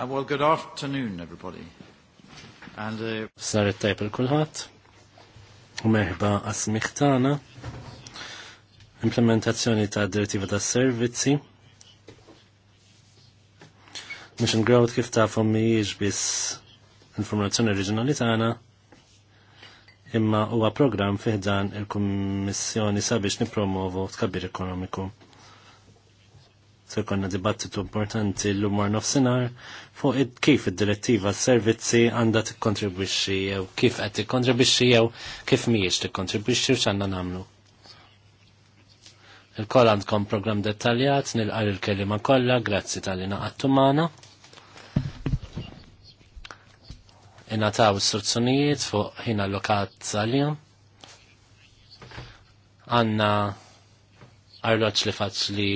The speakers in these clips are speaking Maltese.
Uh, well, good afternoon, everybody. And, uh... Saret tajb il-kulħat. meħba għasmiħtana. Implementazzjoni ta' direttiva ta' servizzi. Mission Growth kif ta' miħiġ bis informazzjoni oriġinali tagħna imma huwa programm fiħdan il-Kummissjoni sabiex nipromovu tkabbir ekonomiku. Se konna dibattitu importanti l-umor nofsinar fuq kif id-direttiva s-servizzi għandha tikkontribwixxi jew kif qed tikkontribwixxi jew kif mhijiex kontribuixi u x'għandna nagħmlu. Il-koll għandkom programm dettaljat nilqal il-kelima kollha, grazzi tal-li naqattu magħna. s istruzzjonijiet fuq ħin allokat għalihom. Għanna arloċ li faċli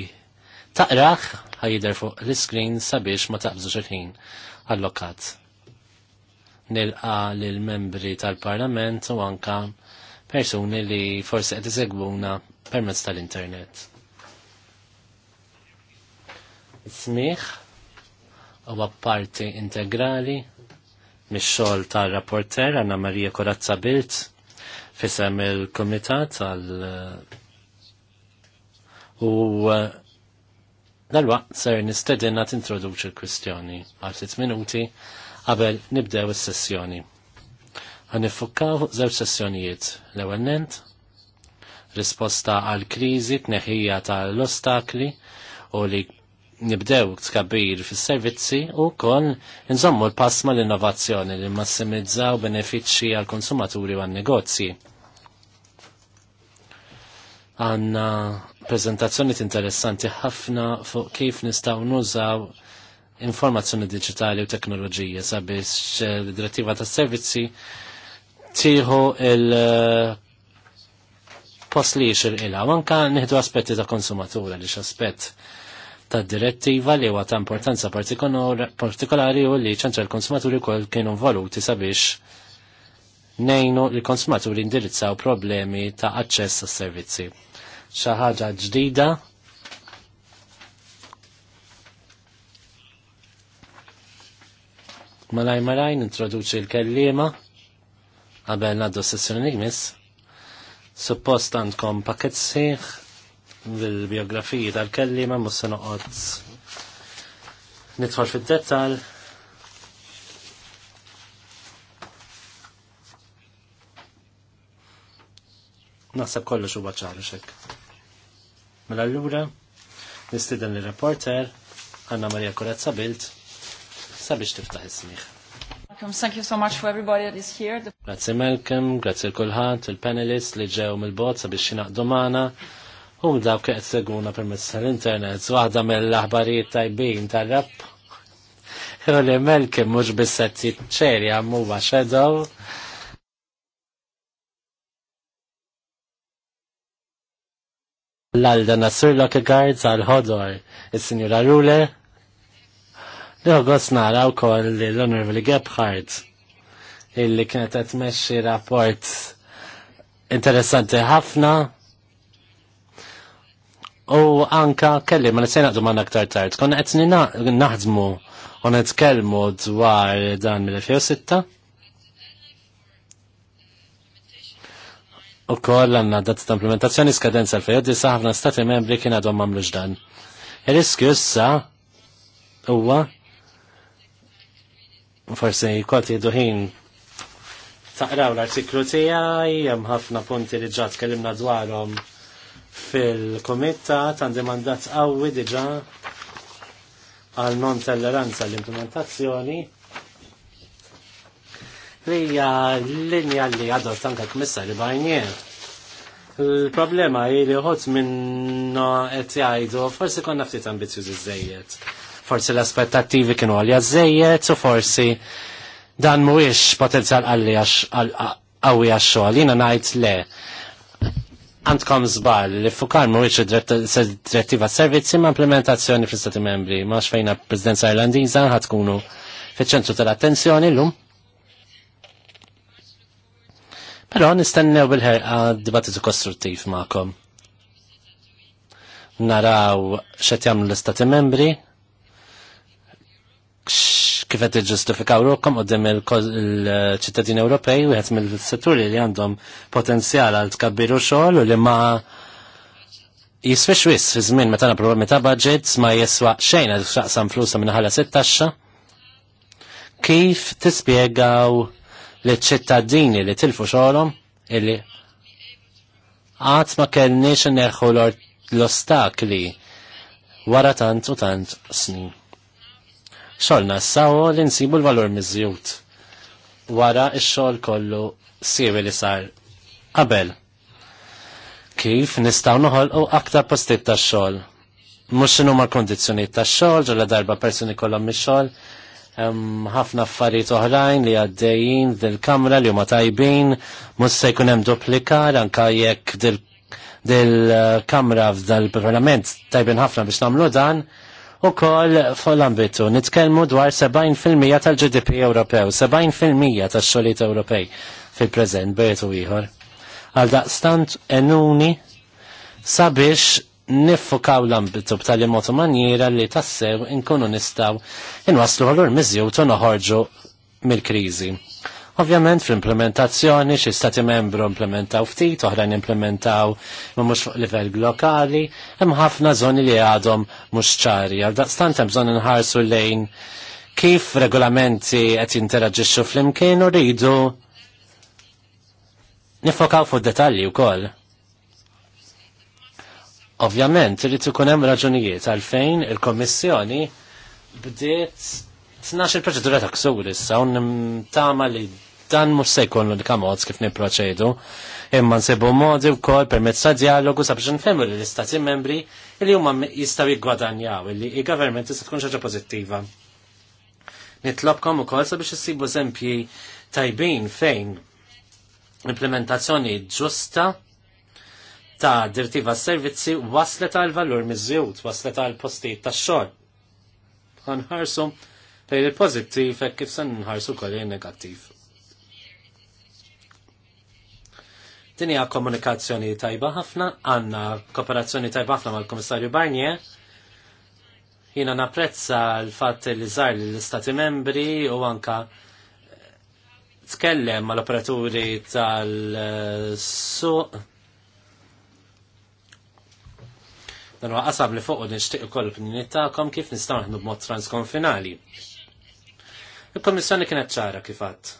taqraħ ħajider fuq l-screen sabiex ma taqbżux il-ħin allokat. Nilqa l-membri tal-parlament u anka persuni li forse qed isegbuna permezz tal-internet. Smiħ huwa parti integrali mix-xogħol tal-rapporter Anna Marija Korazza Bilt fisem il-Kumitat tal- u Dalwa, ser nistedinna t-introduċi l-kwistjoni għal 6 minuti qabel nibdew is-sessjoni. Għanifukkaw zew sessjonijiet l ewwel risposta għal krizi tneħija tal-ostakli u li nibdew tkabbir fis servizzi u kol nżommu l-pass mal innovazzjoni li massimizzaw benefiċċji għal konsumaturi u għal negozji għanna prezentazzjoni interessanti ħafna fuq kif nistaw nużaw informazzjoni digitali u teknoloġija sabiex eh, l-direttiva ta' servizzi tiħu il- eh, post li jixir ila. Wanka nħidu aspetti ta' konsumatura li aspett ta' direttiva li huwa ta' importanza partikolari u li ċentra l-konsumaturi kol kienu voluti sabiex nejnu li konsumaturi indirizzaw problemi ta' aċċess tas servizzi Xi ħaġa ġdida Malaj malaj nintroduċi l-kellima qabel naddu sessjoni nigmis. Suppost għandkom pakket sħiħ bil-biografiji tal-kellima mus se noqgħod nidħol fid Naħseb kollox huwa ċaru xek. Mela lura, nistieden lir-reporter Anna Maria Kurezza Bilt sabiex tiftaħ is-smieħ. Thank you so much for everybody that is here. Grazie Malcolm, grazie kulħat il-panelists li ġew mill-bot sabiex xinaqdu magħna. U dawk qed seguna permezz tal-internet, waħda mill-aħbarijiet tajbin tal-rap U li Malcolm mhux biss ċerja mu muwa l-għalda Nasur Lockegard għal-ħodor, il-Sinjura Rule, l nara u kol l-Honorable Gebhardt, illi kienet għetmeċi rapport interessanti ħafna, u anka kelli ma nisajna għadu aktar tard, konna għetni naħdmu u netkelmu dwar dan mill-2006, U koll għanna dat ta' implementazzjoni skadenza l-2009 ħafna stati membri kien għadhom għamlu dan. Il-riskju issa huwa forse jkolti ħin taqraw l-artiklu tiegħi hemm ħafna punti li ġat kellimna dwarhom fil-komitat għandi mandat qawwi diġà għal non-tolleranza l-implementazzjoni hija linja li għadot kmissar li bajniet. Il-problema hi li ħod minna qed jgħidu forsi konna ftit ambizjużi żejjed. Forsi l-aspettattivi kienu għalja żejjed u forsi dan mhuwiex potenzjal għalli qawwi għax-xogħol. Jiena ngħid le għandkom żball li fukar mhuwiex id-direttiva servizzi ma' implementazzjoni fl-Stati Membri ma' xfejna Presidenza Irlandiża tkunu fiċ-ċentru tal-attenzjoni llum Pero nistennew bil-ħerqa dibattitu kostruttiv ma'kom. Naraw xet jamlu l-istati membri, kifet ġustifikaw rukom għoddim il-ċittadini Ewropej u għet mill-setturi li għandhom potenzjal għal tkabbiru xogħol u li ma jisfix wis fi żmien meta na problemi ta' budgets ma jiswa xejn għal xaqsam flusa minn ħala sittaxxa. Kif tispjegaw li ċittadini li tilfu xorom illi għat ma kellniex neħu l-ostakli wara tant u tant snin. Xolna s-sawo li nsibu l-valur mizzjut wara x-xol kollu siwi li sar qabel. Kif nistaw noħolqu aktar postit ta' xol? Mux xinu ma' kondizjoniet ta' xol, ġolla darba personi kollom mi xol, ħafna affarijiet oħrajn li għaddejjin dil-kamra li huma tajbin, mhux se jkun hemm duplikar anke jekk dil-kamra f'dal-parlament tajbin ħafna biex nagħmlu dan. U fuq fol-ambitu, nitkelmu dwar 70% tal-GDP Ewropew, 70% tal-xoliet Ewropej fil-prezent, bejtu ieħor. Għal daqstant enuni sabiex niffukaw l-ambitu b'tali motu manjera li tassew inkunu nistaw inwaslu għallur mizzju tu noħorġu mill-krizi. Ovvjament fl-implementazzjoni xi stati membru implementaw ftit, oħrajn implementaw ma mhux fuq livell lokali, hemm ħafna żoni li għadhom mhux ċari. Għal daqstant hemm bżonn inħarsu lejn kif regolamenti qed jinteraġixxu flimkien u rridu nifokaw fuq detalji wkoll. Ovvjament, irrid ikun hemm raġunijiet għalfejn il-Kommissjoni bdiet tnax il-proċedura ta' ksur issa un tama li dan mhux se jkun l-unika mod kif nipproċedu, imma nsibu modi wkoll permezz ta' dialogu sabiex nfhemu li l-istati membri li huma jistgħu jiggwadanjaw li il-government tista' tkun xaġa pożittiva. Nitlobkom ukoll sabiex issibu eżempji tajbin fejn implementazzjoni ġusta ta' dirtiva servizzi waslet għal valur mizzjut, waslet għal postijiet ta' xogħol. Għanħarsu lejn il-pozittiv e kif san nħarsu kolli il-negattiv. Din hija komunikazzjoni tajba ħafna, għandna kooperazzjoni tajba ħafna mal-Komissarju Barnier. Jiena napprezza l fat li żar l-Istati Membri u anka tkellem mal-operaturi tal-suq Dan huwa qasab li fuq u nixtieq ukoll opinjoni tagħkom kif nistgħu naħdmu b'mod transkonfinali. Il-Kommissjoni kienet ċara kif għadd.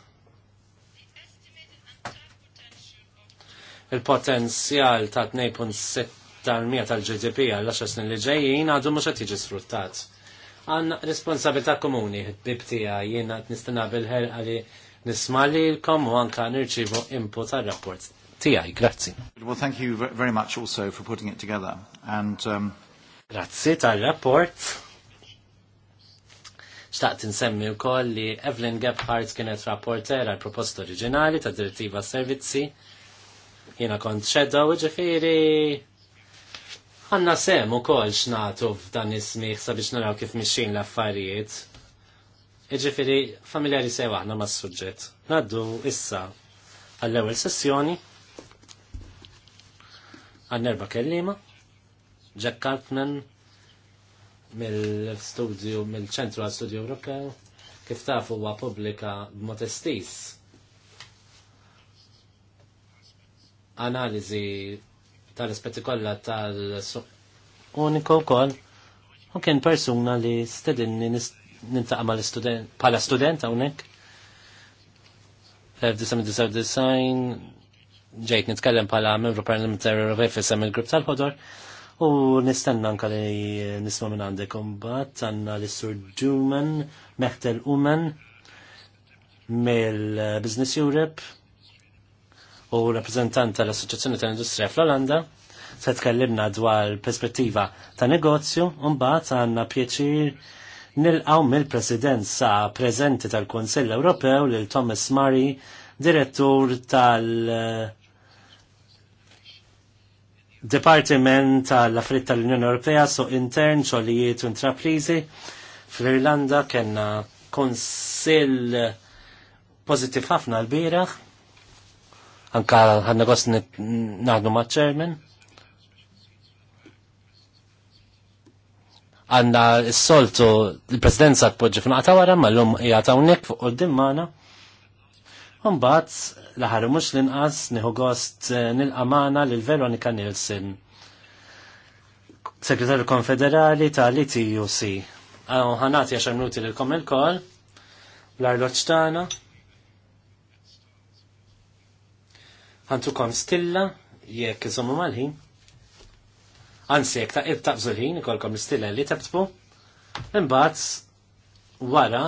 Il-potenzjal ta' 2.6% tal-GDP għall-10 snin li ġejjin għadu mhux qed jiġi sfruttat. Għanna responsabilità komuni, bib tiegħi jiena qed nistenna bil-ħerqa li nisma' lilkom u anke nirċievu input għar-rapport tiegħi. Grazzi. Well, thank you very much also for putting it together. And, um... Grazzi tal-rapport. Xtaqt insemmi u koll li Evelyn Gebhardt kienet rapporter għal proposta oriġinali ta' direttiva servizzi. Jena kont xedda u ġifiri għanna sem u koll xnatu f'dan ismiħ sabiex naraw kif mixin l-affarijiet. Iġifiri familjari sewa għanna ma' s-sujġet. Naddu issa għall-ewel sessjoni. A-nerba' kellima, Jack Cartman mill-studio, mill-ċentru għal studio Ewropew, kif taf huwa pubblika b'motestis analizi tal-aspetti kollha tal-suq uniku wkoll u kien persuna li stedinni nintaqa' mal-student bħala student hawnhekk 1999 ġejt nitkellem pala membru parlamentari Ewropej fissem il-grupp tal-ħodor u nistenna anka li nisma minn għandek umbat għanna l-Sur Duman, Mehtel Uman mill-Business Europe u rappresentant tal-Assoċjazzjoni tal-Industrija fl-Olanda se tkellimna dwar perspettiva ta' negozju u mbagħad għandna pjaċir nilqaw mill-Presidenza preżenti tal-Kunsill Ewropew lil Thomas Murray, direttur tal- Departiment tal-Afrit tal-Unjoni Ewropea so intern xogħlijiet u intraprizi fl-Irlanda kellna konsill pożittiv ħafna l-bieraħ anka ħanna gost naħdu maċ chairman għanna s-soltu l-presidenza tpoġġi f'naqta wara ma l-lum jgħata unnek fuq u d-dimmana Umbat, laħar mux l-inqas niħu gost eh, nil-amana l-Veronika Nilsen, segretarju konfederali tal-ITUC. Għaw ħanati għaxar minuti l-kom il-kol, l-arloċ tana. Għantukom stilla, jekk iżommu mal-ħin. Anzi jekk ta' ibtaqżu l-ħin, kolkom stilla li tabtbu. Imbat, wara,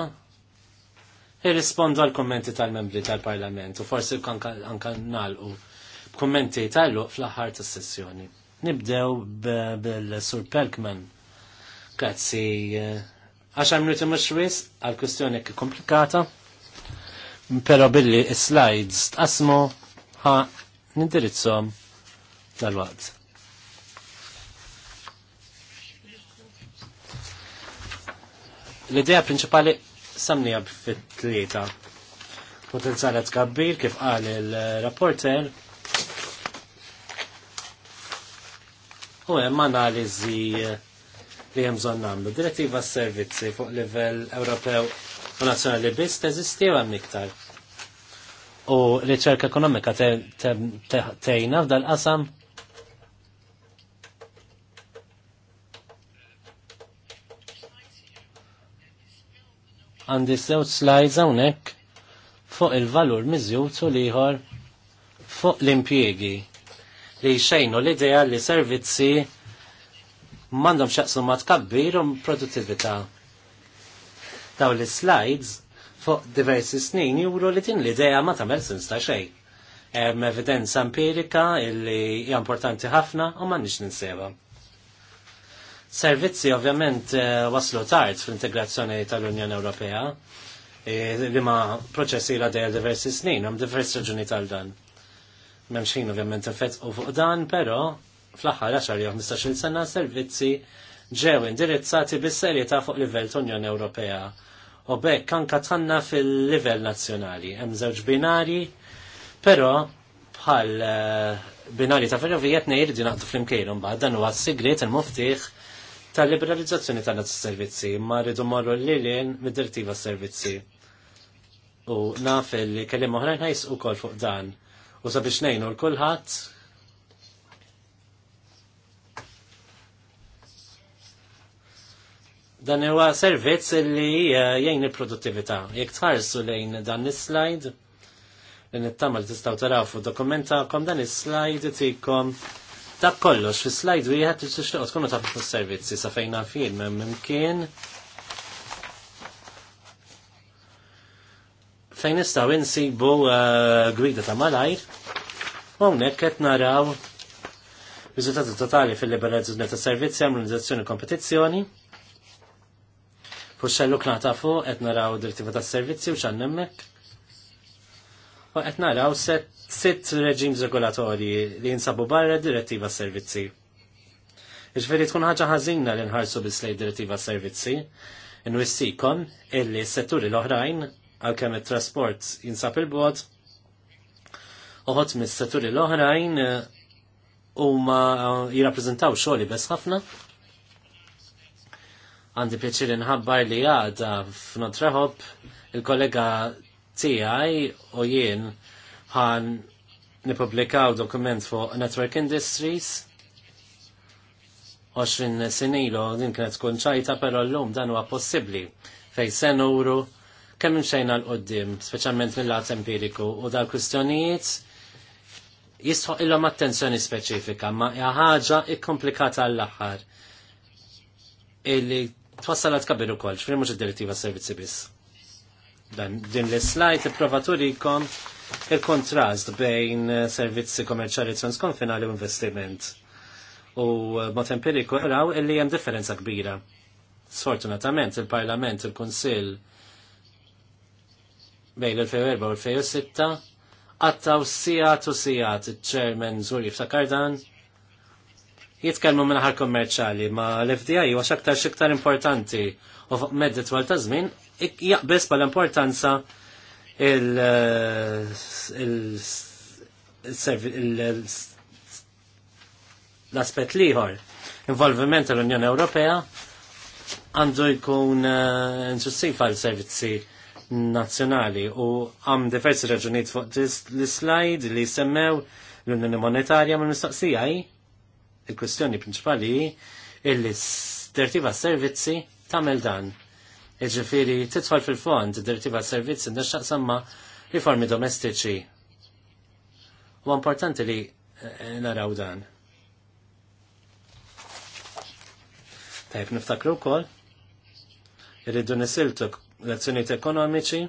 irrispondu għal kommenti tal-membri tal-parlament u forsi anka nalqu kommenti tal-luq fl-aħħar tas-sessjoni. Nibdew bil-Sur Pelkman. Grazzi. Eh, għaxar minuti mux wis għal-kustjoni komplikata, pero billi slides tqasmu ħa nindirizzom tal-waqt. L-idea principali samnija fit-tlieta. Potenzjala kabbir kif qal il-rapporter u hemm analiżi li hemm bżonn nagħmlu. Direttiva s-servizzi fuq livell Ewropew u nazzjonali biss teżisti hemm iktar. U riċerka ekonomika tejna f'dal qasam Għandi żewġ slides hawnhekk fuq il-valur mizjut u liħor fuq l-impjiegi li xejnu l-idea li servizzi mandom xaqsu mat tkabbir u produttività. Daw li slides fuq diversi snin juru li tin l-idea ma tamel sens ta' xej. Hemm evidenza empirika illi hija importanti ħafna u ma nix ninsewa. Servizzi ovvjament eh, waslu tard fl-integrazzjoni tal-Unjoni Ewropea e, li ma proċessi la dejja diversi snin, hemm diversi raġuni tal-dan. Memx ovvjament infett u fuq dan, però fl-aħħar 10 jew 15-il sena servizzi ġew indirizzati bis-serjetà fuq livell tal-Unjoni Ewropea u bekk kan katanna fil-livell nazzjonali. Hemm żewġ binari, però bħal eh, binari ta' ferrovijiet nejrdi naqdu fl imkejrum bħad dan huwa għas sigriet il-muftiħ tal-liberalizzazzjoni tal-servizzi, ma rridu marru l-lilien mid-dirtiva servizzi. U naf li kellim oħrajn ħajs u kol fuq dan. U sabiex nejnu l-kulħat. Dan huwa servizz li eh, jgħin il-produttività. Jek tħarsu lejn dan is-slide, li nittamal li tistaw taraw fuq dokumentakom dan is-slide tikkom. Ta' kollox, fi slajd wieħed li tixtieq tkunu tafu fis-servizzi sa fejna fien hemm imkien. Fejn nistgħu insibu eh, gwida ta' malajr, hawnhekk qed naraw riżultati totali fil-liberalizzazzjoni ta' servizzi armonizzazzjoni kompetizzjoni. Fuxxellu knata fuq qed naraw direttiva tas servizzi u x'għandemmek Għet qed naraw sitt reġims regolatorji li jinsabu barra direttiva servizzi. Iġveri tkun ħaġa ħażina li nħarsu bislej direttiva servizzi, jissikon illi s-setturi l-oħrajn għalkemm it-trasport jinsab il-bod, uħot mis-setturi l-oħrajn eh, u ma eh, jirrappreżentaw xoli bes ħafna. Għandi pjaċir nħabbar li għada f'Notrehop il-kollega TI u jien ħan nipublikaw dokument fuq Network Industries 20 senilu din kienet tkun ċajta però llum dan huwa possibbli fejn se nuru kemm imxejna l-qoddim, speċjalment mill-lat empiriku u dal kwistjonijiet jistħoq ilhom attenzjoni speċifika, ma hija ħaġa ikkomplikata għall-aħħar illi twassalat kabir ukoll, x'fri mhux id-direttiva servizzi biss. Dan din l-slajt prova turikom il-kontrast bejn eh, servizzi komerċali transkonfinali u investiment. U eh, mod empiriku raw illi hemm differenza kbira. Sfortunatament il-Parlament, il konsil bejn il-2004 u l-2006 għattaw sijat u sijat il-ċermen Zuri f'Sakardan jitkelmu minnaħar kommerċali ma l-FDI huwa xaktar xiktar importanti u fuq medda ta' żmien jaqbes l importanza eh, l-aspet liħor. Involviment tal-Unjoni Ewropea għandu jkun eh, intrusiv għal servizzi nazzjonali u għam diversi raġunijiet fuq l-slajd li semmew l-Unjoni Monetarja mill mistoqsija il-kwestjoni prinċipali illi s-tertiva servizzi tamel dan Iġifiri, titfall fil-fond, direttiva servizzi, nixxaq samma riformi domestiċi. U importanti li eh, naraw dan. Tajb niftakru kol, irridu nisiltu lezzjoniet ekonomiċi,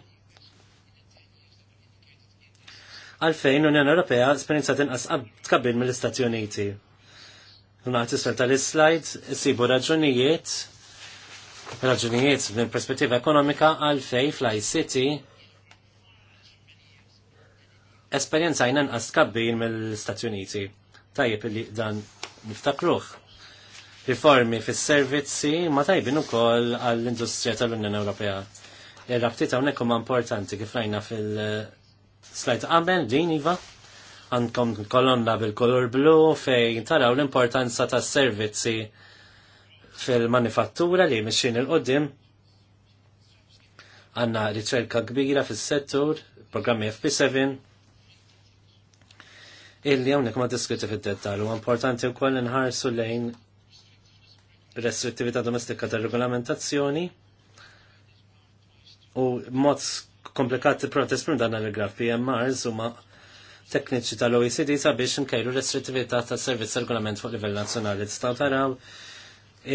għalfejn Unjoni Ewropea esperienza tinqas tkabbin mill-Istati Uniti. Nagħti sfel tal s-sibu raġunijiet raġunijiet minn perspettiva ekonomika fej fly city? esperienza jnen kabbir mill-Stati Uniti. Tajjeb li dan niftakruħ. Riformi fis servizzi ma tajbin ukoll għall-industrija tal-Unjoni Ewropea. Ir-rabtiet hawnhekk huma importanti kif rajna fil slajt qabel din iva għandkom kolonna bil-kolor blu fejn taraw l-importanza tas-servizzi fil-manifattura li mixin il-qoddim għanna ricerka kbira fil-settur, programmi FP7, illi għonek ma diskuti fil-dettal, u importanti u koll nħarsu lejn restrittività domestika tal regolamentazzjoni u mod komplikati protest minn dan il-graf PMRs u ma tekniċi tal-OECD sabiex nkejlu restrittività tal servizz regolament fuq livell nazzjonali. staw taraw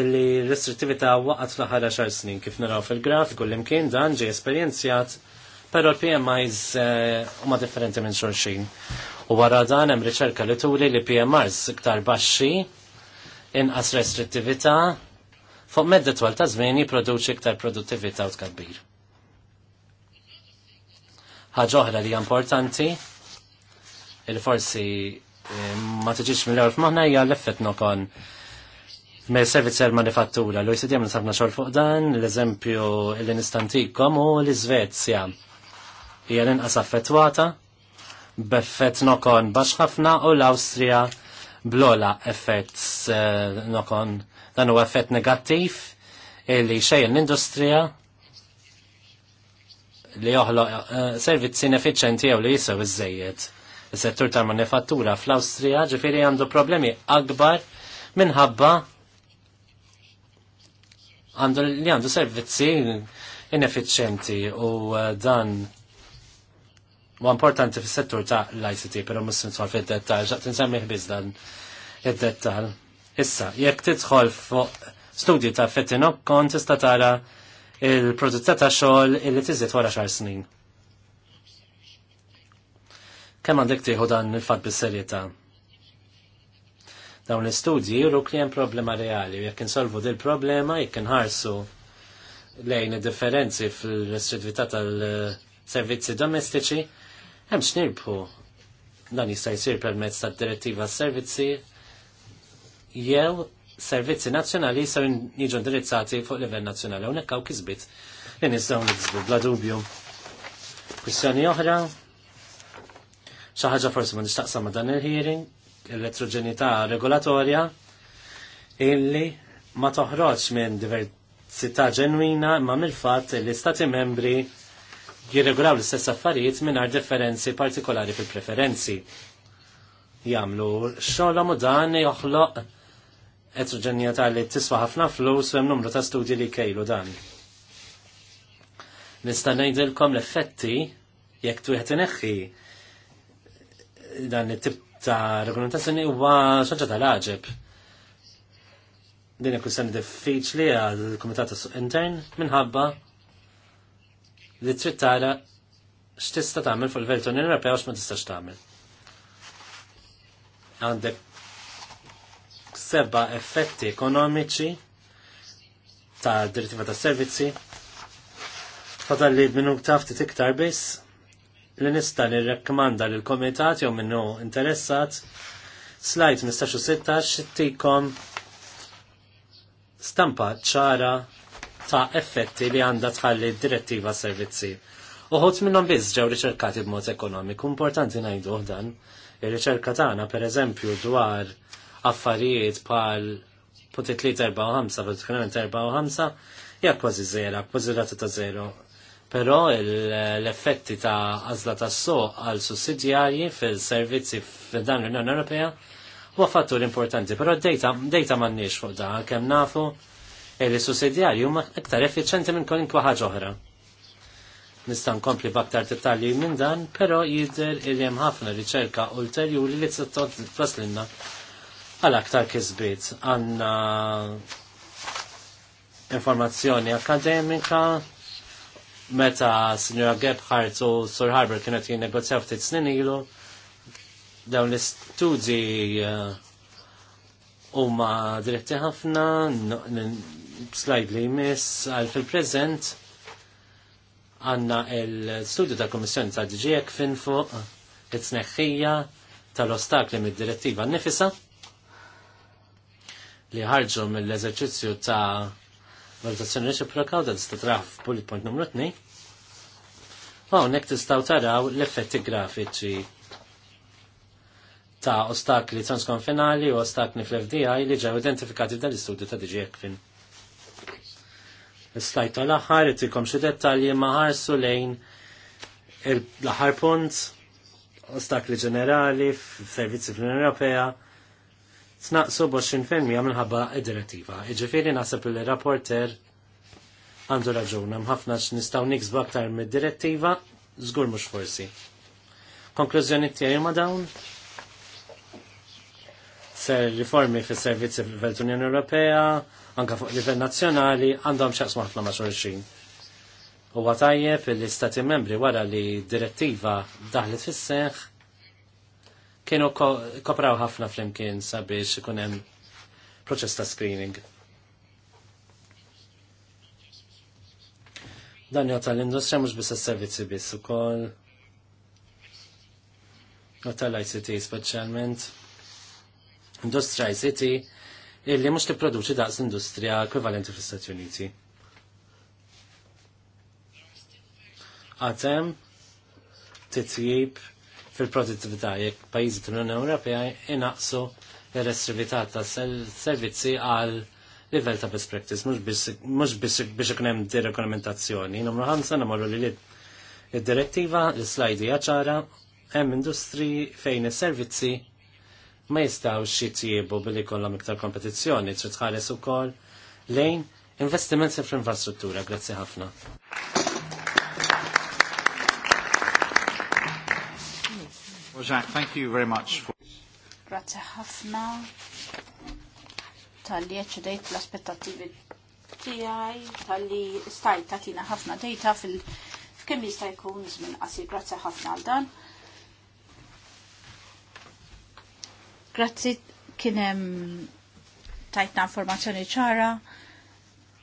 illi restrittività waqgħet fl-aħħar xar snin kif naraw fil-grafiku li dan ġej esperjenzjat, però l-PMIs eh, huma differenti minn xulxin. U wara dan hemm riċerka li turi li PMRs iktar baxxi inqas restrittività fuq medda twal ta' żmien jipproduċi iktar produttività u tkabbir. Ħaġa oħra li hija importanti il forsi eh, ma tiġix mill-ewwel f'maħna hija l-effett nokon me servizz għal manifattura. lo jisid għamil safna xol fuq dan, l-eżempju l-instantikom u l-Svezja. Hija l-inqas affettwata, b'effett nokon bax ħafna u l-Awstrija blola effett eh, nokon. Dan u effett negattiv illi xejn l-industrija li joħloq eh, servizzi ineffiċenti jew li jisew iż Is-settur tal-manifattura fl-Awstrija ġifieri għandu problemi akbar minħabba għandu li għandu servizzi ineffiċenti u uh, dan u importanti fis settur ta' l-ICT, pero mus nitħol fil dettal xaqt nsemmiħ biz dan il-dettal. Issa, jekk tidħol fuq studju ta' fettinok kon tista' tara il-produzzja ta' xogħol illi tiżid wara xar snin. Kemm għandek tieħu dan il-fatt bis-serjetà? Dawn l-istudji juru li hemm problema reali, jekk insolvu dil problema jekk nħarsu lejn differenzi fil-restrittività tal-servizzi domestiċi, hemm xnirbħu dan jista' jsir permezz tad-direttiva s-servizzi jew servizzi nazzjonali jisaw jiġu indirizzati fuq livell nazzjonali. Unek għaw kisbit li nistaw nikzbu, bla dubju. Kwistjoni oħra, xaħġa forsi ma nistaqsam ma dan il-hearing, l elettroġenità regolatorja illi ma toħroġ minn diversità ġenwina ma mill-fatt li stati membri jirregolaw l-istess affarijiet mingħajr differenzi partikolari fil-preferenzi. Jagħmlu xogħolhom u dan joħloq etroġenjata li tiswa ħafna flus u hemm numru ta' studji li kejlu dan. Nista' ngħidilkom l-effetti jekk twieħed ineħħi dan it-tip ta' regolamentazzjoni huwa xaġġa tal-aġeb. Din ikun sani diffiċli għal kumitat intern minħabba li trid tara x'tista' tagħmel fuq livell tal-Unjoni Ewropea x'ma tistax tagħmel. Għandek seba' effetti ekonomiċi ta' direttiva ta' servizzi. Fadal li minnu taf iktar biss li nista li l komitat jew minnu interessat slajt 15-16 tikom stampa ċara ta' effetti li għanda tħalli direttiva servizzi. Uħut minnom biz ġew riċerkati b'mod ekonomiku, importanti najdu dan. Ir-riċerka tagħna pereżempju dwar affarijiet pal putit li 4 5 fil 4 5 kważi zera, kważi rata ta' zero Però l-effetti ta' għażla ta' so għal sussidjarji fil-servizzi f'dan l-Unjoni Ewropea huwa fattur importanti, però dejta dejta m'għandniex fuq da kemm nafu e li sussidjarji huma iktar effiċenti minn kolin ħaġa oħra. Nista' nkompli b'aktar dettalji minn dan, però jidher li hemm ħafna riċerka ulterjuri li t tfaslilna għal aktar kisbiet għanna informazzjoni akademika meta Signora Gebhardt u Sir Harbour kienet jinnegozjaw ftit snin ilu, dawn l-istudji uh, huma diretti ħafna, slightly li jmiss għal fil-prezent għanna l-studju ta' kommissjoni ta' DGEK fin fuq it-tneħħija tal-ostakli mid-direttiva nifisa li ħarġu mill-eżerċizzju ta' valutazzjoni reċiproka u dan tista' traf bullet point numru 2. Hawnhekk tistaw taraw l-effetti grafiċi ta' ostakli transkonfinali u ostakli fl-FDI li ġew identifikati dal istudju ta' DG Ekfin. Is-slajt tal-aħħar ittikom xi dettalji ma ħarsu lejn l-aħħar punt ostakli ġenerali f'servizzi fl-Unjoni Ewropea snaqsu għamil minħabba id-direttiva. Iġifiri naħseb li rapporter għandu raġun, hemm x x'nistgħu niksbu aktar mid-direttiva, żgur mhux forsi. Konklużjoni tiegħi ma' dawn? Ser riformi fis servizzi fil unjoni Ewropea, anke fuq livell nazzjonali, għandhom xaqs maħfna ma' xorxin. Huwa tajjeb fil stati membri wara li direttiva daħlet fis-seħħ kienu kopraw ħafna flimkien sabiex ikun hemm proċess ta' screening. Dan jota l-industrija mux biss is-servizzi u kol. jota l-ICT specialment. Industrija ICT illi mux li produċi daqs industrija ekvivalenti fl stati Uniti. Għatem t-tjib, fil-produttività jekk pajjiżi tal-Unjoni Ewropea inaqsu l-restrività ta' servizzi għal livell ta' best practice, mux biex ikun hemm deregolamentazzjoni. Numru ħamsa namorru li id-direttiva l-slajdi ċara hemm industri fejn is-servizzi ma jistgħux jitjiebu billi jkollhom iktar kompetizzjoni, trid tħares ukoll lejn investimenti fl-infrastruttura. Grazzi ħafna. Jacques, thank you very much for... Grazie ħafna tal-li eċċedejt l-aspettativi tijaj, tal-li stajt tatina ħafna dejta fil kemm jista' jkun żmien qasir. Grazzi ħafna għal dan. Grazzi kien hemm tajtna informazzjoni ċara.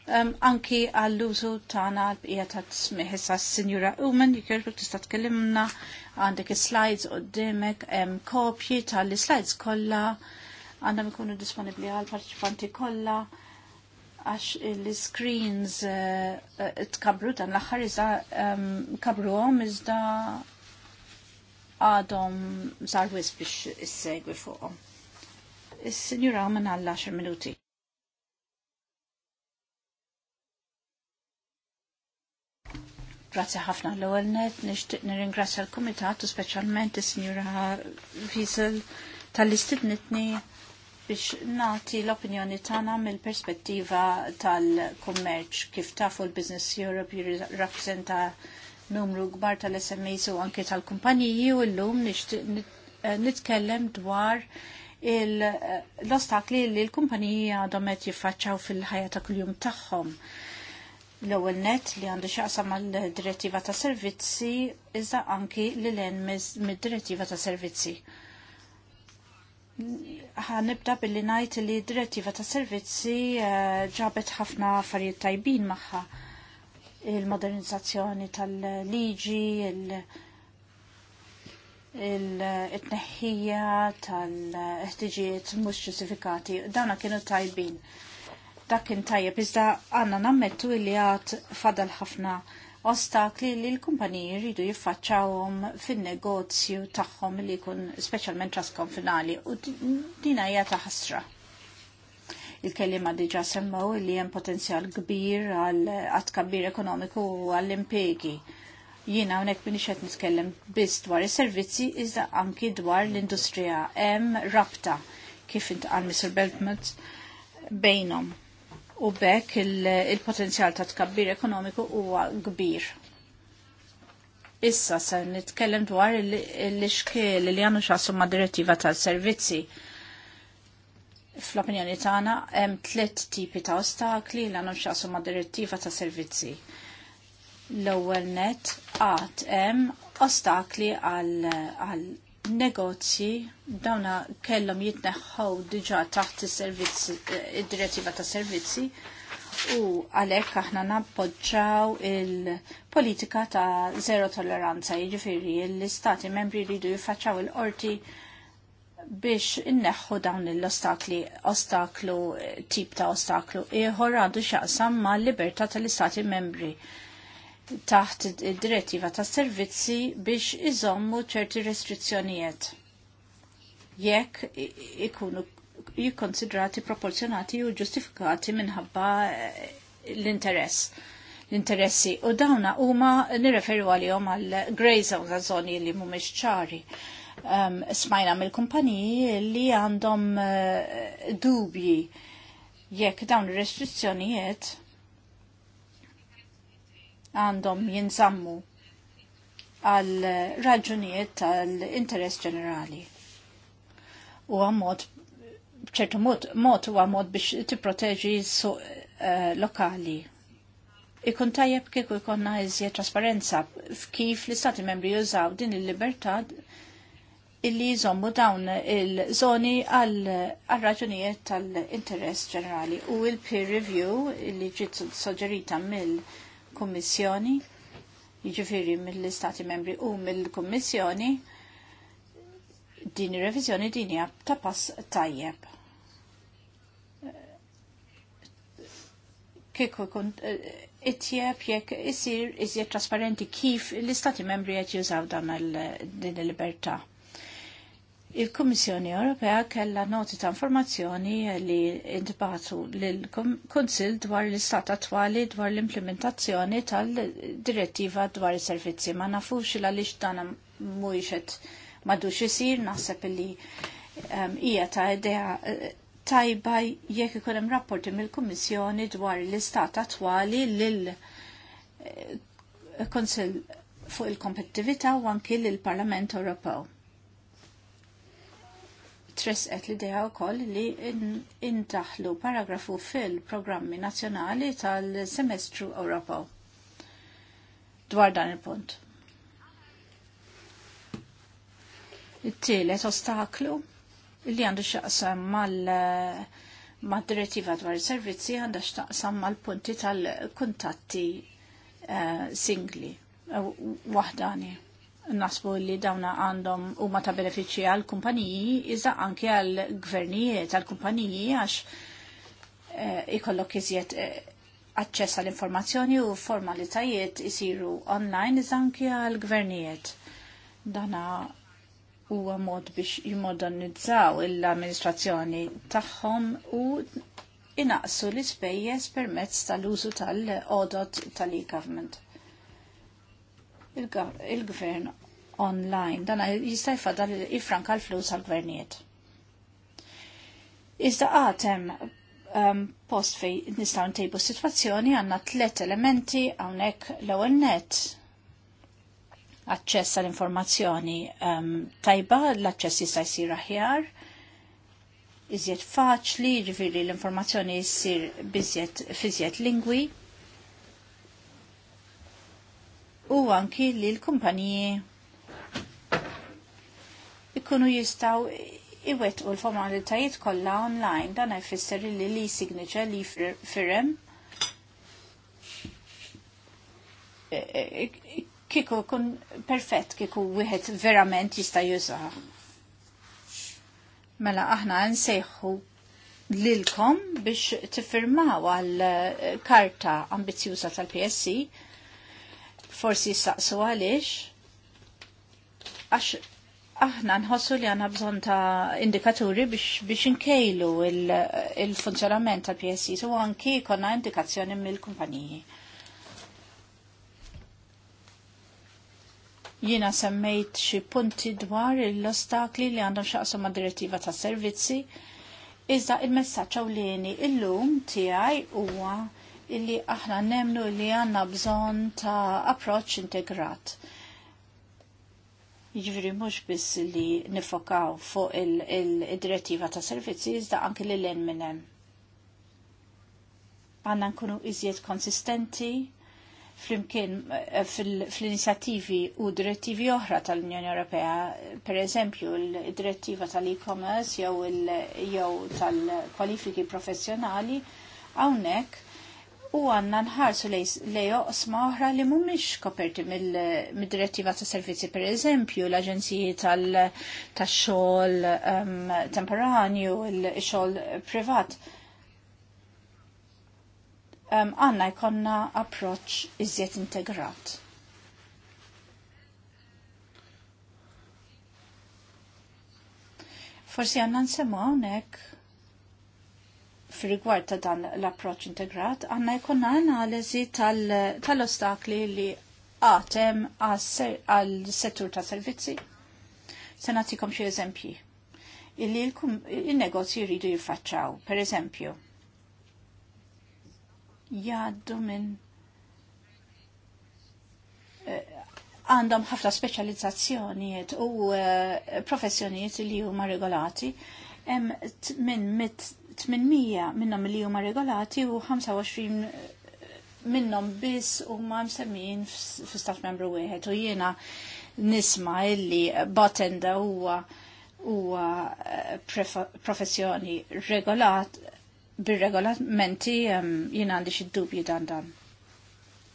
Um, anki għall-użu tagħna l-bqija ta' tismiħ issa s-Sinjura Umen jikirbu tista' tkellimna għandek slides d hemm kopji tal-slides kollha għandhom ikunu disponibbli għal partiċipanti kollha għax il-screens eh, eh, tkabru dan l-axħar iżda ehm, kabru għom iżda għadhom zarwis biex is-segwi fuqhom. Is-sinjura għamman għal 10 minuti. Grazie ħafna l-ewwel net, nixtieq nirringrazzja l-Kumitat u speċjalment is-Sinjura Wiesel tal-istidnitni biex nagħti l-opinjoni tagħna mill-perspettiva tal-kummerċ kif tafu l-Business Europe jirrappreżenta numru kbar tal-SMEs u anke tal-kumpaniji u llum eh, nitkellem dwar eh, l-ostakli li l-kumpaniji għadhom qed jiffaċċaw fil-ħajja ta' kuljum tagħhom l-ewwel net li għandu x'aqsam mal-direttiva ta' servizzi iżda anki li len mid-direttiva ta' servizzi. Ħanibda billi ngħid li d-direttiva ta' servizzi eh, ġabet ħafna affarijiet tajbin magħha il-modernizzazzjoni tal-liġi, il-tneħħija tal-ħtiġijiet mhux ġustifikati, dawna kienu tajbin dak kien tajjeb iżda għandna nammettu li għad fadal ħafna ostakli li l-kumpaniji jridu jiffaċċawhom fin-negozju tagħhom li jkun speċjalment finali. u din hija ta' ħasra. Il-kelima diġa semmaw li hemm potenzjal kbir għal kabbir ekonomiku u għall impjegi Jiena hawnhekk minix qed nitkellem biss dwar is-servizzi iżda anki dwar l-industrija hemm rabta kif intqal Mr. Beltmut bejnhom u bekk il-potenzjal ta' tkabbir ekonomiku huwa kbir. Issa se nitkellem dwar l-ixkiel li għandu xasum ma' direttiva tal-servizzi. Fl-opinjoni tagħna hemm tliet tipi ta' ostakli li għandhom xasum ma' direttiva ta' servizzi. L-ewwel net għad hemm ostakli għal negozji dawna kellhom jitneħħaw diġà taħt is-servizzi eh, id-direttiva ta' servizzi u għalhekk aħna nappoġġaw il-politika ta' zero tolleranza, jiġifieri l-istati membri jridu jiffaċċaw il-qorti biex inneħħu dawn l-ostakli, ostaklu, eh, tip ta' ostaklu, ieħor xaqsam x'jaqsam mal libertà tal-istati membri taħt id-direttiva ta' servizzi biex iżommu ċerti restrizzjonijiet. Jekk ikunu jikkonsidrati proporzjonati u ġustifikati minħabba eh, l-interess l-interessi u dawna huma nirreferu għalihom għal grey zone ta' zoni li mhumiex ċari. Um, smajna mill-kumpaniji li għandhom uh, dubji jekk dawn ir restrizzjonijiet għandhom jinsammu għal raġunijiet tal-interess ġenerali. U għamot, bċertu mod, mod u għamot biex t-proteġi su uh, eh, lokali. Ikun tajjeb kieku ikonna iżjed trasparenza f'kif l-istati membri jużaw din il-libertà illi jżommu dawn il-żoni għal raġunijiet tal-interess ġenerali u il-peer review illi ġiet soġġerita mill- kummissjoni jiġifieri mill-Istati Membri u mill-Kummissjoni, din ir-reviżjoni din hija ta' pass tajjeb. Kieku ikun eh, itjeb jekk isir iżjed trasparenti kif l-Istati Membri qed jużaw dan din il-libertà Il-Kummissjoni Ewropea kellha noti ta' informazzjoni li intibatu lill-Kunsill dwar l-istat attwali dwar l-implementazzjoni tal-direttiva dwar is-servizzi. Ma nafux il għaliex dan mhuwiex qed ma'dux isir naħseb li ehm, hija ta' idea eh, tajba jekk ikun hemm rapporti mill-Kummissjoni dwar l-istat attwali lil eh, Kunsill fuq il kompettività u anki lill-Parlament Ewropew tresqet l-idea wkoll li intaħlu paragrafu fil-programmi nazzjonali tal-semestru Ewropew dwar dan il-punt. It-tielet ostaklu li għandu xaqsam mal- ma' direttiva dwar servizzi għandha x'taqsam mal-punti tal-kuntatti eh, singli, uh, nasbu li dawna għandhom huma ta' benefiċċji għal kumpaniji iżda anke għal gvernijiet għal kumpaniji għax eh, ikollok iżjed eh, aċċess għall informazzjoni u formalitajiet isiru online iżda anke għal gvernijiet. Dana huwa mod biex jimmodernizzaw l-amministrazzjoni tagħhom u inaqsu l-ispejjeż permezz tal-użu tal-odot tal-e-government il-gvern online dan jista' jfadal il frank l-flus għal-gvernijiet. Iżda għatem um, post fej nistaw ntejbu situazzjoni għanna tlet elementi għawnek l ewwel net aċċess għall-informazzjoni um, tajba, l-aċċess jista' jsir aħjar, iżjed faċli, ġviri l-informazzjoni jissir biżjed fizjet lingwi, u anki li l-kumpaniji ikunu jistaw iwet u l-formalitajiet kollha online dan jfisser li li signature li firem e, e, e, kiku kun perfett kiku wieħed verament jista' jużaha. Mela aħna nsejħu lilkom biex tiffirmaw għal karta ambizjuża tal-PSC forsi saqsu għaliex għax aħna nħossu li għanna bżon ta' indikaturi biex, nkejlu inkejlu il-funzjonament il ta' PSC, u anki konna indikazzjoni mill-kumpaniji. Jina semmejt xi punti dwar l-ostakli li għandhom xaqsu ma' direttiva ta' servizzi, iżda il-messagġ awlieni lum tiegħi huwa illi aħna nemnu li għanna bżon ta' approċ integrat. Jiġri mux biss li nifokaw fuq il-direttiva il ta' servizzi, iżda anki li l-en minnem. Għanna nkunu iżjed konsistenti flimkien eh, fl-inizjattivi u direttivi oħra tal-Unjoni Ewropea, per eżempju direttiva tal tal-e-commerce jew tal-kwalifiki professjonali, għawnek u għanna nħarsu lej oqsma oħra li mumiex koperti mid direttiva ta' servizzi, per eżempju, l-aġenziji tal-xol ehm, temporanju, l-xol privat. Ehm, għanna jkonna approċ iżjed integrat. Forsi għanna nsemmu għonek fil-rigward ta' dan l-approċ integrat, għanna jkonna analizi tal-ostakli tal li għatem għal-settur ta' servizzi. Se natikom xie eżempji. Illi il-negozji jridu jiffaċċaw, per eżempju, jaddu minn eh, għandhom ħafna speċjalizzazzjonijiet u eh, professjonijiet li huma regolati hemm minn mit 800 minnhom li huma regolati u 25 eh, minnhom biss huma msemmin f'istat membru wieħed u jiena nisma' illi batenda huwa huwa eh, professjoni regolat bir-regolamenti ehm, jien għandi xi dubji dan dan.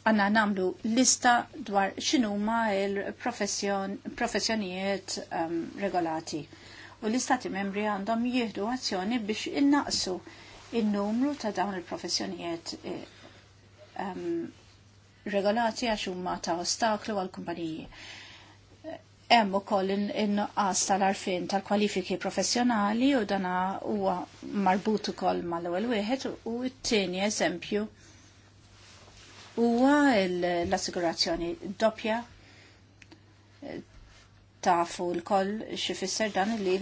Għanna namlu lista dwar x'inhuma il-professjonijiet um, ehm, regolati u l-istati membri għandhom jieħdu azzjoni biex innaqsu il-numru ta' dawn il-professjonijiet eh, ehm, regolati għax huma ta' ostaklu għal kumpaniji. Hemm ukoll in-nuqqas tal-arfin tal-kwalifiki professjonali u dana huwa marbut ukoll mal-ewwel wieħed u t-tieni eżempju huwa l-assigurazzjoni doppja eh, tafu l-koll xifisser dan li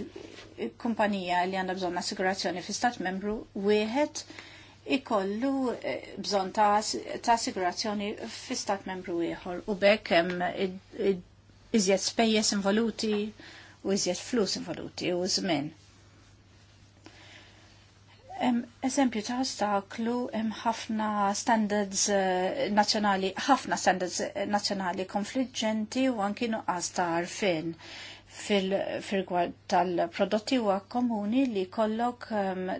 kumpanija li għanda bżon assigurazzjoni fi stat membru wieħed ikollu eh, bżon ta', assigurazzjoni fi stat membru ieħor u bekk hemm iżjed spejjeż involuti u iżjed flus involuti u żmien. Eżempju ta' ostaklu hemm ħafna standards eh, nazzjonali, ħafna standards eh, nazzjonali konfliġġenti u anki nuqqas ta' għarfien fil-rigward tal-prodotti huwa komuni li kollok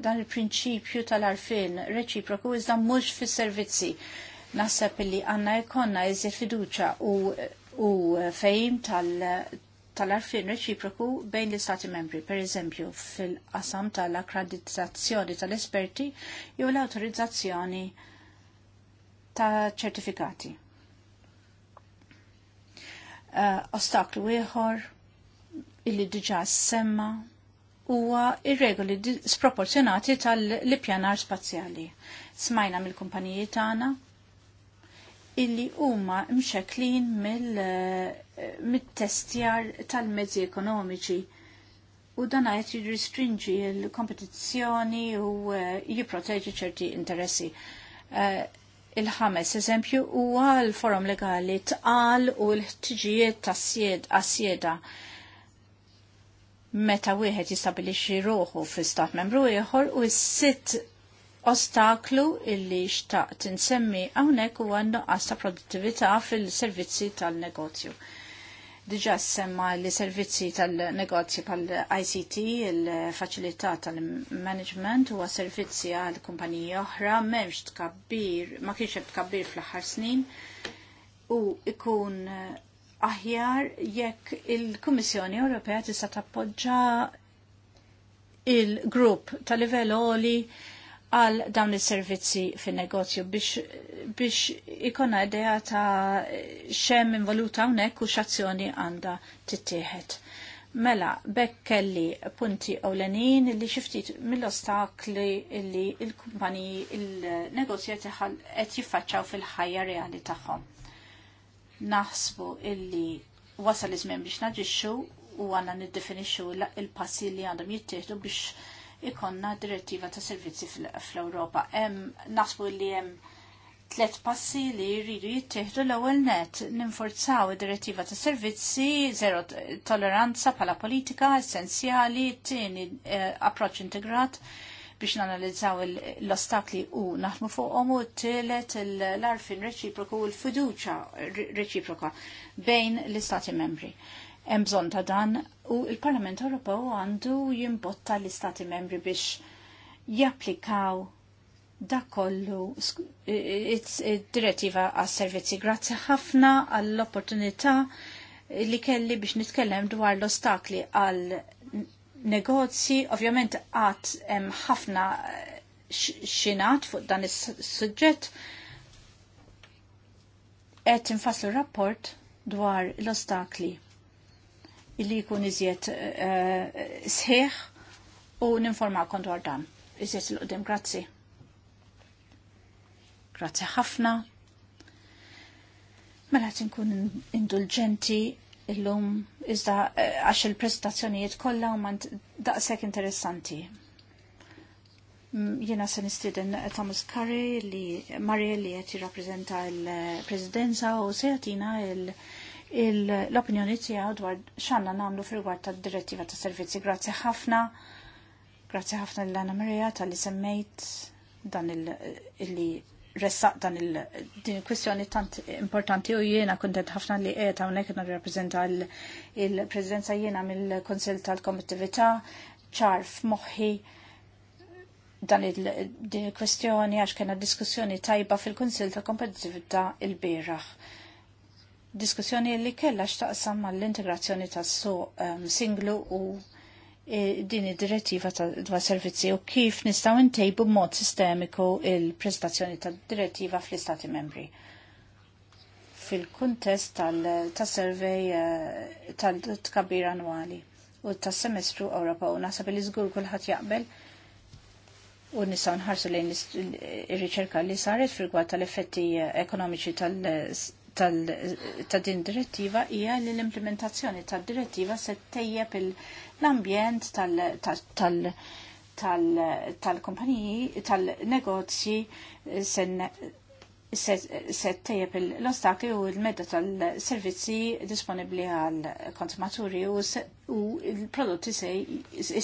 dan il-prinċipju tal-arfin reċiproku iżda mhux fis-servizzi. Naħseb li għandna jkollna iżjed fiduċa u u fejm tal-arfin reċiproku bejn l-Istati membri, per eżempju fil-qasam tal-akkreditazzjoni tal-esperti jew l-autorizzazzjoni ta' ċertifikati. Uh, ostaklu ieħor illi diġà semma huwa ir-regoli sproporzjonati tal-ippjanar spazjali. Smajna mill-kumpaniji tagħna illi huma mxeklin mill-testjar eh, tal-mezzi ekonomiċi u dan għajt jirristringi l-kompetizzjoni u eh, jiproteġi ċerti interessi. Eh, il-ħames eżempju huwa l-forum legali tqal u l-ħtiġijiet tas-sjed għas-sjeda meta wieħed jistabilixxi ruħu fi stat membru ieħor u s-sitt ostaklu illi xtaqt insemmi hawnhekk huwa għannu ta' produttività fil-servizzi tal-negozju. Diġà semma li servizzi tal-negozju pal ict il-faċilità tal-management huwa servizzi għal kumpaniji oħra m'hemmx tkabbir, ma kienx hemm tkabbir fl-aħħar snin u ikun aħjar jekk il-Kummissjoni Ewropea tista' tappoġġa il-grupp tal livell oli għal dawn is-servizzi fin-negozju biex biex id idea ta' xem involuta hawnhekk u x'azzjoni għandha tittieħed. Mela, bekk kelli punti ewlenin li xiftit mill-ostakli li il kumpani il-negozjati qed jiffaċċaw fil-ħajja reali tagħhom. Naħsbu illi wasal iż-żmien biex naġixxu u għanna niddefinixxu il-passi li għandhom jittieħdu biex ikonna direttiva ta' servizzi fl-Europa. Nasbu li hemm tlet passi li jridu jittieħdu l-ewwel net ninforzaw id-direttiva ta' servizzi, zero tolleranza bħala politika essenzjali, tieni eh, approċċ integrat biex nanalizzaw l-ostakli u naħdmu fuqhom u tielet l-arfin reċiproku u l-fiduċa reċiproka bejn l-istati membri. Hemm bżonn ta' dan u il-Parlament Ewropew għandu jimbotta l-Istati membri biex japplikaw da kollu direttiva għas servizzi Grazzi ħafna għall-opportunità li kelli biex nitkellem dwar l-ostakli għal negozji, ovvjament għat ħafna eh, xinat fuq dan is-suġġett qed infaslu rapport dwar l-ostakli illi jkun iżjed eh, sħiħ u ninformakom dwar dan. Iżjed l-qudiem, grazzi. Grazzi ħafna. Mela tinkun indulġenti illum iżda eh, għax il-prestazzjonijiet kollha huma daqshekk interessanti. Jiena se nistieden Thomas Curry li Marie li qed jirrappreżenta l-Presidenza u se jagħtina il- l-opinjoni tiegħu dwar x'għandna nagħmlu fil-rigward tad-direttiva ta' servizzi. Grazzi ħafna. Grazzi ħafna lil Anna Maria tal-li semmejt dan il-li ressaq dan il-din kwestjoni tant importanti u jiena kontent ħafna li qiegħed hawnhekk nirrappreżenta il-Presidenza jiena mill-Kunsill tal-Kompettività ċarf moħħi dan il-din il-kwestjoni għax kena diskussjoni tajba fil kunsill tal Kompetitività il-beraħ Diskussjoni li kellha x'taqsam mal-integrazzjoni tas so um, ehm, singlu u e, din id-direttiva ta' dwar servizzi u kif nistaw intejbu mod sistemiku il-prestazzjoni tad direttiva fl-Istati membri. Fil-kuntest tal-survey e, tal-tkabir annwali u tas-semestru Ewropa u nasab li żgur kulħadd jaqbel u nistaw nħarsu lejn ir-riċerka e, li saret fil tal-effetti ekonomiċi tal ta' din direttiva hija li l-implementazzjoni tad direttiva se tejjeb l-ambjent tal-kumpaniji, tal-negozji se tejjeb l-ostakli u l-medda tal-servizzi disponibli għal konsumaturi u l-prodotti se,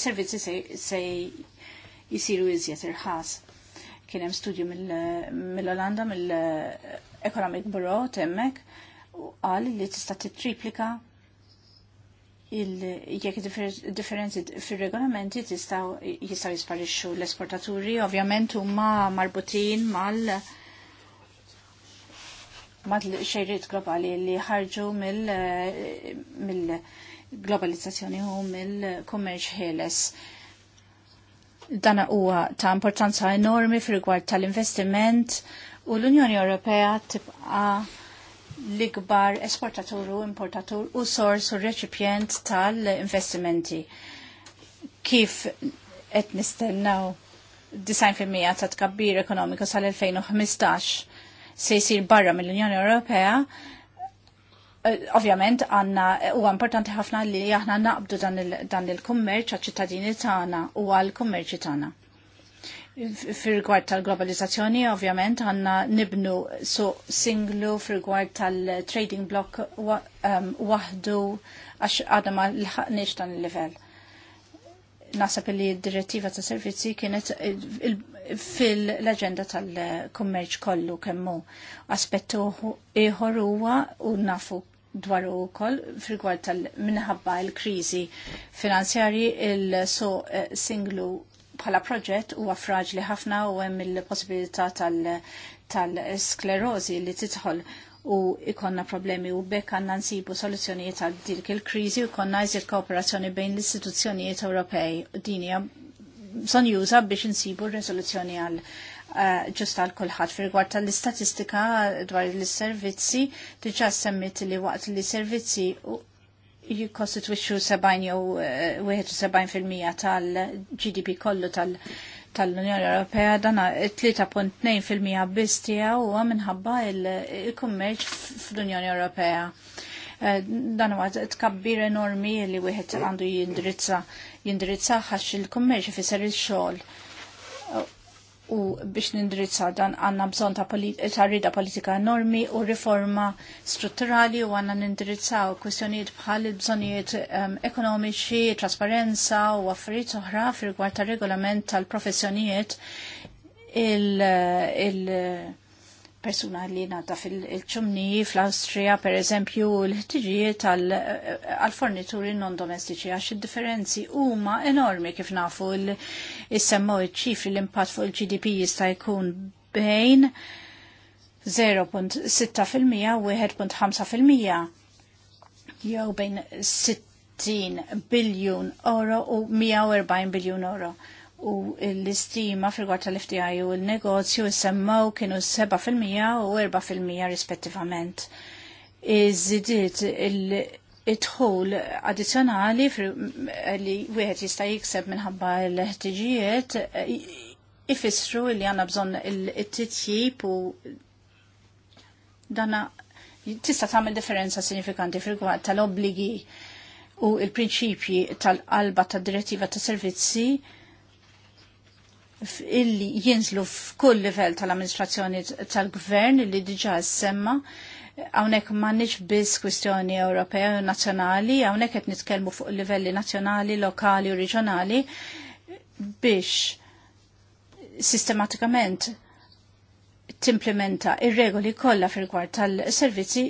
servizzi se jisiru iżjed irħas. Kien hemm studju mill-Olanda, mill Economic Bureau temmek u għal li tista' titriplika jekk differenzi fir-regolamenti tistgħu jistgħu jisparixxu l-esportaturi ovvjament huma marbutin mal mal xejriet globali li ħarġu mill mill globalizzazzjoni u mill-kummerċ ħieles dan huwa ta' importanza enormi fil-rigward tal-investiment u l-Unjoni Ewropea tibqa l-ikbar esportatur u importatur u sors u reċipjent tal-investimenti. Kif qed nistennaw 90% ta' tkabbir ekonomiku sal-2015 se jsir barra mill-Unjoni Ewropea, eh, ovvjament għanna u importanti ħafna li aħna naqbdu dan il-kummerċ għal ċittadini tagħna u għal kummerċi tagħna. Fir-rigward tal-globalizzazzjoni, ovvjament, għanna nibnu su singlu fir-rigward tal-trading block um, wahdu għax għadha ma l dan il-level. Nasab li d-direttiva ta' servizzi kienet fil leġenda tal-kummerċ kollu kemmu. Aspettu ieħor huwa u nafu dwar u koll fil tal-minħabba il-krizi finanzjari il-so eh, singlu bħala proġett huwa fraġli ħafna u hemm il-possibilità tal-sklerozi li tidħol u ikonna problemi u bekk għanna nsibu soluzzjonijiet għal dik il-kriżi u konna jżid kooperazzjoni bejn l-istituzzjonijiet Ewropej. Din hija son juża biex insibu r-resoluzzjoni għal eh, ġust għal kulħadd fi rigward tal-istatistika dwar l-servizzi diġà semmit li waqt li servizzi jikkostitwixxu 70 jew 71% eh, tal-GDP kollu tal- tal-Unjoni Ewropea dan 3.2% biss tiegħu huwa minħabba il-kummerċ fl-Unjoni Ewropea. Eh, dan huwa tkabbir enormi li wieħed għandu jindirizza jindirizza il kummerċ ifisser ix il kummerċ ifisser il xogħol u biex nindrizza dan għanna bżon ta', polit ta rida politika normi u riforma strutturali u għanna nindirizzaw kwestjoniet bħal il-bżonijiet um, ehm, ekonomiċi, trasparenza u affarijiet oħra fil-gwar ta' regolament tal-professjonijiet il-, il persuna li nata fil-ċumni fl-Austria, per eżempju, l-ħtiġijiet għal-fornituri non domestiċi għax differenzi huma enormi kif nafu l-semmu ċifri l-impatt fuq il-GDP jista' jkun bejn 0.6% u 1.5% jew bejn 60 biljun euro u 140 biljun euro u l-istima fil-gwar tal-FDI u l-negozju semmaw kienu 7% u 4% rispettivament. Iż-żidiet il-idħol addizzjonali li wieħed jista' jikseb minħabba l-ħtiġijiet ifissru li għanna bżon il-titjib u dana tista tagħmel differenza sinifikanti fil-gwad tal-obligi u il-prinċipji tal-qalba tad direttiva ta' servizzi illi jinżlu f'kull livell tal-amministrazzjoni tal-gvern li diġa semma għawnek manniċ biss kwistjoni Ewropea u nazjonali, għawnek qed nitkellmu fuq livelli nazjonali, lokali u reġjonali biex sistematikament timplementa ir-regoli kollha fil tal-servizzi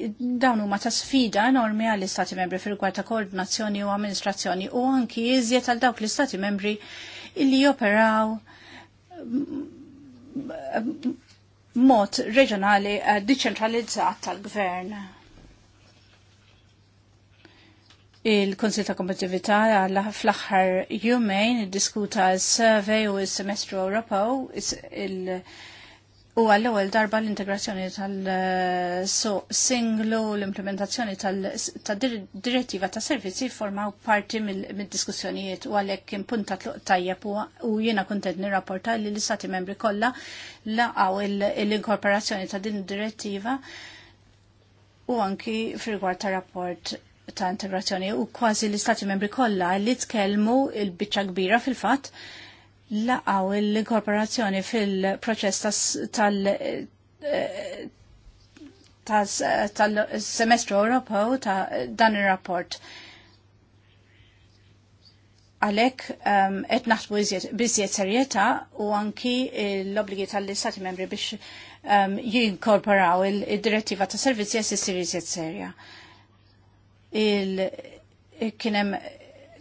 dawn huma ta' sfida enormi għall istati membri fil ta' koordinazzjoni u amministrazzjoni u anki iżjed għal dawk l-istati membri illi joperaw mod reġjonali eh, deċentralizzat tal-gvern. Il-Konsil ta' Kompetitività għalla fl-axħar jumejn diskuta s-survey u s-semestru Ewropew, U għall-ewwel darba l-integrazzjoni tal-so singlu l-implementazzjoni tal-direttiva ta' servizzi formaw parti mid-diskussjonijiet u għalhekk kien punta tluq tajjeb u jiena kuntent nirrapporta li l-istati membri kollha laqgħu l-inkorporazzjoni ta' din id-direttiva u anki f'rigward ta' rapport ta' integrazzjoni u kważi l-istati membri kollha li tkellmu il-biċċa kbira fil-fatt laqaw l-inkorporazzjoni fil-proċess tal- eh, tal-semestru Ewropew ta' dan ir-rapport. Għalek, ehm, qed naħsbu biżjed serjetà u anki l-obbligi tal-Istati membri biex ehm, jinkorporaw il-direttiva ta' servizzi jessi sirriżjed serja. Il-kienem il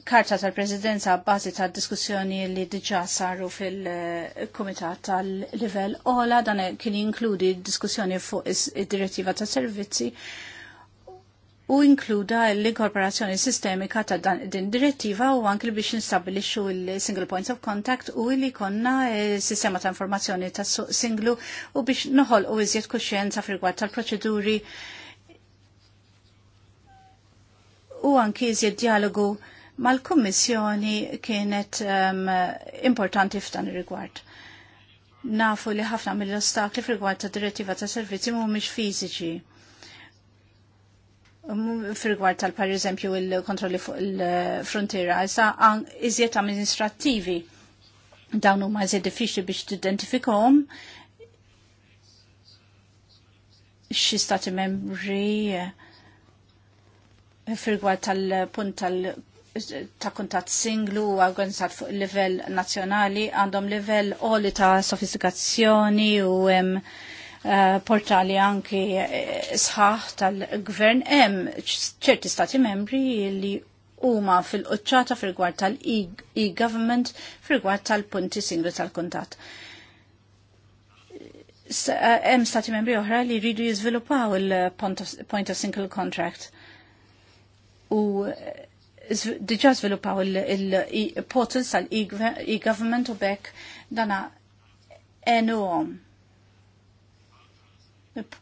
karta tal-Presidenza bazi tad diskussjoni li diġà saru fil-Kumitat tal-Livell Ola dan kien jinkludi diskussjoni fuq id-Direttiva ta' Servizzi u inkluda l-inkorporazzjoni sistemika ta' din direttiva u anki biex nistabilixxu l-single points of contact u li konna eh, sistema ta' informazzjoni ta' singlu u biex noħol u iżjed kuxjenza fil tal-proċeduri u anki iżjed dialogu mal-Kummissjoni kienet um, importanti f'dan ir-rigward. Nafu li ħafna mill-ostakli f'rigward ta' direttiva ta' servizzi mhumiex fiżiċi. F'rigward tal par eżempju il-kontrolli fuq il-frontiera, issa iżjed amministrattivi dawn huma iżjed diffiċli biex tidentifikhom xi stati membri eh, fil-gwad tal ta' kuntat singlu u organizzat fuq il-livell nazzjonali għandhom livell oli ta' sofistikazzjoni u um, uh, portali anki eh, sħaħ tal-gvern hemm ċerti stati membri li huma fil qċata fil fil-gwar tal-e-government fil-gwar tal-punti singlu tal-kuntat. Eh, hemm stati membri oħra li jridu jiżviluppaw il-point of single contract. U diġa sviluppaw il-portals tal e-government u bekk dana enuhom.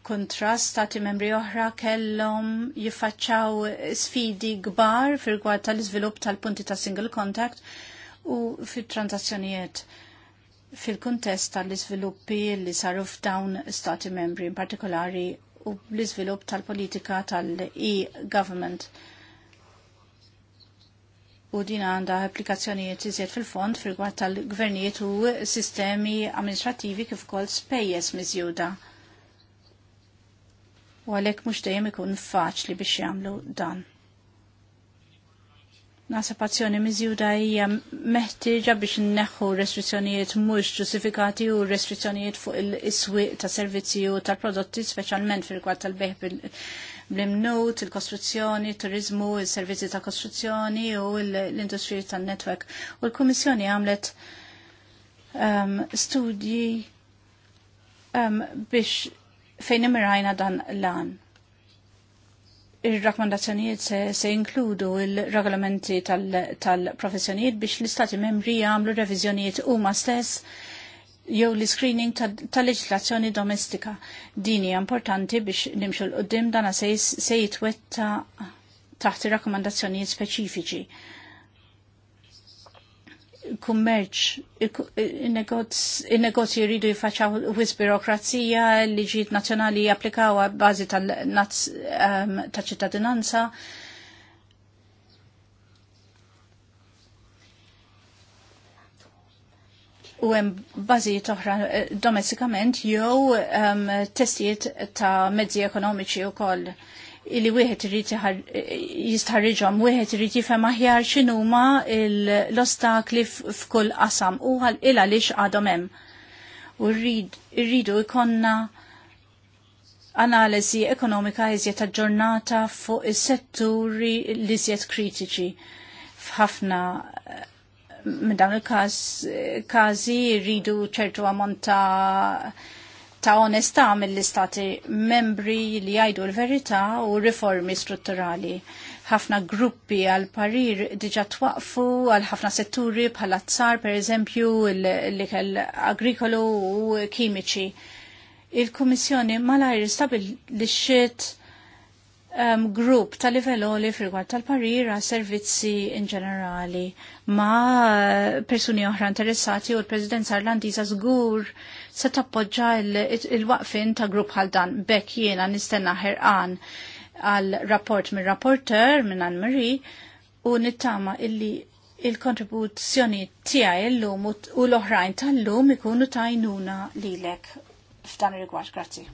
Kontrast stati membri oħra kellhom jiffaċċaw sfidi kbar fil-gwad tal-iżvilupp tal-punti ta' single contact u fit-transazzjonijiet fil-kuntest tal-iżviluppi li saru f'dawn stati membri, in partikolari u l-iżvilupp tal-politika tal-e-government. tal politika tal e government u din għanda applikazzjonijiet iżjed fil-fond fil-gwad tal-gvernijiet u sistemi amministrativi kif kol spejjes miżjuda. U għalek mux dejjem ikun faċli biex jagħmlu dan. Nasa pazzjoni mizjuda hija meħtieġa biex neħħu restrizzjonijiet mhux ġustifikati u restrizzjonijiet fuq il iswi ta' servizzi u tal-prodotti speċjalment fil-gwad tal-beħ bl-imnut, il-kostruzzjoni, turizmu, il-servizzi ta' kostruzzjoni u l-industrija tan netwerk U l-Kummissjoni għamlet um, studji um, biex fejn imrajna dan l-an il-rakkomandazzjonijiet se, se inkludu il-regolamenti tal-professjonijiet tal biex l-istati membri jagħmlu reviżjonijiet huma stess jew l-screening tal-leġislazzjoni domestika. Din hija importanti biex nimxu l-qoddim dana se jitwetta taħt rakkomandazzjonijiet speċifiċi. Kummerċ, il-negozji jridu jifaċaw wis birokrazija, liġijiet nazzjonali japplikaw għabbażi tal-ċittadinanza, u hemm bażijiet oħra eh, domestikament jew um, testijiet ta' mezzi ekonomiċi wkoll illi wieħed irid eh, jistħarriġhom, wieħed irid jifhem aħjar x'inhuma l-ostakli f'kull qasam u il għaliex għadhom hemm. U rridu jkollna analiżi ekonomika iżjed aġġornata fuq is-setturi li iżjed kritiċi f'ħafna minn dawn il-każi rridu ċertu ammonta ta' onestà mill-istati membri li jgħidu l-verità u riformi strutturali ħafna gruppi għal parir diġa twaqfu għal ħafna setturi bħala tsar per eżempju l-ikel agrikolu u kimiċi. Il-Kommissjoni malajr stabil li xiet um, grupp ta' livelloli fil-gwad tal-parira servizzi in ġenerali ma' persuni oħra interessati u l-Presidenza Irlandiża żgur se tappoġġa il-waqfin ta' grupp bħal dan bekk jiena nistenna ħerqan għal rapport minn rapporter minn Ann Marie u nittama illi il-kontribuzzjoni tiegħi llum u l-oħrajn tal-lum ikunu tajnuna lilek f'dan ir-rigward. Grazzi.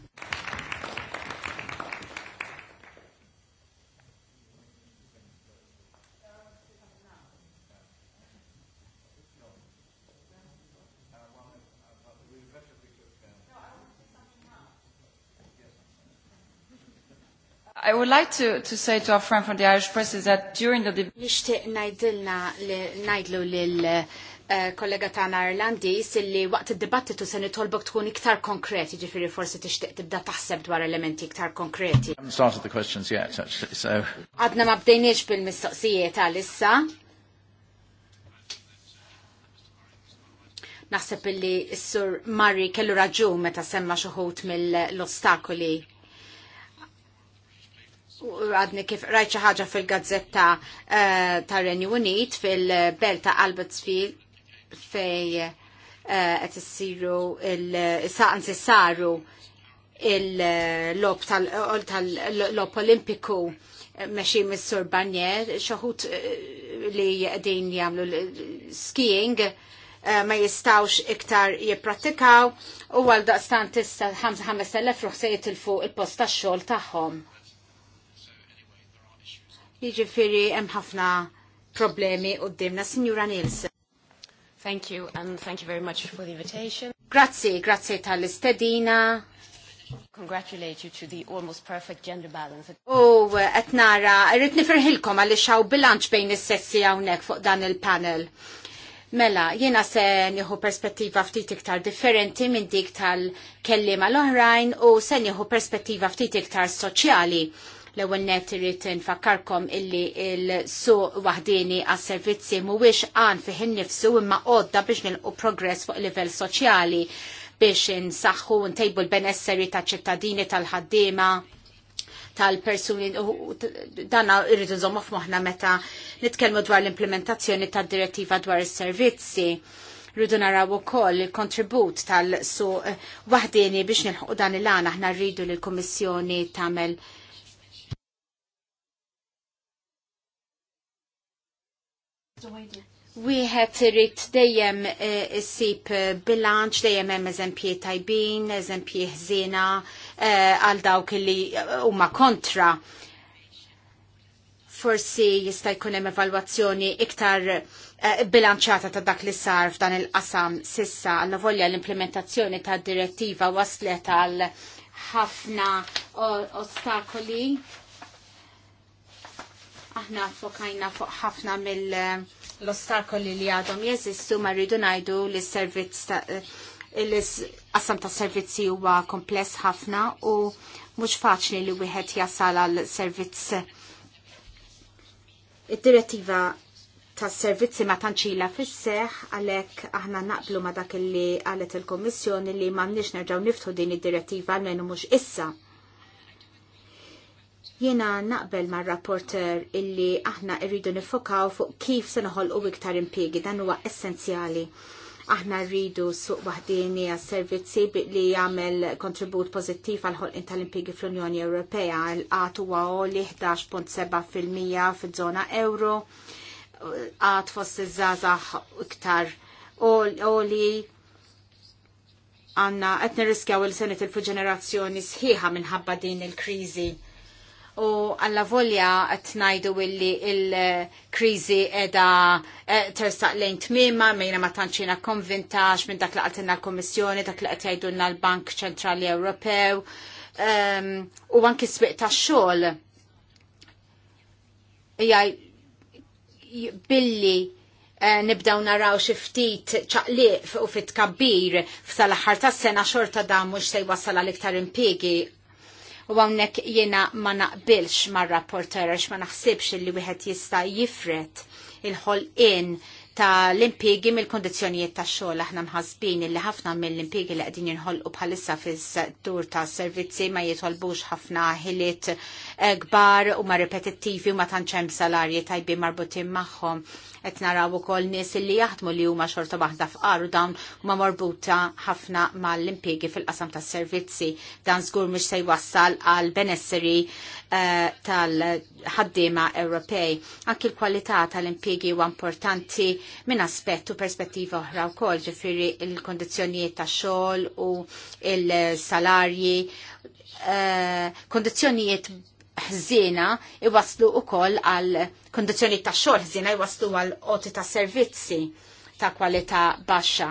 I would like to, to say to our friend from the Irish press is that during the debate... Nishtiq najdilna li najdlu lil eh, kollega Tana Irlandis illi waqt id-dibattitu se nitolbok tkun iktar konkreti, ġifiri forsi tixtieq tibda taħseb dwar elementi iktar konkreti. Started the questions yet, actually, so. Għadna ma bdejniex bil-mistoqsijiet għalissa. Naħseb illi s-sur Marri kellu raġun meta semma xuħut mill-ostakoli għadni kif rajt xi ħaġa fil-gazzetta ta' eh, tar renju Unit fil-belt ta' Albertsfield fej eh, s-siru il-saqanzi saru il-lob tal lop olimpiku eh, meċi mis-sur Barnier, xoħut li din jamlu skiing ma jistawx iktar jippratikaw u għal daqstan tista 5,000 ruħsejt se fuq il posta tax xogħol tagħhom Jiġifieri hemm ħafna problemi qudiemna. Signora Nielsen. Thank you and thank you very much for the invitation. Grazzi, grazzi tal-istedina. Congratulate you to the almost perfect gender balance. Oh, qed nara, rrid nifirħilkom għaliex hawn bilanċ bejn is-sessi hawnhekk fuq dan il-panel. Mela, jiena se nieħu perspettiva ftit iktar differenti minn dik tal-kellima l-oħrajn u se nieħu perspettiva ftit iktar soċjali L-ewwel net irid nfakkarkom illi il su waħdini għas-servizzi mhuwiex għan fih innifsu imma għodda biex nilqu progress fuq livell soċjali biex nsaħħu ntejbu l-benesseri ta' ċittadini tal-ħaddiema tal-persuni danna irridu nżommu f'moħna meta nitkellmu dwar l-implementazzjoni tad-direttiva dwar is-servizzi rridu naraw ukoll il-kontribut tal-su waħdini biex nilħuq dan il-għana aħna rridu li l-Kummissjoni tagħmel Wieħed irid dejjem eh, issib eh, bilanċ, dejjem hemm eżempji tajbin, eżempji ħżiena eh, għal dawk li huma kontra. Forsi jista' jkun hemm evalwazzjoni iktar bilanċata ta' dak li sar f'dan il-qasam sissa għandna volja l-implementazzjoni ta' direttiva waslet għal ħafna ostakoli Aħna fokajna fuq ħafna mill- l-ostakoli li għadhom jeżistu ma rridu ngħidu li s-servizz ta' eh, il qasam ta' servizzi huwa kompless ħafna u mhux faċli li wieħed jasal għal servizz. Id-direttiva tas servizzi ma tantxila fis-seħ għalhekk aħna naqblu ma dak li qalet il-Kommissjoni li m'għandniex nerġgħu niftħu din id-direttiva għalmenu mhux issa Jiena naqbel ma' rapporter illi aħna irridu nifokaw fuq kif se noħolqu iktar impjiegi dan huwa essenzjali. Aħna rridu suq waħdini għas servizzi li jagħmel kontribut pożittiv għal ħolqin tal impiegi fl-Unjoni Ewropea għat huwa li 11.7% fiż-żona euro għat fost iż-żazax iktar oli li għanna għet nirriskjaw il-senet il-ġenerazzjoni sħiħa minħabba din il-krizi u għalla volja t-najdu illi il-krizi edha e, tersaq lejn t-mima, mejna ma tanċina konvintax minn dak li l-Komissjoni, dak li għatjajdunna l-Bank Ċentrali Ewropew ehm, u anki sbiq ta' xol. Jaj, billi e, nibdaw naraw xiftit ċaqliq u fit kabbir f'sal-ħar tas sena xorta da mux se wasala l iktar impiegi U għawnek jena ma naqbilx ma rapporter għax ma naħsibx li wieħed jista jifret il in ta' l-impiegi mill-kondizjonijiet ta' xogħol aħna mħasbin li ħafna mill-impiegi li qegħdin jinħolqu bħalissa fis-settur ta' servizzi ma jitolbux ħafna ħiliet eh, kbar u ma repetittivi u ma tantx hemm salarji tajbi marbutin magħhom qed naraw ukoll nies li jaħdmu li huma xorta waħda fqar u dawn huma morbuta ħafna mal impiegi fil-qasam tas-servizzi. Dan żgur mhux se jwassal għal benesseri uh, tal-ħaddiema Ewropej. Anki l-kwalità tal impiegi huwa importanti minn aspett u perspettiva oħra wkoll, ġifieri il-kondizzjonijiet tax-xogħol u il-salarji, uh, eh, kondizzjonijiet ħżiena iwaslu wkoll għal kondizjoni ta' xogħol ħżiena iwaslu għal oti ta' servizzi ta' kwalità baxxa.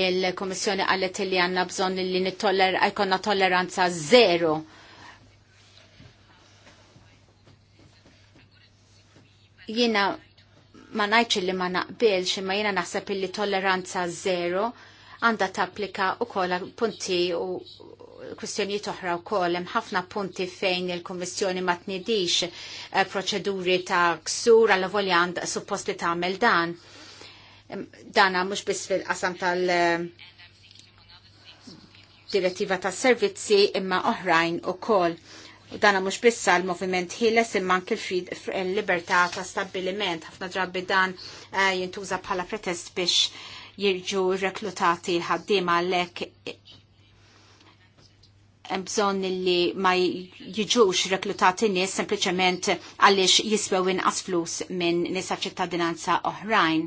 Il-Komissjoni qalet li għandna bżonn li għajkonna jkollna tolleranza zero Jiena ma ngħidx li ma naqbilx imma jiena naħseb li tolleranza zero għandha tapplika wkoll punti u kwistjonijiet oħra wkoll hemm ħafna punti fejn il-Kummissjoni ma tnidix eh, proċeduri ta' ksur għal volja suppost li tagħmel dan. Dana mhux biss fil-qasam tal- eh, direttiva ta' servizzi imma oħrajn u kol. dana mux bissa l-moviment ħiles imma anke l-libertà ta' stabbiliment. ħafna drabi dan eh, jintuża bħala pretest biex jirġu reklutati l-ħaddima għalek bżon li ma jiġux reklutati nis sempliciment għalix jiswew inqas flus minn nisa ċittadinanza oħrajn.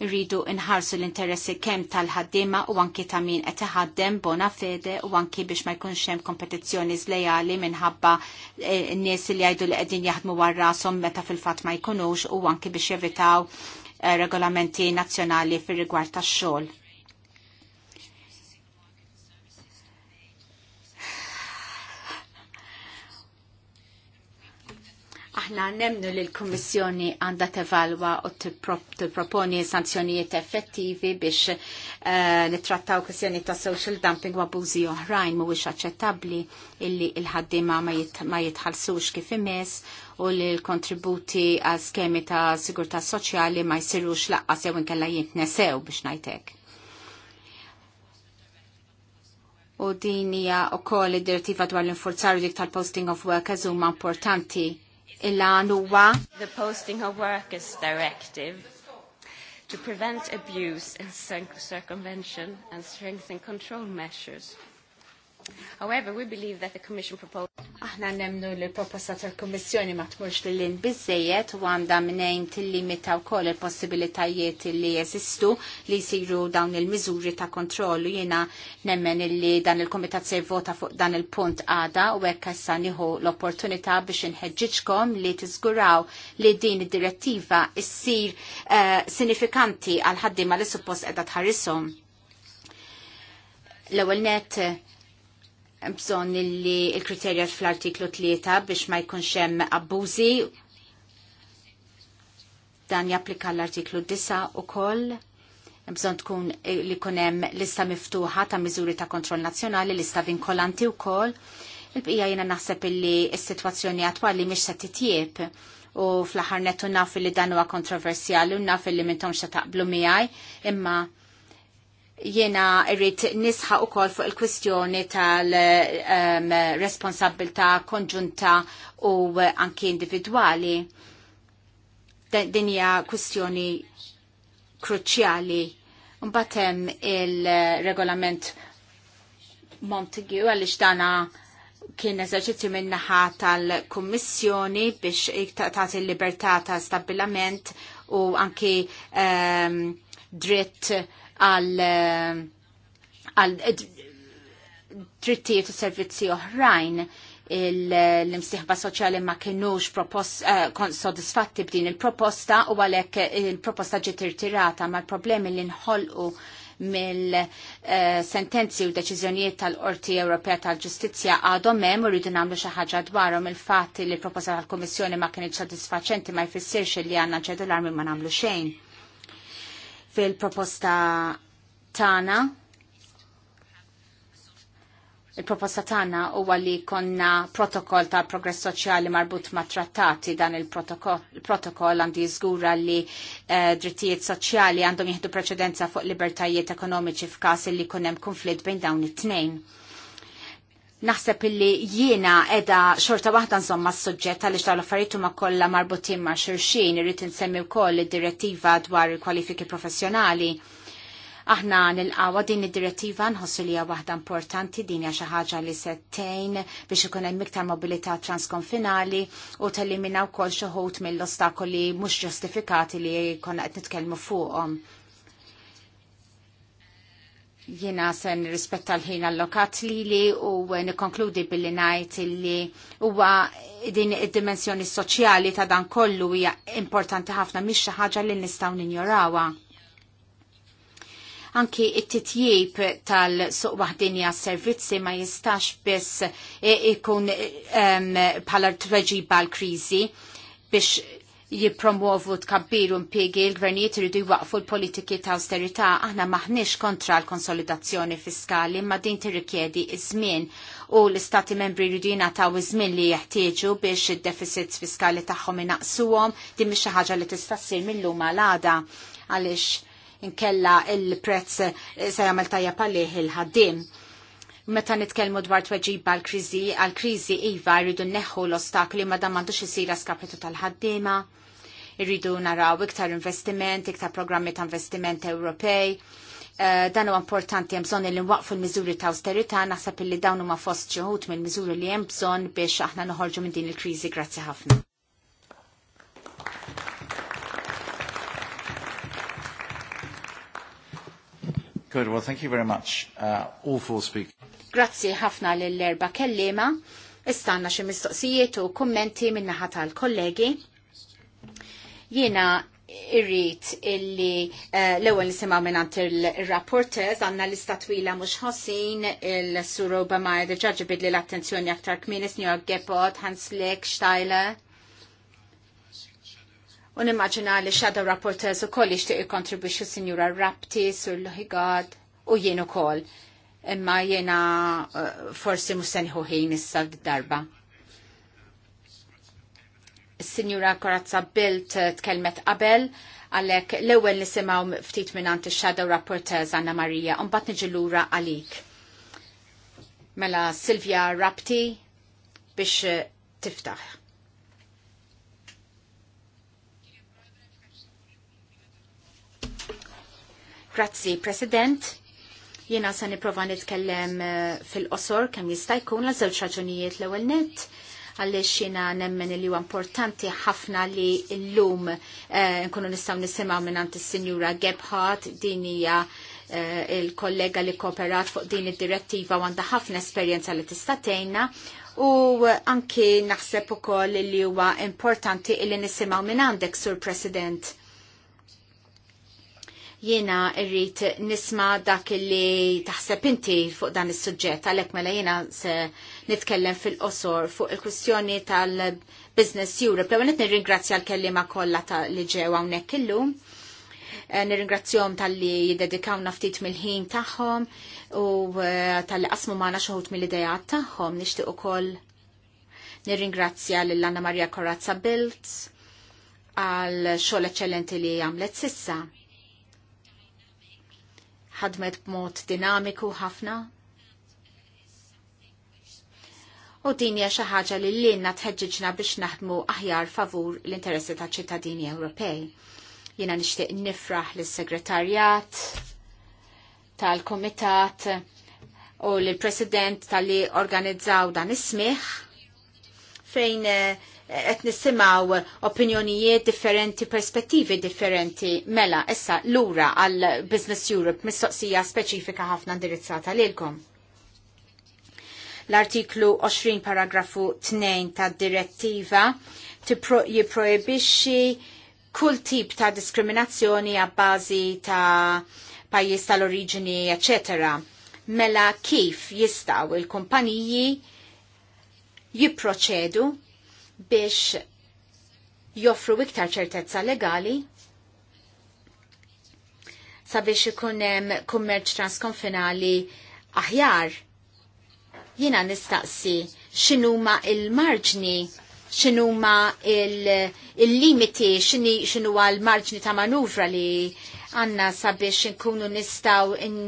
Rridu nħarsu l-interessi kemm tal-ħaddiema u anki ta' min qed iħaddem bona fede u anki biex ma jkunx hemm kompetizzjoni żlejali minħabba eh, nies li jgħidu li qegħdin jaħdmu warrasom meta fil-fatt ma jkunux u anki biex jevitaw eh, regolamenti nazzjonali fir-rigward tax-xogħol aħna nemnu li l-Kommissjoni għanda tevalwa u t-proponi sanzjonijiet effettivi biex eh, nitrattaw kwestjoni ta' social dumping u abużi oħrajn mhuwiex aċċettabbli illi il-ħaddiema ma jitħallsux kif imess u li l-kontributi għal skemi ta' sigurtà soċjali ma jsirux laqqas jew inkella jitnesew biex najtek. u din hija wkoll id-direttiva dwar l-infurzar dik tal-posting of workers huma importanti il-lan huwa The Posting of Workers Directive to prevent abuse and circumvention and strengthen control measures However, we believe that the Commission proposal Aħna nemnu li proposta tal-Kommissjoni ma tmurx li l-in bizzejiet u għanda minnejn tillimita u koll il-possibilitajiet li jesistu li jisiru dawn il-mizuri ta' kontrollu jena nemmen li dan il-Komitat se vota fuq dan il-punt għada u għek kassa niħu l-opportunità biex nħedġiġkom li t-izguraw li din id-direttiva issir eh, sinifikanti għal ħaddim li suppost edha tħarrisom. L-ewel net bżon li il-kriterja fl-artiklu 3 biex ma jkunx hemm abbużi dan japplika l-artiklu 9 ukoll bżon tkun li kunem lista miftuħa ta' miżuri ta' kontroll nazzjonali, lista vinkolanti wkoll. Il-bqija jiena naħseb illi s-sitwazzjoni attwali mhix se titjieb u fl-aħħar nettu naf li dan huwa kontroversjali u naf li mintom se taqblu miegħi, imma Jiena irrit nisħa u kol fuq il-kwistjoni tal-responsabilta ehm, um, konġunta u anki individuali. Dinja kwistjoni kruċjali. Unbatem il-regolament Montague għalix dana kien eżerċizzju minnaħa tal-Kummissjoni biex tagħti il libertà ta' stabilament u anki um, dritt għal għal drittijiet u servizzi oħrajn l-imsiħba soċjali ma kienux uh, sodisfatti b'din il-proposta u għalek il-proposta ġiet irtirata ma l-problemi li nħolqu mill-sentenzi eh, u deċiżjonijiet tal-Qorti Ewropea tal-Ġustizzja għadhom hemm u rridu nagħmlu xi ħaġa dwarhom il-fatt li l-proposta tal-Kummissjoni ma kienx sodisfaċenti ma jfissirx li għandna ċedular minn ma nagħmlu xejn fil-proposta tana il-proposta tagħna huwa li konna protokoll ta' progress soċjali marbut ma' trattati dan il-protokoll għandi jiżgura li eh, drittijiet soċjali għandhom jieħdu preċedenza fuq libertajiet ekonomiċi f'każ li jkun hemm konflitt bejn dawn it-tnejn. Naħseb illi jiena edha xorta waħda nżomma s-sujġet għaliex tal affarijiet huma kollha marbutin ma' xulxin irrid insemmi wkoll id-direttiva dwar il-kwalifiki professjonali. Aħna nil-qawa din id-direttiva nħossu li hija waħda importanti din hija xi ħaġa li settejn biex ikun hemm iktar mobilità transkonfinali u tellimina wkoll xi ħut mill-ostakoli mhux ġustifikati li jkollna qed nitkellmu fuqhom. Jiena se nirrispetta l-ħin allokat lili u nikkonkludi billi ngħid li huwa din id-dimensjoni soċjali ta' dan kollu hija importanti ħafna mhix xi ħaġa li nistgħu ninjorawha. Anki it-titjib tal-suq waħdinja servizzi ma jistax biss e-, ikun bħala tweġiba l-kriżi biex jipromuovu tkabbiru mpiegi l-gvernijiet iridu jwaqfu l-politiki ta' austerità aħna maħniex kontra l-konsolidazzjoni fiskali ma din tirrikjedi iż-żmien u l-istati membri jridu jingħataw iż-żmien li jeħtieġu biex id-deficits fiskali tagħhom inaqsuhom din mhix xi ħaġa li tista' ssir millum għal-għada għaliex inkella il-prezz se jagħmel tajjeb għalih il-ħaddiem meta nitkellmu dwar tweġiba għal kriżi għal kriżi iva jridu neħħu l-ostakli ma dam m'għandux isir skapitu tal-ħaddiema irridu naraw iktar investiment, iktar programmi ta' investiment Ewropej. Uh, dan huwa importanti hemm bżonn li nwaqfu l-miżuri ta' austerità naħseb illi dawn huma fost xi wħud mill-miżuri li hemm bżonn biex aħna noħorġu minn din il-kriżi. Grazzi ħafna. Good, well thank you very much. Uh, all four speakers. Grazzi ħafna lill erba kellima. Istanna xi mistoqsijiet u kummenti min-naħa tal-kollegi. Jiena irrit illi uh, eh, l-ewel nisimaw minnant il-rapportez għanna lista twila mux ħossin il-sur Obama id-ġaġi bidli l-attenzjoni aktar kminis New York Gepot, Hans Lick, Steiler. Unimmaġina li shadow rapportez u koll ixtiq ikontribuċu sinjura Rapti, sur Lohigad u jienu koll. Imma jena uh, eh, forsi musenħu ħin issa d-darba. Signora Corazza Bilt eh, tkellmet qabel, għalek l ewwel nisimgħu ftit minnant il-Shadow Rapporteurs Anna Marija, niġi nġilura għalik. Mela Silvia Rapti biex eh, tiftaħ. Grazzi, President. Jena se niprofa nitkellem eh, fil-qosor kemm jista' jkun għal żewġ raġunijiet l-ewwel nett għaliex jina nemmen li huwa importanti ħafna li llum eh, nkunu nistgħu nisimgħu mingħand il sinjura Gebhardt din hija eh, il-kollega li kooperat fuq din id-direttiva għandha ħafna esperjenza li tista' tgħinna U anki naħseb ukoll li huwa importanti li nisimgħu minn għandek, Sur President, Jiena irrit nisma dak li taħseb inti fuq dan is-suġġett għalhekk mela jiena se nitkellem fil-qosor fuq il-kwistjoni tal-Business Europe. l qed nirringrazzja l-kellima kollha li ġew hawnhekk illum eh, nirringrazzjahom tal-li jiddedikawna ftit mill-ħin tagħhom u eh, tal-li qasmu maħna xoħut mill-idejat tagħhom nixtieq ukoll nirringrazzja lil anna Maria Corazza Bilt għal xogħol eċċellenti li għamlet sissa ħadmet b'mod dinamiku ħafna. U din hija xi ħaġa li lilna linna tħeġġiġna biex naħdmu aħjar favur l-interessi taċ ċittadini Ewropej. Jiena nixtieq nifraħ lis-segretarjat tal kumitat u l-president tal-li organizzaw dan ismiħ fejn eh, qed nisimgħu opinjonijiet differenti, perspettivi differenti. Mela, issa lura għal Business Europe mistoqsija speċifika ħafna indirizzata lilkom. L-artiklu 20 paragrafu 2 ta' direttiva jiprojibixxi kull tip ta' diskriminazzjoni bazi ta' pajjiż tal-oriġini, eccetera. Mela kif jistaw il-kumpaniji jipproċedu biex joffru iktar ċertezza legali sabiex ikun hemm kummerċ transkonfinali aħjar. Jiena nistaqsi x'inhuma il-marġni, x'inhuma il-limiti, x'inhuwa l-marġni ta' manuvra li għandna sabiex inkunu nistgħu in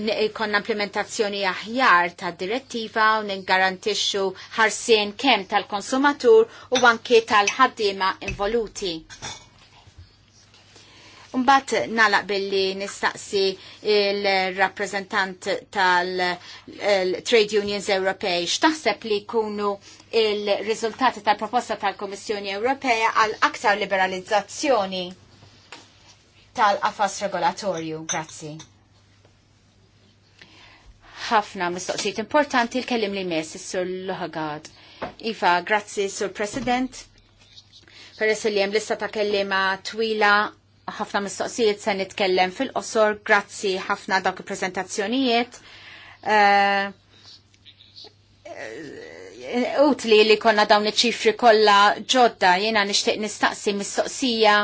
jkollna implementazzjoni aħjar tad direttiva u ngarantixxu ħarsien kemm tal-konsumatur u anke tal-ħaddiema involuti. Umbat nalaq billi nistaqsi il-rappresentant tal-Trade Unions Ewropej x'taħseb li jkunu il-riżultati tal-proposta tal-Komissjoni Ewropea għal aktar liberalizzazzjoni tal-qafas regolatorju. Grazzi ħafna mistoqsijiet importanti l-kellim li mess sur l-ħagad. Iva, grazzi sur President. Peress li jem lista ta' kellima twila ħafna mistoqsijiet se nitkellem fil-qosor, grazzi ħafna dawk il-prezentazzjonijiet. Eh, eh, utli li konna dawn iċ-ċifri kollha ġodda jiena nixtieq nistaqsi mistoqsija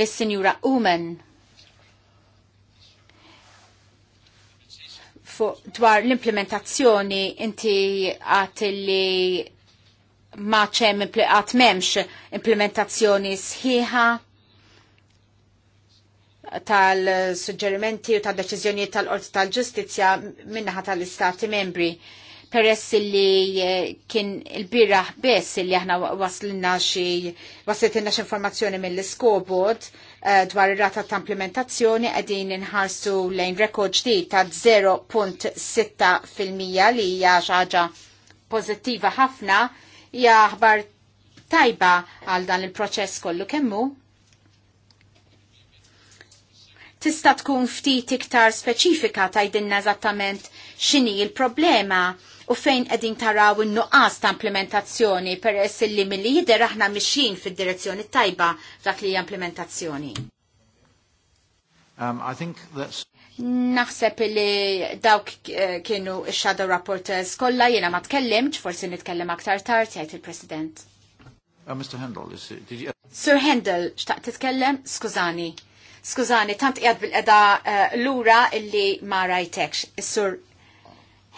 lis-Sinjura Umen dwar l-implementazzjoni inti għat li maċem għat memx implementazzjoni sħiħa tal-suġġerimenti u tal-deċizjoni tal-Qorti tal-Ġustizja minnaħa tal-Istati membri peress li eh, kien il birraħ biss li aħna waslinna xi waslitilna xi informazzjoni mill-iskobod eh, dwar ir-rata ta' implementazzjoni qegħdin inħarsu lejn rekord ġdid ta' 0.6% li hija xi ħaġa pożittiva ħafna hija aħbar tajba għal dan il-proċess kollu kemmu tista' tkun ftit iktar speċifika tajdinna eżattament x'inhi l-problema u fejn qegħdin taraw in-nuqqas ta' implementazzjoni per li milli jidher aħna mixin fil direzzjoni tajba dak li hija implementazzjoni. Um, I think that's Naħseb li dawk eh, kienu shadow rapporters kollha jiena ma tkellimx, forsi nitkellem aktar tard jgħid il-President. Uh, Mr. Handel, is it, did you... Sir Hendel, xtaqt titkellem? Skużani. Skużani, tant qiegħed bil-qeda uh, lura illi ma rajtekx. Is-Sur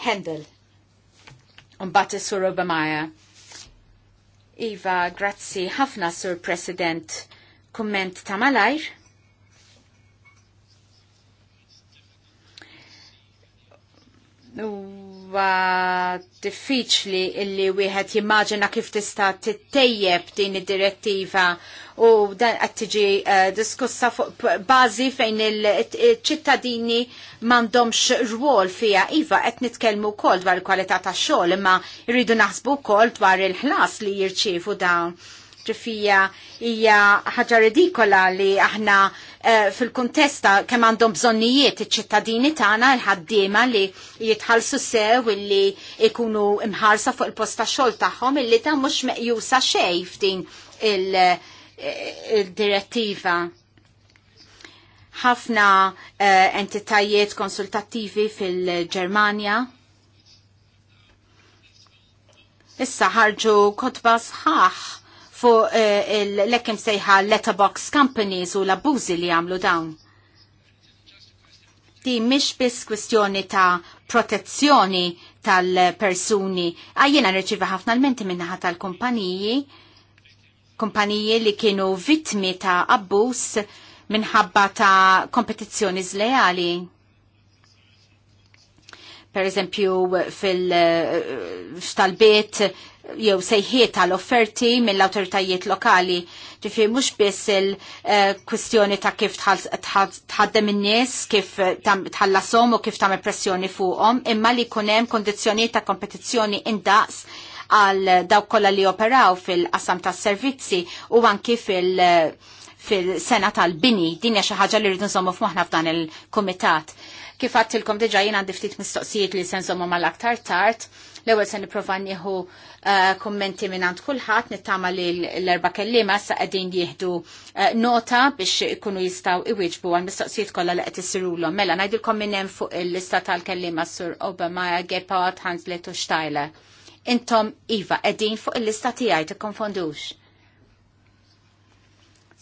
Handel. Mbagħad is-Sur Obamaja. Iva, grazzi ħafna Sur President. Kumment ta' malajr. diffiċli illi wieħed jimmaġina kif tista' tittejjeb din id-direttiva u dan qed tiġi eh, diskussa fuq bażi fejn il-ċittadini m'għandhomx rwol fiha. Iva qed nitkellmu wkoll dwar il-kwalità tax-xogħol imma jridu naħsbu wkoll dwar il-ħlas li jirċievu dawn ġifija hija ħaġa ridikola li aħna eh, fil-kontesta kemm għandhom bżonnijiet iċ-ċittadini tagħna l-ħaddiema li jitħallsu sew illi jkunu imħarsa fuq il-posta xogħol tagħhom illi ta' mhux meqjusa xejn f'din il- il-direttiva ħafna uh, entitajiet konsultattivi fil-Germania. Issa ħarġu kotba sħaħ fuq uh, eh, l-ekkim sejħa letterbox companies u l-abbużi li għamlu dawn. Di mish bis kwestjoni ta' protezzjoni tal-persuni. Għajjena rċiva ħafna l-menti minnaħat tal-kumpaniji kumpaniji li kienu vittmi ta' abbus minħabba ta' kompetizzjoni zlejali. Per eżempju, fil-xtalbiet jew sejħiet tal-offerti mill-autoritajiet lokali. Ġifiri, mux biss il-kwistjoni eh, ta' kif tħaddem in-nies, kif tħallasom u kif tagħmel pressjoni fuqhom, imma li jkun hemm ta' kompetizzjoni indaqs għal dawk kollha li operaw fil-qasam tas-servizzi u anki fil- fil-sena tal-bini, dinja xi ħaġa li rridu nżommu f'moħħna f'dan il-kumitat. Kif għattilkom diġa jien għandi ftit mistoqsijiet li se nżommu mal-aktar tard, l-ewwel se nipprova nieħu eh, kummenti minn għand kulħadd nittama li l-erba' kelliema sa qegħdin jieħdu eh, nota biex ikunu jistgħu iwiġbu għal mistoqsijiet kollha li qed isirulhom. Mela ngħidilkom minn hemm fuq il-lista tal-kelliema sur Obama, Gepard, Hans Leto Steiler intom Iva edin fuq il-lista tijaj ta' konfondux.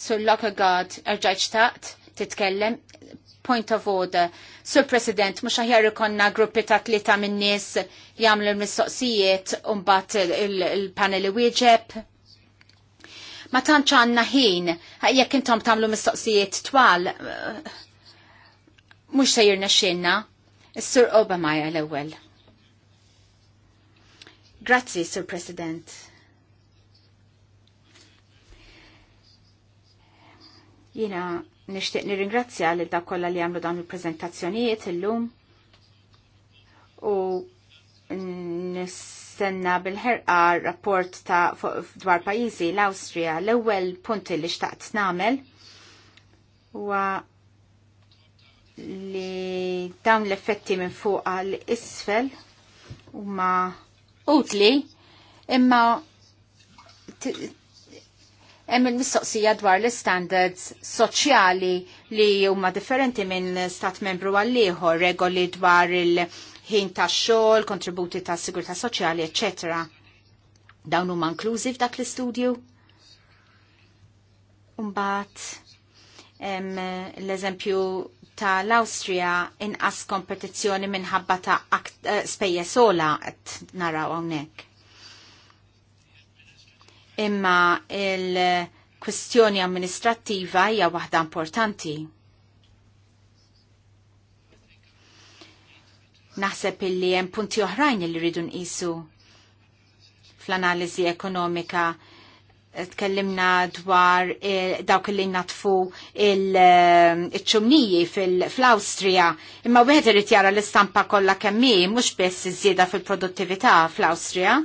Sur God erġajċ taqt, titkellem, point of order. Sur President, mux aħjar ikonna gruppi ta' tlita minn nies jamlu l-mistoqsijiet unbat il-panel wieġeb. Ma tantx għanna ħin, jekk intom tamlu mistoqsijiet twal, mux se jirnexxinna. Is-Sur Obama l-ewwel. Grazzi, Sir President. Jina nishtiq nirringrazzja lil dak kollha li għamlu dawn il-preżentazzjonijiet illum u nistenna bil-ħerqa rapport ta' dwar pajjiżi l-Awstrija l-ewwel punti li xtaqt nagħmel huwa li dawn l-effetti minn fuq għal isfel huma utli imma hemm il-mistoqsija dwar l-standards soċjali li huma differenti minn stat membru għal ieħor regoli dwar il-ħin tax-xogħol, kontributi tas sigurtà soċjali, ecc. Dawn huma inklużi f'dak l-istudju? Mbagħad l-eżempju l awstrija inqas kompetizzjoni minħabba ta' eh, spejja sola qed naraw hawnhekk. Imma il-kwistjoni amministrattiva hija waħda importanti. Naħseb illi hemm punti oħrajn li rridu nqisu fl-analiżi ekonomika tkellimna dwar dawk li natfu eh, il-ċumniji fil-Austria. Imma wieħed irid jara l-istampa kollha kemm hi mhux biss iż fil-produttività fl-Awstrija.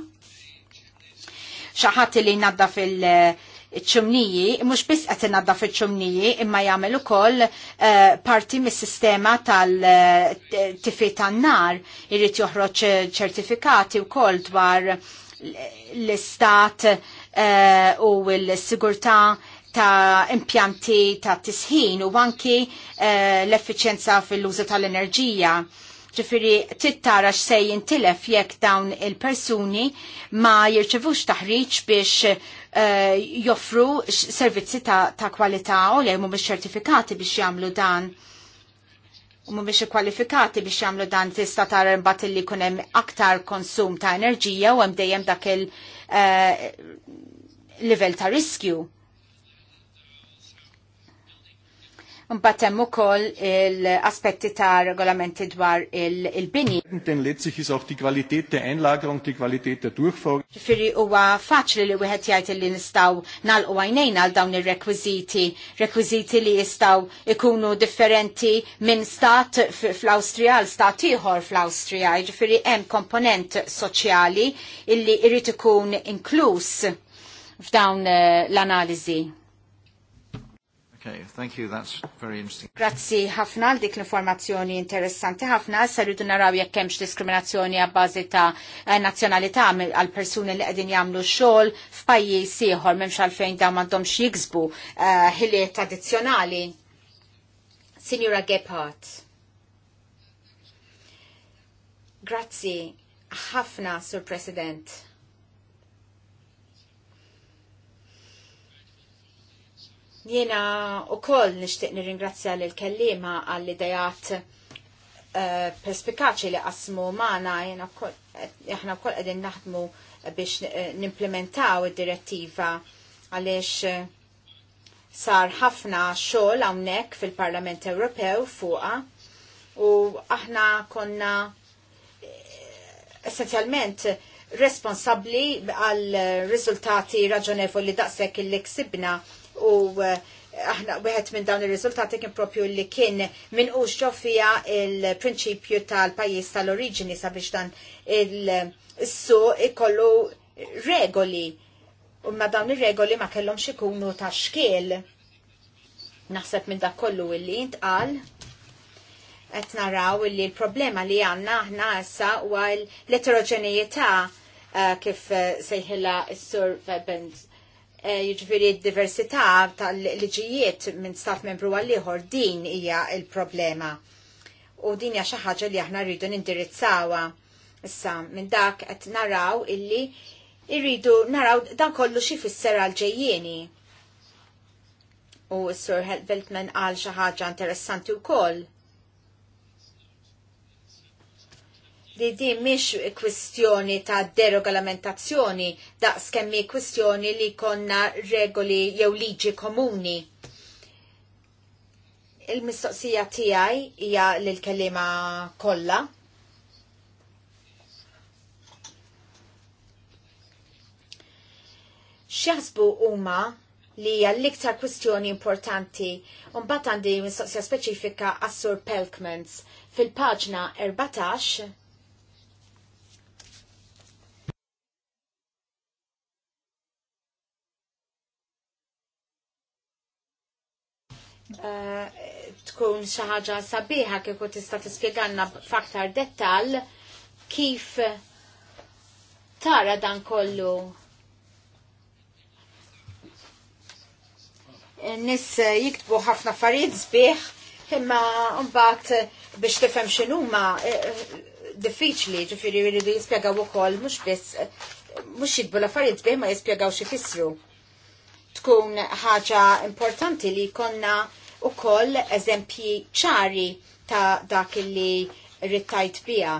Xaħat li nadda fil- eh, ċumniji, mux bis għet nadda fil ċumniji imma jagħmel ukoll eh, parti mis-sistema tal-tifi tan-nar, irrid joħroġ ċertifikati wkoll dwar l-istat Eh, u l-sigurtà ta' impjanti ta' tisħin u anki eh, l efficienza fil-użu tal-enerġija. Ġifiri, tittara x'se jintilef jekk dawn il-persuni ma jirċevux taħriġ biex eh, joffru servizzi ta' kwalità u li mhumiex ċertifikati biex jagħmlu dan u mhumiex il-kwalifikati biex jagħmlu dan tista' tara mbagħad li jkun hemm aktar konsum ta' enerġija u hemm dejjem dak il- Uh, level ta' riskju. Mbagħad hemm ukoll l-aspetti ta' regolamenti dwar il-bini. Den letztlich ist auch die Qualität der Einlagerung, die Qualität der Durchführung. Ġifieri huwa faċli li wieħed jgħid li nistgħu nagħlqu għajnejn għal dawn ir-rekwiżiti, rekwiżiti li jistgħu ikunu differenti minn stat fl-Awstrija għal stat ieħor fl austria Ġifieri hemm komponent soċjali illi jrid ikun inkluż f'dawn eh, l-analiżi. Okay, thank you, that's very interesting. Grazzi ħafna għal dik l-informazzjoni interessanti ħafna, saridu naraw jekk hemmx diskriminazzjoni għabbażi ta' eh, nazzjonalità għal persuni li qegħdin jagħmlu xogħol f'pajjiż ieħor m'hemmx għalfejn da' m'għandhomx jiksbu eh, ħiliet addizzjonali. Signora Gephardt. Grazzi ħafna, Sur President. Jena u koll nishtiq nir-ingrazzja l-kellima għalli idejat eh, perspikaċi li qasmu maħna jena u koll għedin naħdmu biex eh, nimplementaw id-direttiva għalix eh, sar ħafna xogħol hawnhekk fil-Parlament Ewropew fuqha u aħna konna essenzjalment responsabli għal riżultati raġonevoli daqshekk li ksibna u eh, aħna wieħed minn dawn ir-riżultati kien propju li kien minn uġġo fija il-prinċipju tal-pajjiż tal-oriġini sabiex dan il-su ikollu regoli u ma dawn ir-regoli ma kellhomx ikunu ta' xkiel. Naħseb minn dak kollu illi intqal qed naraw illi l-problema li għandna aħna issa huwa l eterogenijieta eh, kif eh, sejħilha s-sur Webbens Eh, jiġifieri d-diversità tal-liġijiet minn stat membru għalliħor din hija il-problema. U din hija xi ħaġa li aħna rridu nindirizzawha. Issa minn dak qed naraw illi irridu naraw dan kollu xi fisser għal ġejjieni. U s-Sur Veltman għal xi ħaġa interessanti wkoll li di mhix kwistjoni ta' deregolamentazzjoni da' skemmi kwistjoni li konna regoli jew liġi komuni il-mistoqsija tiegħi hija lil kelima kollha. X'jaħsbu huma li hija l-iktar kwistjoni importanti u mbagħad għandi mistoqsija speċifika għas-Sur Pelkmans fil-paġna 14 Eh, tkun xi ħaġa sabiħa kieku tista' tispjegalna f'aktar dettall kif tara dan kollu nis jiktbu ħafna affarijiet sbieħ imma mbagħad biex tifhem x'inhuma eh, diffiċli ġifieri jridu jispjegaw ukoll mhux biss mhux jitbu l-affarijiet sbieħ ma jispjegaw xi fissru tkun ħaġa importanti li konna u koll eżempji ċari ta' dak li rittajt bija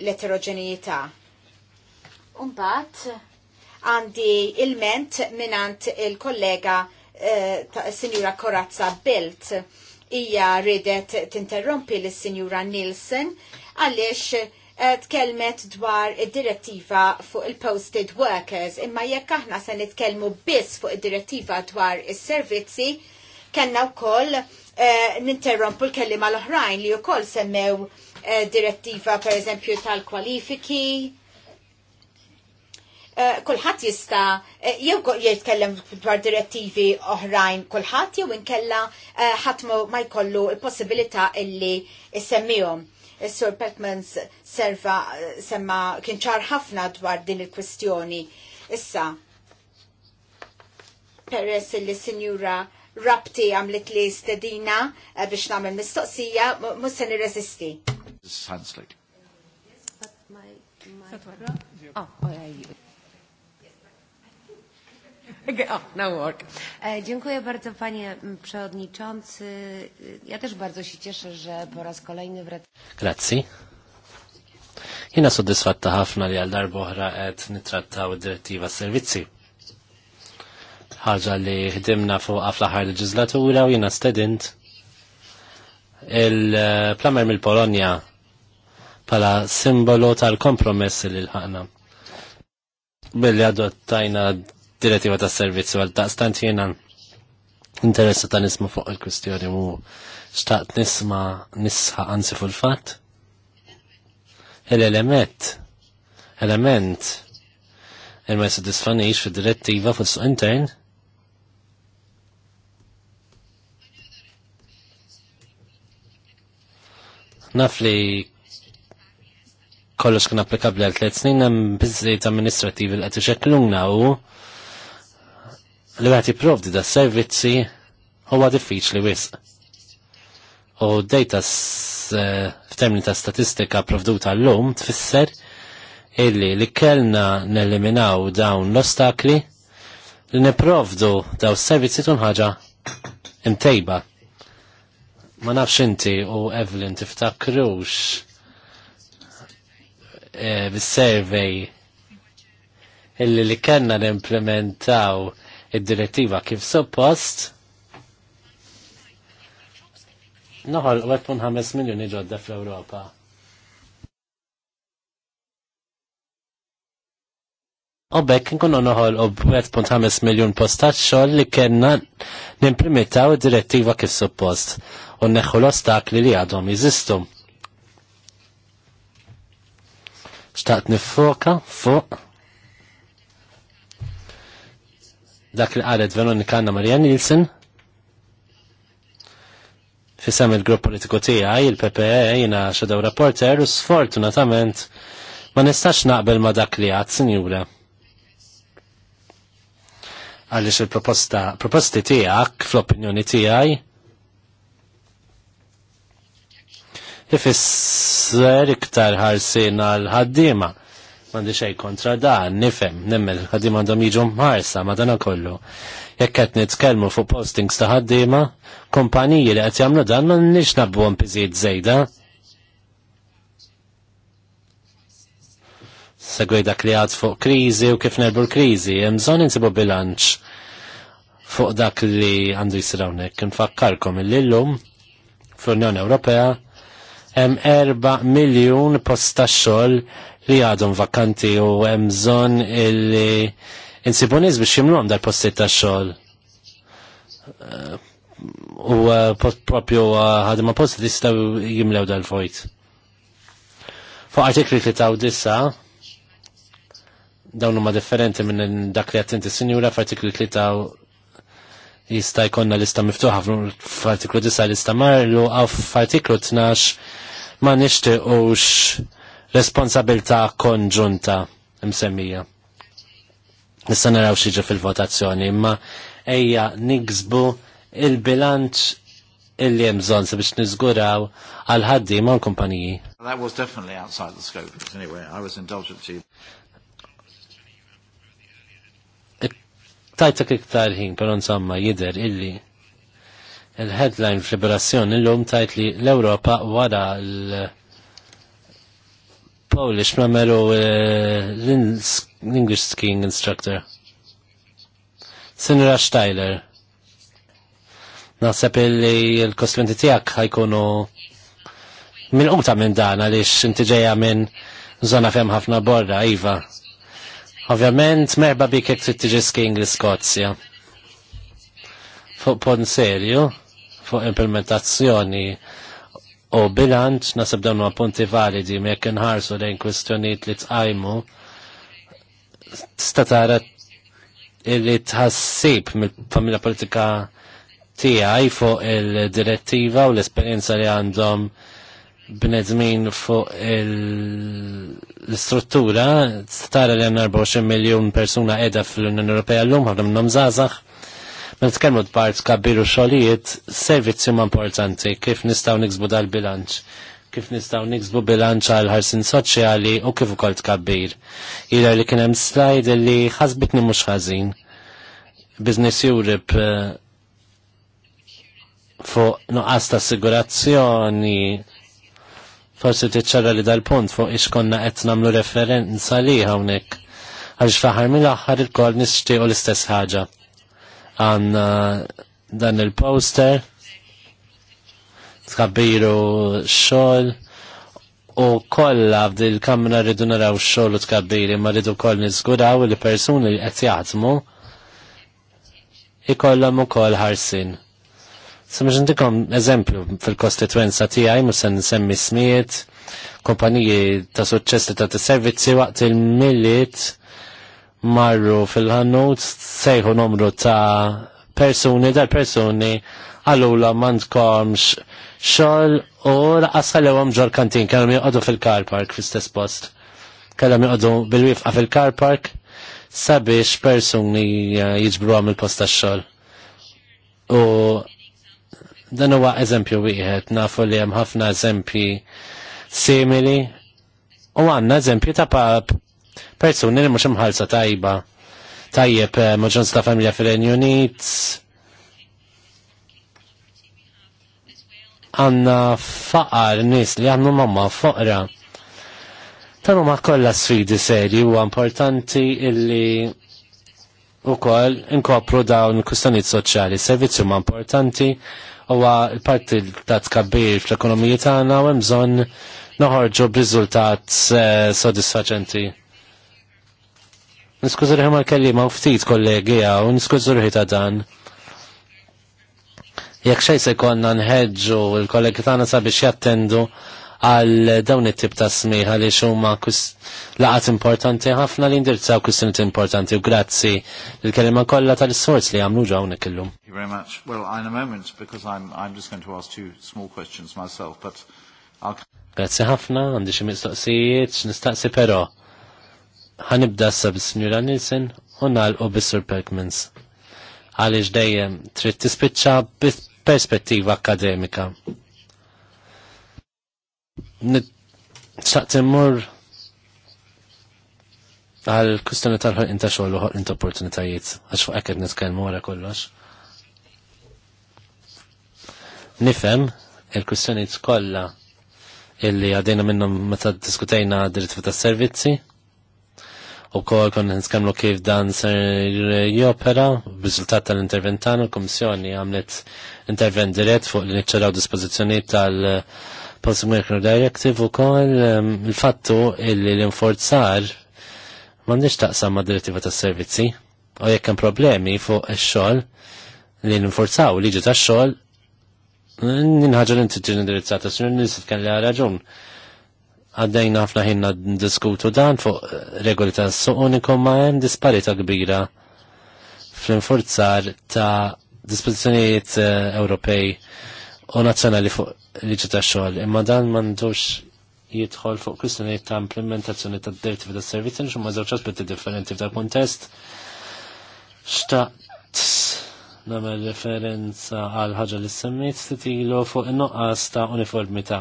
l-eterogenijità. Umbat, għandi il-ment minant il-kollega eh, ta' sinjura Korazza Belt. Ija ridet tinterrompi l-sinjura Nilsen għaliex Eh, tkellmet dwar id-direttiva fuq il-posted workers, imma jekk aħna se nitkellmu biss fuq id-direttiva dwar is-servizzi, kellna wkoll eh, ninterrompu l kelliema l-oħrajn li wkoll semmew eh, direttiva per eżempju tal-kwalifiki, kulħadd jista' jew jitkellem dwar direttivi oħrajn kulħadd jew inkella ħadd ma jkollu l-possibilità illi jsemmihom. Sir Petmans serva semma kien ċar ħafna dwar din il-kwestjoni. Issa, peress li sinjura rabti għamlet li stedina eh, biex namel mistoqsija, mus se nirreżisti. Translate. Oh, oh, yeah, o, work. E, dziękuję bardzo Panie Przewodniczący. Ja też bardzo się cieszę, że po raz kolejny wracam. Grazie. Jena soddisfatta ħafna li għal darboħra qed nittrattaw id-direttiva servizzi. Ħaġa li ħdimna fuq fl-aħħar leġislatura u jiena stedint il-plamer mill-Polonja pala simbolo tal-kompromess li l-ħana billi adottajna direttiva ta' servizzu għal stant jena interessa ta' nisma fuq il-kwistjoni mu xtaqt nisma nisħa għansi fuq il-fat l-element element il-ma jix fi direttiva fuq suq intern naf li kollox kien applikabli għal tlet snin hemm ta' amministrativi li qed ixekkluna u li għati provdi da servizzi huwa diffiċli wisq. U data eh, f'termini ta' statistika provduta l-lum tfisser illi li kellna neliminaw dawn l-ostakli li neprovdu daw servizzi tun ħaġa imtejba. Ma nafx inti u Evelyn tiftakrux e, bis-survey illi li kellna nimplementaw id-direttiva kif suppost noħol 1.5 miljoni ġodda fl-Ewropa. U bekk nkunu noħol u 1.5 miljon postaċ xoll li kena nimprimitaw id direttiva kif suppost u neħu l-ostakli li għadhom jizistu. Xtaqt nifoka fuq dak li qalet Veronika Anna Marija Nielsen fissam il-grupp politiku tiegħi il-PPE jiena xedew rapporter u sfortunatament ma nistax naqbel ma dak li għad senjura. Għaliex il-proposta proposti tiegħek fl-opinjoni tiegħi fisser iktar ħarsien għal ħaddima Mandi xej kontra da, nifem, nemmel, ħaddim għandhom jiġu mħarsa, ma dana kollu. Jekk qed nitkellmu fuq postings ta' ħaddiema, kumpaniji li qed jagħmlu dan ma nix nabbuhom biżijiet żejda. Segwej dak li għad fuq kriżi u kif nerbu l-kriżi, hemm bżonn insibu bilanċ fuq dak li għandu jisir hawnhekk. Infakkarkom illum fl-Unjoni Ewropea hemm erba' miljun posta xogħol li għadhom vakanti u hemm bżonn illi insibu nies biex jimluhom dal-postijiet tax-xogħol. Eh, u eh, propju eh, ħadma post jistgħu jimlew dal-vojt. Fuq artikli li taw disa, dawn huma differenti minn dak li għattinti sinjura f'artikli li taw jista' jkollna lista miftuħa f'artiklu disa lista marlu għaw f'artiklu 12 ma nixtiequx responsabilta konġunta msemmija. Nista' naraw xieġi fil-votazzjoni, imma ejja nigzbu il-bilanċ illi hemm sabiex niżguraw għal ħaddi ma' kumpaniji. That was definitely outside the scope, anyway, I was indulgent to e, Tajtak iktar ħin, pero insomma jider illi il-headline f'Liberazzjoni l-lum tajt li l-Europa wara l- Polish ma meru uh, l-English skiing instructor. Sinra Steiler. Naħseb li l-kosmenti tijak ħajkunu minn umta minn dan għalix inti ġeja minn zona fem ħafna borra, Iva. Ovvjament, merba bi kek trid tiġi skiing l-Skozja. Fuq pon serju, fuq implementazzjoni u bilanċ nasib dawn ma' punti validi mek nħarsu lejn kwistjoniet li tqajmu statara li tħassib mill-familja politika tiegħi fuq il-direttiva u l-esperjenza li għandhom bnedmin fuq l-istruttura tara li għanna 24 miljon persuna edha fl-Unjoni Ewropea l-lum għadhom nom zazax Nitkellmu dwar tkabbiru xogħlijiet, servizzi ma' importanti kif nistgħu niksbu dal-bilanċ kif nistaw niksbu bilanċ għal ħarsin soċjali u kif ukoll tkabbir. Ila li kien hemm slide li ħasbitni mhux ħażin. Business Europe eh, fuq nuqqas ta' assigurazzjoni forsi tiċċara li dal-punt fuq ix qed nagħmlu referenza li hawnhekk għaliex faħar mill-aħħar il-kol nixtiequ l-istess ħaġa għanna dan il-poster tkabbiru xol u kolla il kamra rridu naraw xol u tkabbiri ma rridu koll nizguraw li persuni li qed jaħdmu ikollhom ukoll ħarsin. Se mhux eżempju fil-kostitwenza tiegħi mhux se nsemmi smiet, kumpaniji ta' suċċesti ta' servizzi waqt il-miliet marru fil-ħannut sejħu numru ta' persuni dal-persuni għallula mandkomx xol u għasħallewom ġor kantin kellhom joqogħdu fil-car park fl-istess post. Kellhom joqogħdu bil-wifqa fil-car park sabiex persuni eh, jiġbru għam il posta tax-xogħol. U dan huwa eżempju wieħed nafu li hemm ħafna eżempji simili u għandna eżempju ta' pap persuni li mhux imħallsa tajba. Tajjeb eh, maġġoranza ta' familja fil renju Unit. Għanna faqar nies li għannu mamma foqra. Tanu ma kollha sfidi serji huwa importanti illi u koll inkopru dawn kustanit soċjali, servizzi ma importanti huwa l-parti ta' tkabbir fl-ekonomiji tagħna u hemm bżonn noħorġu b'riżultat eh, sodisfaċenti. Niskuż ruħi l kellima u ftit kollegi għaw, niskuż ruħi ta' dan. Jekk xej se konna nħedġu l kollegi tagħna sabiex jattendu għal dawn it-tip ta' smiħa li xumma laqat importanti ħafna li indirizzaw kwistjoniet importanti u grazzi l kellima kollha tal sforz li għamlu ġawnek kellum. Grazzi ħafna, għandi xi mistoqsijiet, nistaqsi però ħanibda sa bis-Sinjura Nilsen u nagħlqu bis-Sur Perkmans. Għaliex dejjem trid tispiċċa perspettiva akademika. Saqt immur għal kustjoni tal-ħol inta xogħol u ħol inta opportunitajiet, għax fuq qed nitkellmu wara kollox. Nifhem il-kustjonijiet kollha illi għadejna minnhom meta diskutejna direttiva tas-servizzi, u kol kon nskamlu kif dan ser jopera, b'riżultat tal-intervent tagħna l-Kummissjoni għamlet intervent dirett fuq li niċċaraw dispożizzjonijiet tal- Post-Mercury Directive u kol ehm, il-fattu illi l-inforzar m'għandix taqsam ma' direttiva ta' servizzi u jekk hemm problemi fuq ix-xogħol li ninforzaw liġi ta' xogħol ninħaġa l-intiġi indirizzata, s-sinur nisit kan li raġun għaddejna ħafna ħinna diskutu dan fuq regoli ta' suq uniku ma' hemm disparita kbira fl-infurzar ta' dispożizzjonijiet eh, Ewropej u nazzjonali fuq liġi ta' xogħol. Imma dan m'għandux jidħol fuq kwistjonijiet ta' implementazzjoni ta' direttivi ta' servizzi nix huma żewġ aspetti differenti f'dak kuntest. Xtaqt nagħmel referenza għal ħaġa li semmejt titilu fuq in-noqqas ta' uniformità.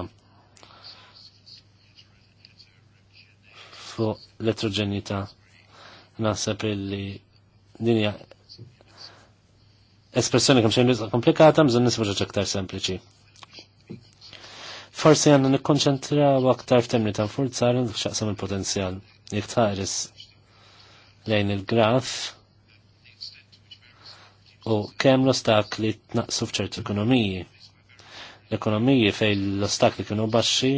fuq l-elettroġenita. Naħseb illi dinja espressjoni kemm xejn komplikata, bżonn nisbu ġoġ aktar sempliċi. Forsi għanna nikkonċentraw aktar f'temni ta' forzar xaqsam il-potenzjal. Jek lejn il-graf u kemm l-ostakli tnaqsu f'ċertu ekonomiji. L-ekonomiji fej l-ostakli kienu baxxi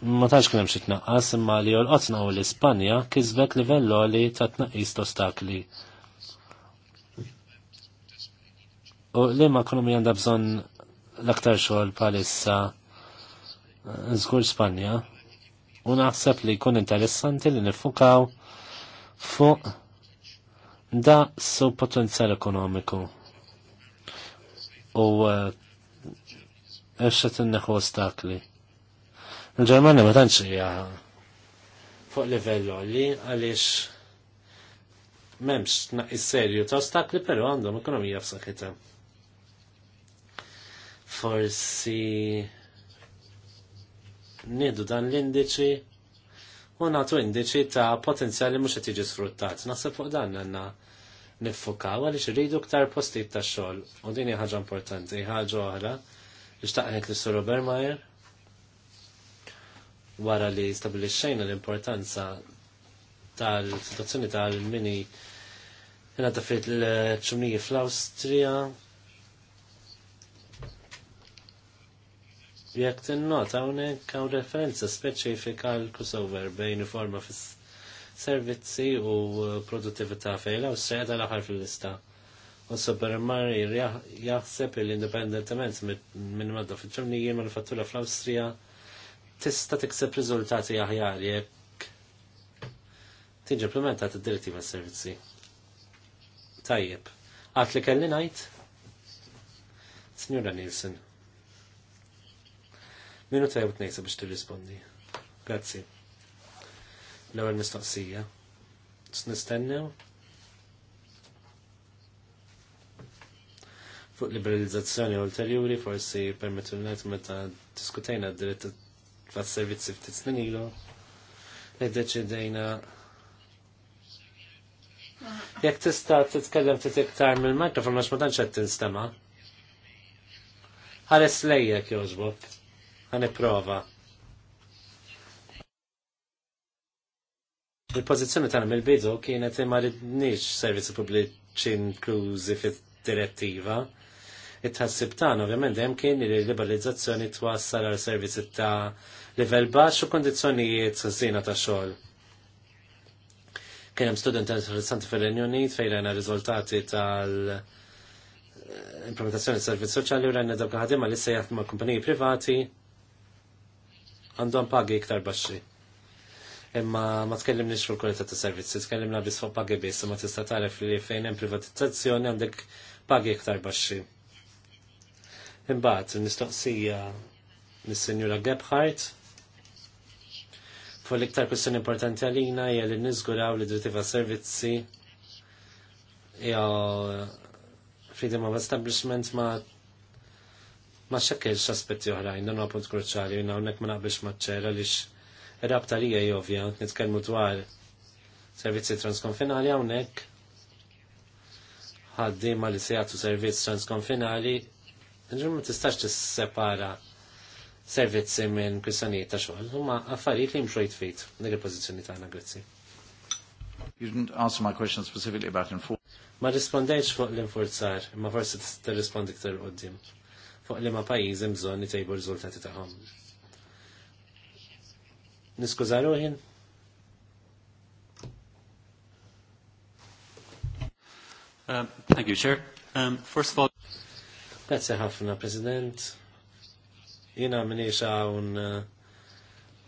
ma tax kunem xi tnaqqas imma li jolqotna u l-Ispanja kisbet livell li ta' tnaqqis ostakli. U li ma ekonomi għandha bżonn l-aktar xogħol bħalissa żgur Spanja. U naħseb li jkun interessanti li nifukaw fuq da su potenzjal ekonomiku. U eċċet eh, inneħu ostakli. Il-Ġermanja ma tantx hija fuq livell li għaliex m'hemmx naqis serju ta' ostakli però għandhom ekonomija f'saħħitha. Forsi nidu dan l-indiċi u nagħtu indiċi ta' potenzjali mhux qed jiġi sfruttat. Naħseb fuq dan għandna niffokaw għaliex iridu ktar postijiet tax xogħol u din hija ħaġa importanti, ħaġa oħra. Ixtaqnek li Soro Bermajer? wara li stabilixxejna l-importanza tal-situazzjoni tal-mini jena tafrit l-ċumniji fl-Austria. Jek t-nota unek għaw referenza speċifika l-crossover bejn forma fis servizzi u produttività fej l-Austria l axar fil-lista. U Supermar jaħseb l-independentament minn madda fil-ċumniji manufattura fl-Austria tista' tikseb riżultati aħjar jekk tiġi implementat id-direttiva s-servizzi. Tajjeb. Għat li kelli ngħid? Signora Nielsen. Minu t tnejsa biex tirrispondi. Grazzi. L-ewwel mistoqsija. Nistennew? Fuq liberalizzazzjoni ulterjuri forsi permettu l meta diskutajna d-direttiva tas servizzi ftit snin ilu, id-deċidejna Jek tista titkellem t-tiktar mill-mikrofon għax ma tantx t-instema. Ħares lejjek jogħġbok. prova. Il-pożizzjoni tagħna mill-bidu kienet imma ridniex servizzi pubbliċi inklużi fid-direttiva. It-tħassib tagħna ovvjament hemm kien li liberalizzazzjoni twassal għal servizzi ta' livell baxx u kondizzjonijiet zina ta' xogħol. Kien hemm student interessanti fil renju Unit fejn rajna riżultati tal- implementazzjoni servizz soċjali u rajna dawk ħadima li se jaħdmu kumpaniji privati għandhom pagi iktar baxxi. Imma ma tkellimniex fuq kwalità ta' servizzi, tkellimna biss fuq pagi biss, ma tista' taref li fejn hemm privatizzazzjoni għandek pagi iktar baxxi. Imbagħad il-mistoqsija mis-Sinjura Gebhardt Fuq l-iktar kwestjoni importanti għalina hija li niżguraw li drittiva servizzi jew freedom of establishment ma ma xekkilx aspetti oħrajn, dan huwa punt kruċjali, jina hawnhekk ma naqbilx maċċera lix rabta li hija jovja, nitkellmu dwar servizzi transkonfinali hawnhekk ħaddiema li se jagħtu servizz transkonfinali, ġum ma tistax tissepara servizzi minn kwistjonijiet ta' xogħol. Huma affarijiet li mxu jitfit dik il-pożizzjoni tagħna, grazzi. You didn't answer my question specifically about enforcement. Ma rispondejx fuq l inforzar ma forse t-rispondi ktar qoddim. Fuq li ma pajizi bżon li tejbu rizultati taħom. Niskuza ruħin? Um, thank you, Chair. Um, first of all... Grazie ħafna, President. Jina minix un eh,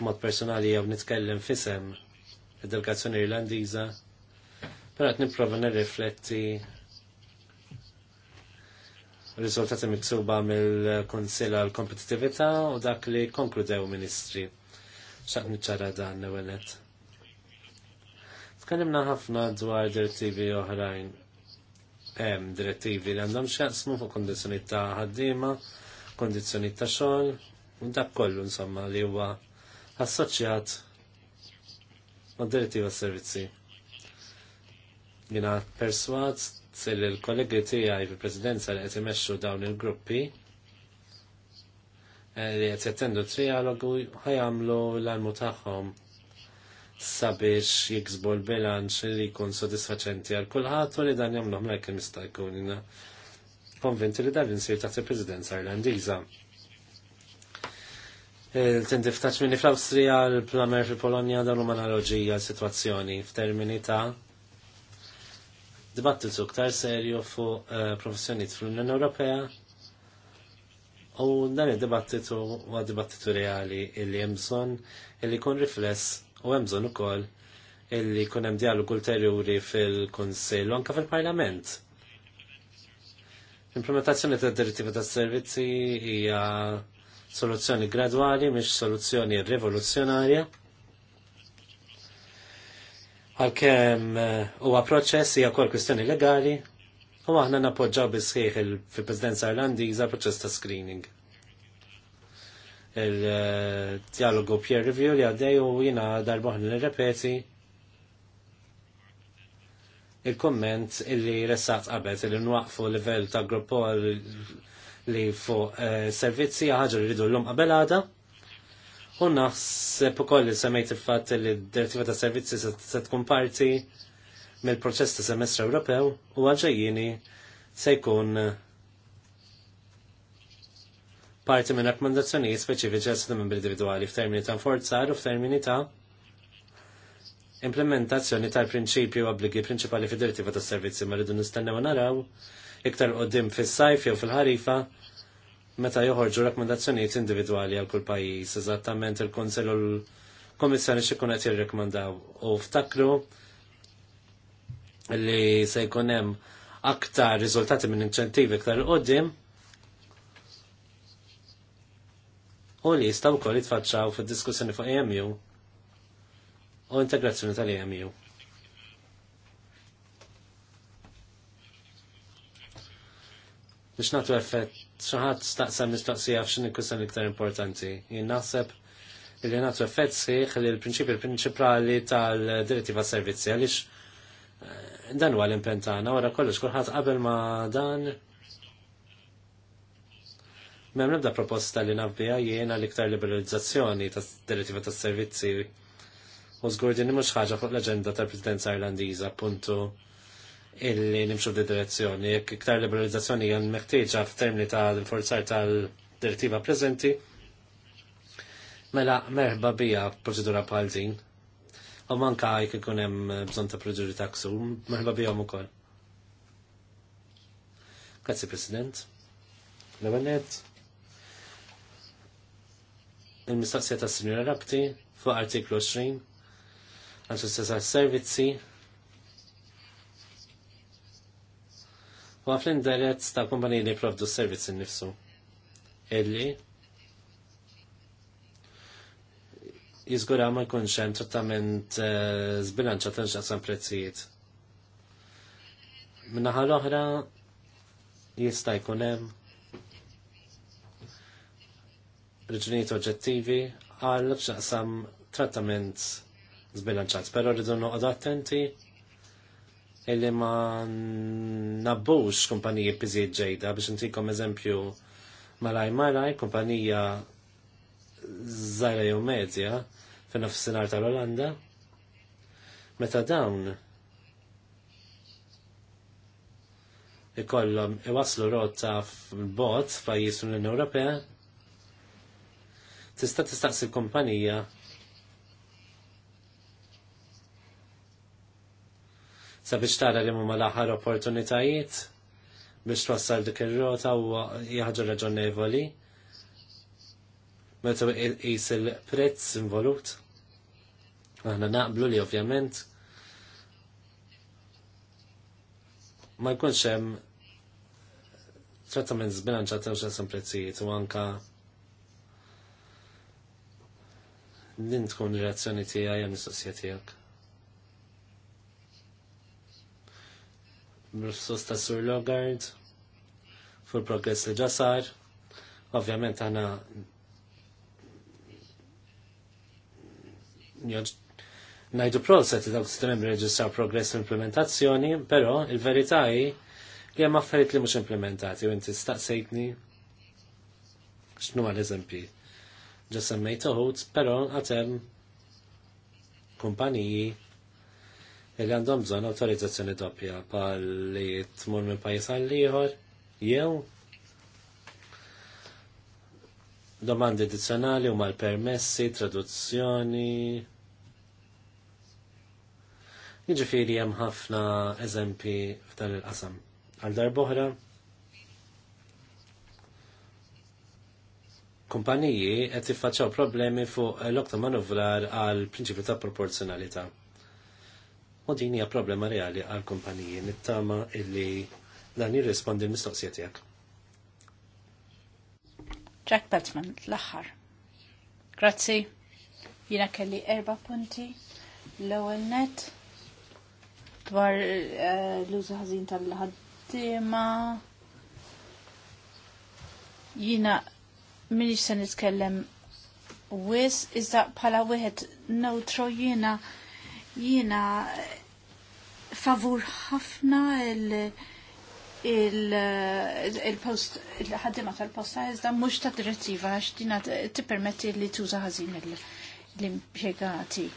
mod personali għaw nitkellem fisem id-delegazzjoni irlandiza, pero għat niprofa nirrifletti rizultati miksuba mill-Konsil għal kompetitività u dak li konkludew ministri. Xaq niċċara dan l għalet Tkellimna ħafna dwar direttivi oħrajn. direttivi li għandhom xaqsmu fuq kondizjoni ta' ħaddiema kondizjoni ta' xogħol u dak kollu insomma li huwa assoċjat mad-direttiva servizzi. Jina perswad sell il-kollegi tiegħi fil-Presidenza li qed imexxu dawn il-gruppi eh, li qed jattendu trialogu ħajamlu l armu tagħhom sabiex jiksbu l-bilanċ li jkun sodisfaċenti għal kulħadd u li dan jagħmluhom hekk jista' jkun konvinti li dan insir taħt il-Presidenza Irlandiża. il eh, taċ minni fl-Awstrija, l-plamer fil-Polonja dan huma analogija situazzjoni f'termini ta' dibattitu ktar serju fuq eh, professjoniet fl-Unjoni Ewropea U dan id-dibattitu huwa dibattitu reali illi hemm bżonn illi jkun rifless u hemm bżonn ukoll illi jkun hemm dialogu ulterjuri fil-Kunsill u anke fil-Parlament. Implementazzjoni ta' direttiva ta' servizzi hija soluzzjoni gradwali, mhix soluzzjoni rivoluzzjonarja. Għalkemm eh, huwa proċess hija wkoll kwistjoni legali, U aħna nappoġġaw bisħiħ fil-Presidenza Irlandiża proċess ta' screening. Il-dialogu eh, peer review li għaddej u jina darboħni nirrepeti il-komment illi ressaqt qabet illi nwaqfu livell ta' gruppol li fuq eh, servizzi ħaġa li ridu l-lum qabel għada. U naħseb ukoll li semmejt il-fatt li d-direttiva ta' servizzi se tkun parti mill-proċess ta' semestru Ewropew u għalġejjini se jkun parti minn rakkomandazzjonijiet speċifiċi għal sistema individuali f'termini ta' forza u f'termini ta' implementazzjoni tal-prinċipju obbligi prinċipali fid-direttiva tas servizzi ma rridu nistennew naraw iktar qoddim fis-sajf jew fil-ħarifa meta joħorġu rakkomandazzjonijiet individwali għal kull pajjiż eżattament il-Kunsell u l-Kommissjoni xi jkun qed u ftakru li se jkun hemm aktar riżultati minn inċentivi iktar qoddim u li jistaw kol jitfaċċaw fil-diskussjoni fuq EMU u integrazzjoni tal-EMU. Biex natu effett, xaħat staqsam mistoqsija f'xin il-kustan iktar importanti. Jien naħseb li natu effett siħ li l-prinċipi l-prinċipali tal-direttiva servizzi għalix eh, dan huwa l-impentana wara kollox kulħadd qabel ma dan Memnibda proposta li nabbija jiena l-iktar liberalizzazzjoni tal direttiva tas servizzi Użgurdi żgur mhux ħaġa fuq l-aġenda tal-Presidenza Irlandiża puntu illi nimxu di direzzjoni. iktar liberalizzazzjoni hija meħtieġa f'termini ta' l-forzar tal-direttiva preżenti, mela merħba bija proċedura bħal din. U manka jek ikun hemm bżonn ta' proċeduri ta' ksu, merħba bihom ukoll. Grazzi President. Lewenet. Il-mistaqsija tas Sinjora Rabti fuq artiklu 20 għal s għal-servizzi. U għaf l-indirezz ta' kumpanija li provdu servizzi nifsu. Illi jizgura ma jkunx trattament eh, zbilanċa tal-ġaqsam prezzijiet. Minnaħa l ohra jista' jkun hemm oġġettivi għal xaqsam trattament zbilanċat, pero rridu noqgħod attenti illi ma nabbux kumpaniji piżiet ġejda biex intikom eżempju malaj malaj kumpanija zaħra jew medja fin nofsinhar tal-Olanda meta dawn ikollhom iwaslu rotta f'bot f'pajjiż l-Unjoni Ewropea tista' tistaqsi kumpanija sabiex tara li huma laħar aħħar opportunitajiet biex twassal dik ir-rota u jaħġu raġonevoli meta jis il-prezz involut. Aħna naqblu li ovvjament ma jkunx hemm trattament zbilanċat għax għasim prezzijiet u anka din tkun reazzjoni tiegħi għan is-sosja tiegħek. Mrufsus Sur Logard fuq progress li ġasar. Ovvjament għana najdu proset li dawk sistemi reġistra progress implementazzjoni, però il-verità hi li hemm affarijiet li mhux implementati u inti staqsejtni x'nu għal-eżempji. Ġa semmejt uħud, però għatem kumpaniji li għandhom bżonn awtorizzazzjoni doppja pal li tmur minn pajjiż għal ieħor jew domandi addizzjonali huma l-permessi, traduzzjoni. Jiġifieri hemm ħafna eżempi f'dan il-qasam. Għal darb'oħra, kumpaniji qed tiffaċċaw problemi fuq l-okta manuvrar għal prinċipju ta' proporzjonalità. U din hija problema reali għal kumpaniji nittama illi dan jirrispondi l mistoqsijiet tiegħek. Jack Batman, l-aħħar. Grazzi. Jiena kelli erba punti l-ewwel net dwar eh, l-użu ħażin tal-ħaddiema. Jiena minix se nitkellem wis iżda bħala wieħed neutro jiena jiena favur ħafna il- il-post, il ħaddima tal-posta, iżda mux ta' direttiva, għax dina t-permetti li tuża ħazin l-impiegati.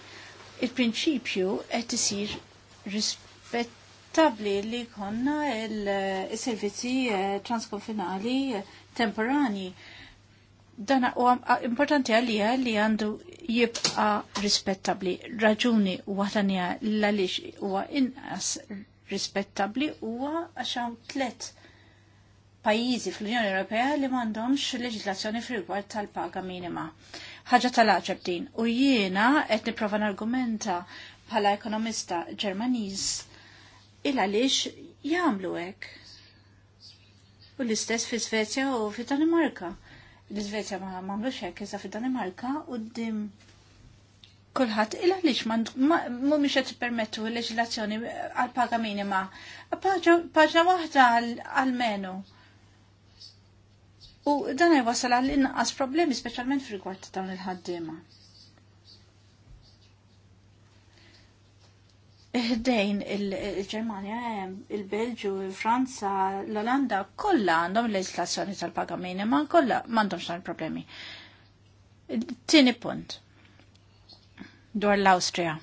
Il-prinċipju qed isir rispettabli li konna il-servizzi eh, transkonfinali temporani dan huwa importanti għalija li għandu jibqa rispettabli. Raġuni waħdanija l-għalix huwa inqas rispettabli huwa għax hawn tliet pajjiżi fl-Unjoni Ewropea li m'għandhomx leġislazzjoni fil-rigward tal-paga minima. Ħaġa tal-aġeb din u jiena qed nipprova argumenta bħala ekonomista Ġermaniż il għaliex jagħmlu hekk. U l-istess fi Svezja u fi Danimarka l-Izvezja ma mamlux hekk iżda fid-Danimarka u d-dim kulħadd il għaliex mhumiex qed permettu l-leġilazzjoni għal paga minima. Paġna waħda għal menu. U dan wasal għal inqas problemi speċjalment fil-rigward dawn il-ħaddiema. ħdejn il-Ġermanja, ehm, il-Belġu, il-Franza, l-Olanda, kollha għandhom leġislazzjoni tal-paga minima, kollha m'għandhomx dan problemi. Tieni punt dwar l-Awstrija.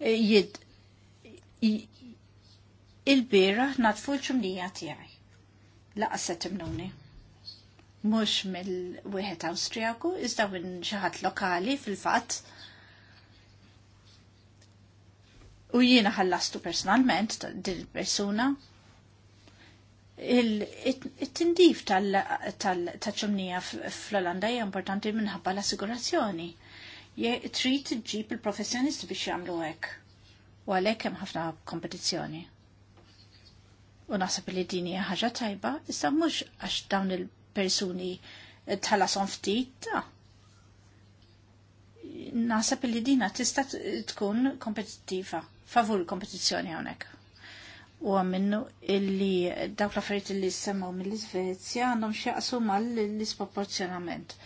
E, jid il-bira natfu l tiegħi. Laqqas se timnuni. Mhux mill-wieħed Awstrijaku, iżda minn xi ħadd lokali fil-fatt u jiena ħallastu personalment din il-persuna il-tindif tal-ċumnija fl-Olanda hija importanti minħabba l-assigurazzjoni. Trid ġib il-professjonisti biex jagħmlu hekk. U għalhekk hemm ħafna kompetizzjoni. U naħseb li din hija ħaġa tajba, issa mhux għax dawn il-persuni tħallasom ftit, naħseb li dina tista' tkun kompetittiva favur kompetizzjoni hawnhekk. U għamminnu illi dawk la ferit illi semmaw mill-Svezja għandhom xieqsu mal isproporzjonament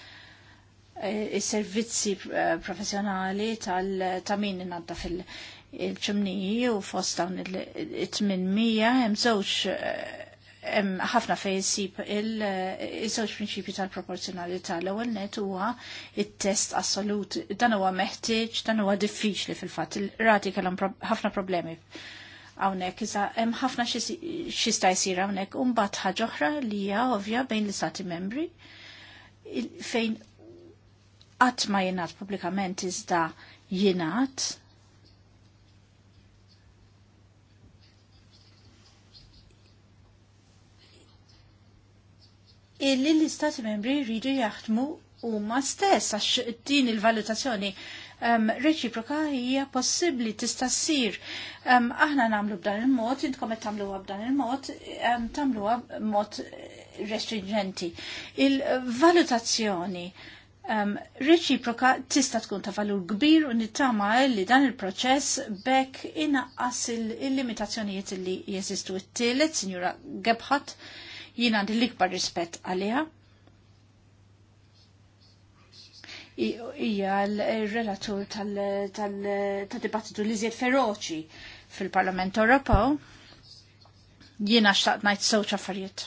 e, Is-servizzi eh, professjonali ta' min għadda fil-ċimniji u fost dawn il-800 hemm żewġ eh, ħafna fejn sip il-żewġ eh, prinċipji tal-proporzjonalità l-ewwel net huwa it-test assolut. Dan huwa meħtieġ, dan huwa diffiċli fil-fatt. Il-rati kellhom ħafna problemi hawnhekk iżda hemm ħafna xista jsir hawnhekk u mbagħad ħaġa oħra li hija ovvja bejn l-istati membri fejn qatt ma jingħad pubblikament iżda jingħad illi l-Istati membri jridu jaħdmu huma stess għax din il-valutazzjoni um, reċiproka hija possibbli tista' ssir. Um, aħna nagħmlu b'dan il-mod, intkom qed tagħmluha b'dan il-mod, um, tagħmluha b'mod restringenti. Il-valutazzjoni um, reċiproka tista tkun ta' valur kbir u nittama li dan il-proċess bekk inaqqas il-limitazzjonijiet li jeżistu. t tielet Sinjura Gebħat, jina għandi l-ikbar rispett għaliha. Ija l-relatur tal-dibattitu li zjed feroċi fil-Parlament Ewropew jiena xtaqt najt sewċ affarijiet.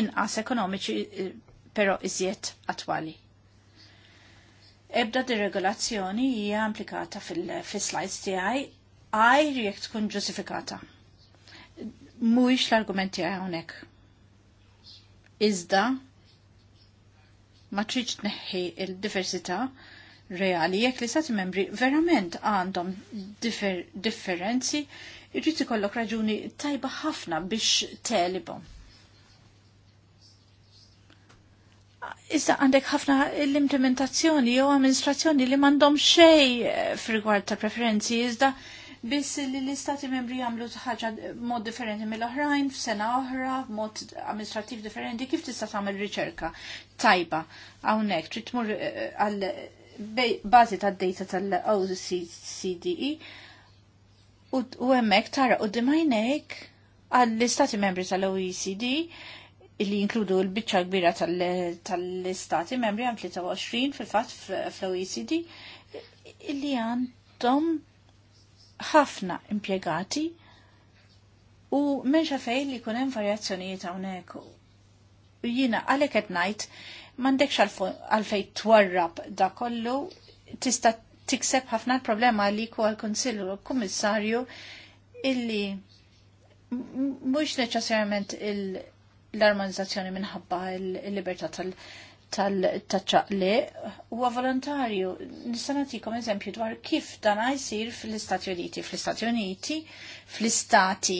Inqas ekonomiċi eh, però iżjed attwali. Ebda deregolazzjoni hija implikata fil-slides tiegħi għaj jekk tkun ġustifikata. Mhuwiex l argumenti hawnhekk iżda ma tridx tneħħi il-diversità reali jekk li stati membri verament għandhom differ differenzi irrid ikollok raġuni tajba ħafna biex telibhom. Iżda għandek ħafna l-implementazzjoni jew amministrazzjoni li m'għandhom xej f'rigward ta' preferenzi iżda biss li l-istati membri jagħmlu ħaġa mod differenti mill-oħrajn f'sena oħra, mod amministrativ differenti, kif tista' tagħmel riċerka tajba hawnhekk trid tmur eh, eh, għal bażi tad-data tal-OCDE u hemmhekk tara qudiem għajnejk għall-istati membri tal-OECD li jinkludu l-bicċa kbira tal-istati membri għan 23 fil-fat fl-OECD illi għandhom ħafna impjegati u menxa fej li kunem varjazzjonijiet hawnhekk. Jina għalhekk qed ngħid m'għandekx għalfej twarrab da kollu tista' tikseb ħafna l-problema li ku għal-Konsillu u l-Kummissarju illi mhux neċessarjament l-armonizzazzjoni minħabba l-libertà tal- tal-ċaqli huwa volontarju. Nista' nagħtikom eżempju dwar kif dan jsir fl-Istati Uniti. Fl-Istati Uniti, fl-Istati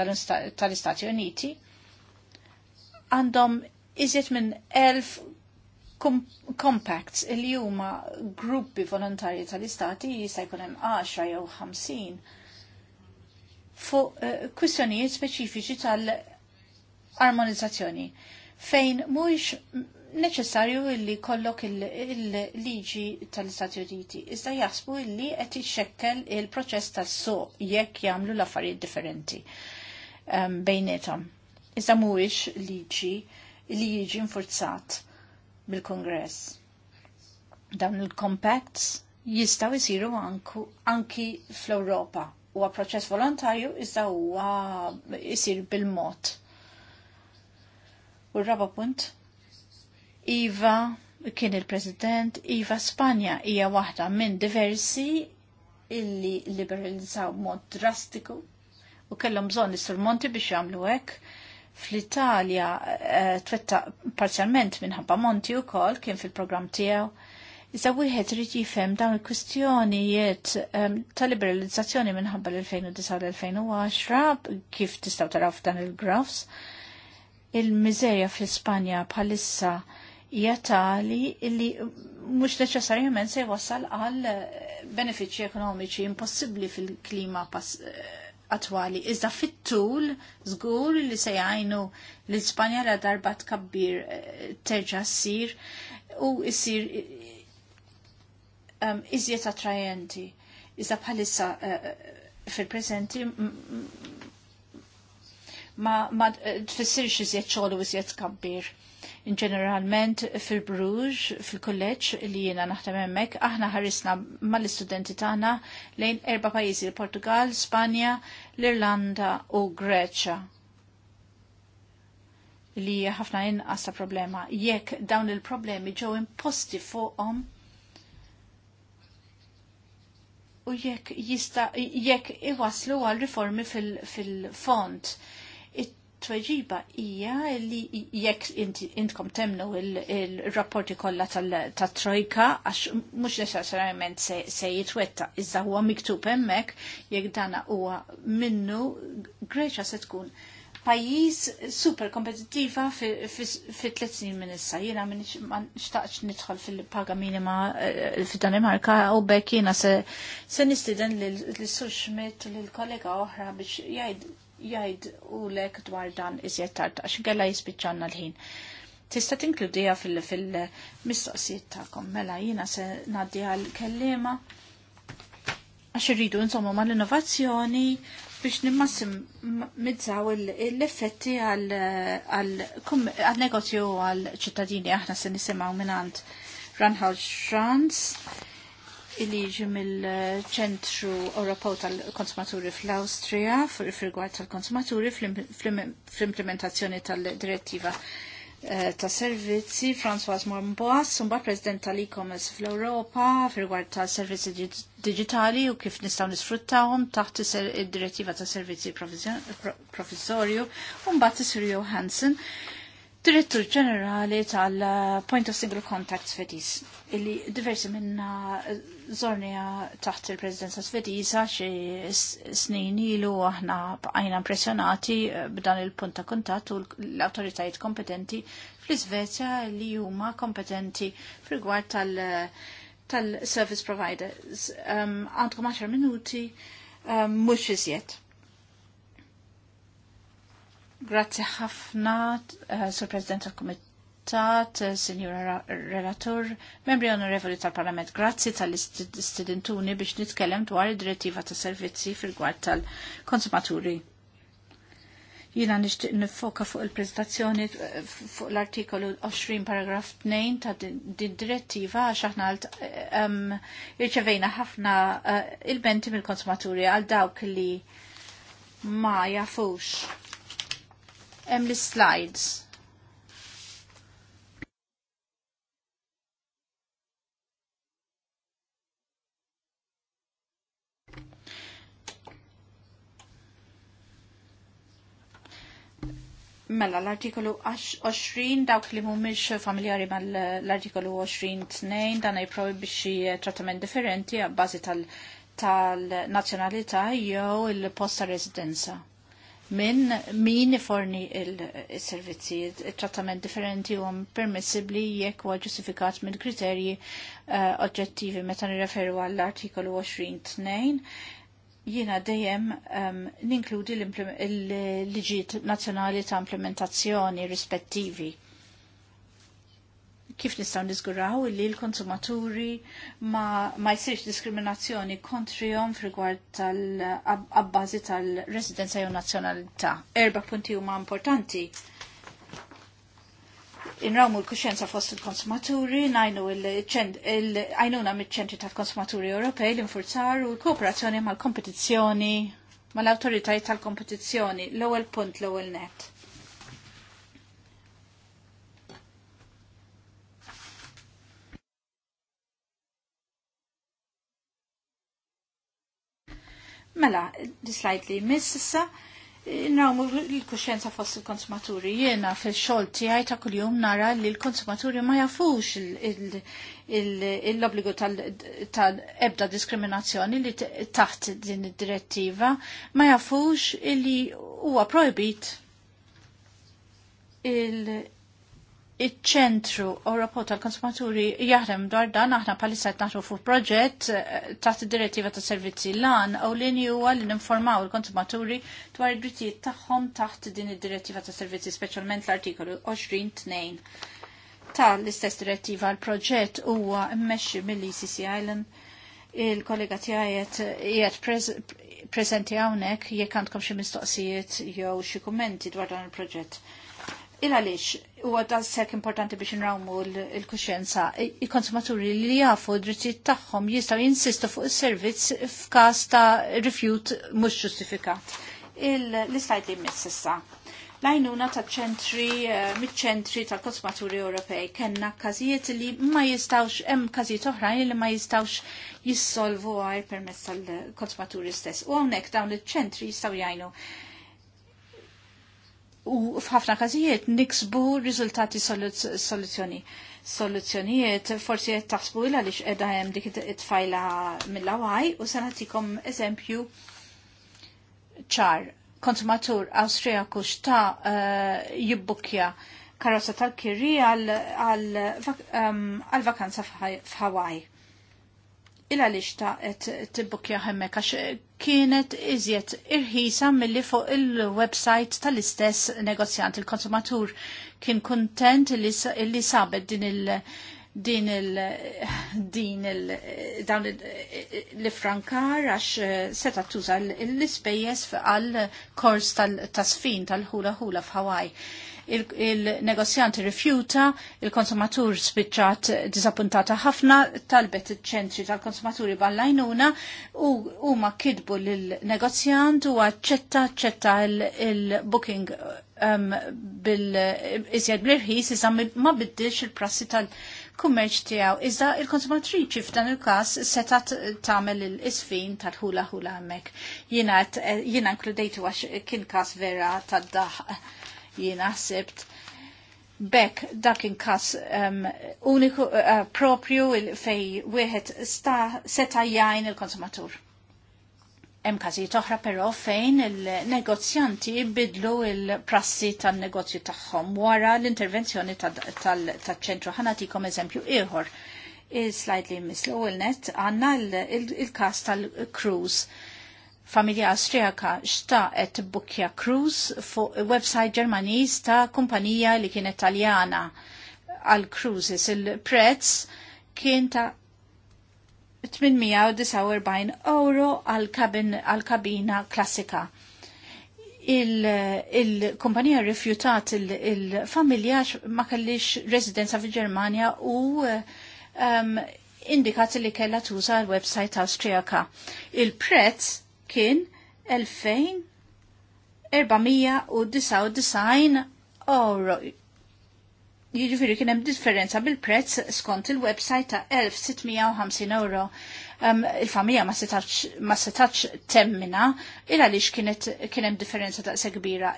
tal-Istati Uniti, għandhom iżjed minn elf compacts il huma gruppi volontarji tal-istati jista' jkun hemm 10 jew 50 fuq eh, kwistjonijiet speċifiċi tal-armonizzazzjoni fejn mhuwiex neċessarju illi kollok il-liġi il tal-Istati Uniti. Iżda jasbu illi qed ixxekkel il-proċess tas-suq jekk jagħmlu l-affarijiet differenti um, ehm, bejnietom. Iżda mhuwiex liġi li jiġi infurzat bil-Kongress. Dawn il-compacts jistgħu jsiru anki fl-Ewropa. Huwa proċess volontarju iżda huwa jsir bil-mod. U r punt, Iva kien il-President, Iva Spanja hija waħda minn diversi illi liberalizzaw mod drastiku u kellhom bżonn is-surmonti biex jagħmlu hekk. Fl-Italja eh, twetta parzjalment minħabba Monti wkoll kien fil-programm tiegħu. Iżda wieħed irid jifhem dawn il-kwistjonijiet ehm, ta' liberalizzazzjoni minħabba l-2009 l-2010 kif tistgħu taraw f'dan il-grafs. Il-miżerja fl-Ispanja bħalissa jatali illi mux neċessarjament se wassal għal eh, benefiċi ekonomiċi impossibli fil-klima eh, attwali. Iżda fit-tul, zgur li se jgħajnu l-Ispanja la darba tkabbir eh, terġa s-sir u s-sir um, iżjiet attrajenti. Iżda bħalissa uh, fil-prezenti ma, ma tfissirx iżjed ċolu iżjed kabbir ġeneralment fil-Bruġ, fil-kolleġġ li jiena naħdem hemmhekk, aħna ħarisna mal-istudenti tagħna lejn erba' pajjiżi l portugal Spanja, l-Irlanda u Greċja li ħafna inqas ta' problema. Jekk dawn il-problemi ġew imposti fuqhom u jekk jista' jekk iwaslu għal riformi fil-font. Fil tweġiba hija li jekk intkom temnu il-rapporti kollha tat-trojka għax mhux neċessarjament se jitwetta iżda huwa miktub hemmhekk jekk dana huwa minnu Greċa se tkun pajjiż super kompetittiva fi tliet snin minn issa. Jiena ma nixtaqx nidħol fil-paga minima eh, fid-Danimarka u bekk jiena se nistiden lil Sur Schmidt u lil kollega oħra biex jgħid jgħid u lek dwar dan iżjed tard għax għella jispiċċanna l-ħin. Tista' tinkludija fil-mistoqsijiet tagħkom mela jiena se ngħaddi għall-kellima għax irridu insomma mal-innovazzjoni biex nimmassim mizzaw l-effetti għal-negozju għal-ċittadini aħna se nisimaw minn għand Ranħal il jiġi mill-ċentru Ewropew tal-Konsumaturi fl-Awstrija fil-rigward tal-konsumaturi fl-implementazzjoni tal-direttiva eh, ta' servizzi François Mormboas, sumba President tal-e-commerce fl-Europa fil-rigward tal-servizzi digitali u kif nistaw nisfruttawhom taħt id-direttiva ta' servizzi provvisorju, un bat Sir Johansen Direttur ġenerali tal-Point of Single Contact Svedis, illi diversi minna zornija taħt il-Presidenza Svedisa xi snin ilu aħna bqajna impressjonati b'dan il-punt ta' kontat u l-awtoritajiet kompetenti fl-Iżvezja li huma kompetenti f'rigward tal- tal-service providers. Għandkom 10 minuti mux mhux iżjed Grazie ħafna, eh, Sur President tal-Kumitat, eh, Signora Relatur, membri onorevoli tal-Parlament, grazzi tal-istudentuni biex nitkellem dwar id-direttiva ta' servizzi fil gwart tal-konsumaturi jina nishtiq nifoka fuq il-prezentazzjoni eh, fuq l-artikolu 20 paragraf 2 ta' din direttiva għax aħna irċevejna ħafna il-benti mill-konsumaturi għal dawk li ma jafux hemm l-slides. Mela, l-artikolu 20, dawk li mumiex familjari mal l-artikolu 22, dan jiprovi biex eh, trattament differenti għabbażi tal nazzjonalità jew il-posta residenza minn min forni il-servizzi. Il-trattament differenti u permissibli jekk huwa ġustifikat minn kriterji uh, oġġettivi meta nirreferu għall-artikolu 22 jiena dejjem um, ninkludi l-liġijiet nazzjonali ta' implementazzjoni rispettivi kif nistaw nizguraw li l-konsumaturi ma, ma jisirx diskriminazzjoni kontrihom f'rigward tal-abbażi tal-residenza jew nazzjonalità. Erba punti huma importanti. Inrawmu l kuxenza fost il-konsumaturi, najnu il-għajnuna mit-ċentri tal-konsumaturi Ewropej l-infurzar u l-kooperazzjoni mal-kompetizzjoni mal-autoritajiet tal-kompetizzjoni, l-ewwel punt l-ewwel net Mela, dislajt li miss issa, Nawmu l-kuxenza fost il-konsumaturi jiena fil-xol tiegħi ta' kuljum nara li l-konsumaturi ma jafux l-obbligu tal-ebda diskriminazzjoni li taħt din id-direttiva ma jafux li huwa projbit iċ-ċentru Ewropew tal-Konsumaturi jaħdem dwar dan aħna palissa qed naħru fuq proġett eh, taħt id-direttiva ta' servizzi lan u li huwa li ninformaw il-konsumaturi dwar id-drittijiet tagħhom taħt din id-direttiva ta' servizzi speċjalment l-artikolu 20 tal-istess direttiva l proġett huwa mmexxi mill-ECC Island il-kollega tiegħi qed preżenti hawnhekk jekk għandkom xi mistoqsijiet jew xi kummenti dwar dan il-proġett il għaliex huwa da importanti biex nrawmu l kuxenza Il-konsumaturi li jafu d-drittijiet tagħhom jistgħu jinsistu fuq is-servizz f'każ ta' rifjut mhux ġustifikat. l istajt li jmiss issa. Lajnuna ta' ċentri, eh, mit-ċentri tal-konsumaturi Ewropej kellna każijiet li ma jistawx, hemm każijiet oħrajn li ma jistawx jissolvu għaj permezz tal-konsumaturi stess. U hawnhekk dawn iċ-ċentri jistgħu jgħinu u f'ħafna każijiet niksbu riżultati soluzzjoni. Soluzzjonijiet forsi qed taħsbu il għaliex qiegħda hemm dik it-tfajla mill-awaj u se nagħtikom eżempju ċar. Konsumatur Awstrijaku xta uh, eh, jibbukkja karozza tal-kirri għal-vakanza ehm, f'Hawaii illa li xtaqet tibbukja hemmek għax kienet iżjed irħisa mill-li fuq il-website tal-istess negozjant il-konsumatur kien kontent li sabet din il- din il din il dawn l-frankar għax eh, seta tuża l-ispejjeż għal kors tal tasfin tal-ħula ħula f'Hawaii il-negozjant il rifjuta, il-konsumatur spiċċat disappuntata ħafna, talbet iċ-ċentri tal-konsumaturi ballajnuna u huma kidbu lill-negozjant u aċċetta aċċetta il-booking um, bil-iżjed bl-irħis, iżda ma biddilx il-prassi tal- kummerċ tiegħu iżda il-konsumatriċi f'dan il-każ seta tagħmel il-isfin tal hula ħula hemmhekk. Jiena nkludejtu għax kien każ vera tad-daħq jiena ħsibt bekk dak inkas um, uniku uh, propju fej wieħed sta seta jajn il-konsumatur. Hemm każijiet oħra però fejn il-negozjanti bidlu il-prassi tan-negozju tagħhom wara l-intervenzjoni tal-ċentru. Ħa nagħtikom eżempju ieħor. Is-slajd li mislu il-net għandna il-każ tal-cruise familja Austriaka et bukja cruz fuq website Ġermaniż ta' kumpanija li kienet Taljana għal cruises. Il-prezz kien ta' 849 euro għal kabina klassika. Il-kumpanija il rifjutat il-familja il ma kellix residenza fil ġermanja u um, indikat li kella tuża l-website Austriaka. Il-prezz kien 2499 euro. Jiġifieri kien hemm differenza bil-prezz skont il-website ta' 1650 euro. Um, il-familja ma setax ma temmina il għaliex kienet kien hemm differenza ta' kbira.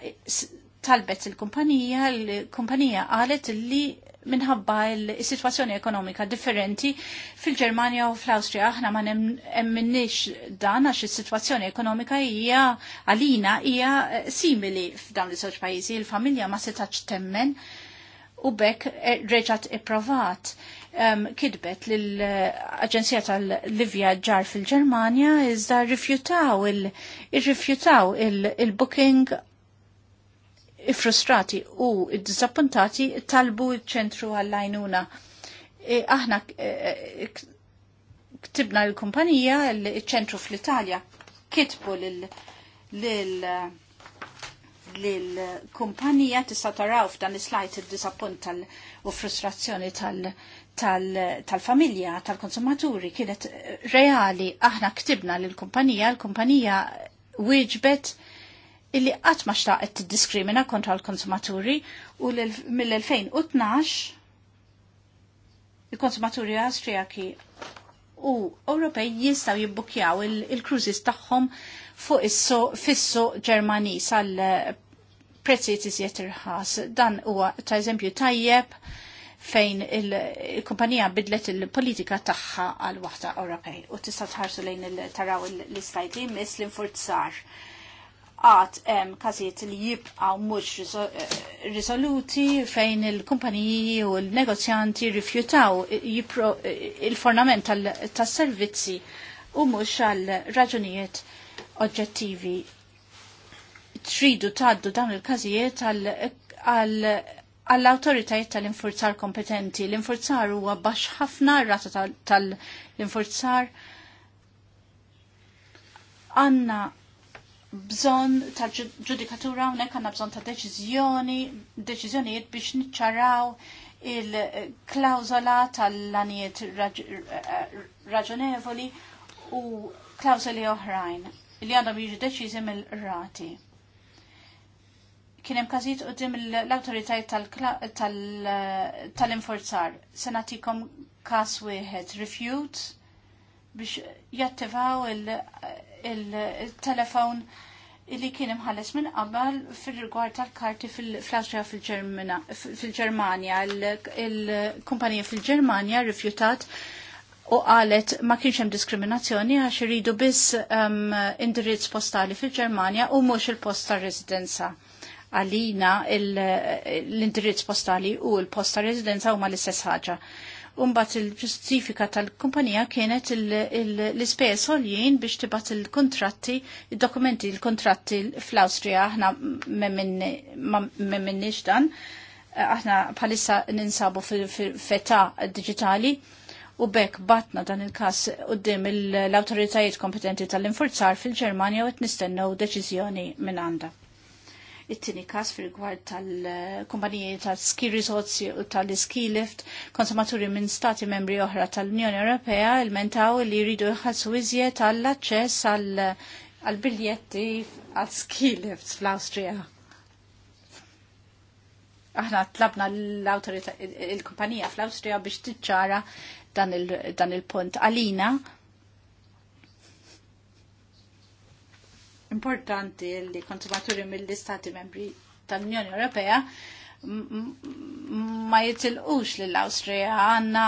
Talbet il-kumpanija, il-kumpanija qalet li minħabba il situazzjoni ekonomika differenti fil-Germania u fl-Austria aħna ma nemminnix dan għax is-sitwazzjoni ekonomika hija għalina hija eh, simili f'dawn li żewġ pajjiżi il-familja ma setax temmen u bekk eh, reġat ipprovat ehm, kidbet l-Aġenzija tal-Livjaġġar fil-Germania iżda rrifjutaw il-booking il, il booking frustrati u diżappuntati talbu ċ-ċentru għall-għajnuna. E, aħna e, e, ktibna l-kumpanija, l-ċentru fl-Italja, kitbu l-kumpanija tista' taraw f'dan is-slajt id-disappunt u frustrazzjoni tal-familja, tal-konsumaturi kienet reali. Aħna ktibna l-kumpanija, l-kumpanija wieġbet illi qatt ma xtaqet tiddiskrimina kontra l-konsumaturi u mill-2012 il-konsumaturi Awstrijaki u Ewropej jistgħu jibbukjaw il-cruises tagħhom fuq is-so fissu Ġermani sal eh, prezzijiet iżjed irħas. Dan huwa ta' eżempju tajjeb fejn il-kumpanija bidlet il-politika tagħha għal waħda Ewropej. U tista' tħarsu lejn il-taraw l-istajdli mis l-infurzar. il taraw l istajdli mis l infurzar għat em kazijiet li jibqaw mux eh, risoluti fejn il-kumpaniji u l-negozjanti rifjutaw eh, il-fornament tas servizzi u mux għal raġunijiet oġġettivi. Tridu taddu dawn il-kazijiet għall-autoritajiet tal-infurzar kompetenti. L-infurzar huwa baxx ħafna rata tal-infurzar. Tal Anna bżon ta' ġudikatura unek għanna bżon ta' deċizjoni, deċizjonijiet biex niċċaraw il-klawzola tal-lanijiet eh, raġonevoli u klawzoli oħrajn li għandhom jiġu deċizi mill-rati. Kien hemm każijiet dim l-awtoritajiet tal inforzar Se nagħtikom każ wieħed refute biex jattivaw il- il-telefon li kien imħalles minn qabel fil-rigward tal-karti fil-Flaxja fil-Ġermanja. Il-kumpanija fil-Ġermanja rifjutat u qalet ma kienx hemm diskriminazzjoni għax iridu biss um, indirizz postali fil-Ġermanja u mhux il-post residenza Għalina l-indirizz postali u l-post tar-residenza huma l-istess ħaġa u mbagħad il-ġustifika tal-kumpanija kienet l-ispejjeż għoljien biex tibgħat il-kontratti, id-dokumenti il-kontratti fl-Awstrija aħna m'hemmx dan. Aħna bħalissa ninsabu fil-feta digitali u bekk batna dan il-kas qoddim l-autoritajiet kompetenti tal-infurzar fil-Ġermanja u qed nistennew deċiżjoni minn għandha it-tini kas fil-gwart tal-kumpaniji tal-ski resorts u tal-ski lift, konsumaturi minn stati membri oħra tal-Unjoni Ewropea il-mentaw li jridu jħassu iżjed għall-aċċess għall-biljetti għal ski lifts fl-Austria. Aħna tlabna l-autorita, il-kumpanija fl-Austria biex tiċċara dan il-punt. Alina, importanti li konsumaturi mill-Istati membri tal-Unjoni Ewropea ma jitilqux li l-Austria għanna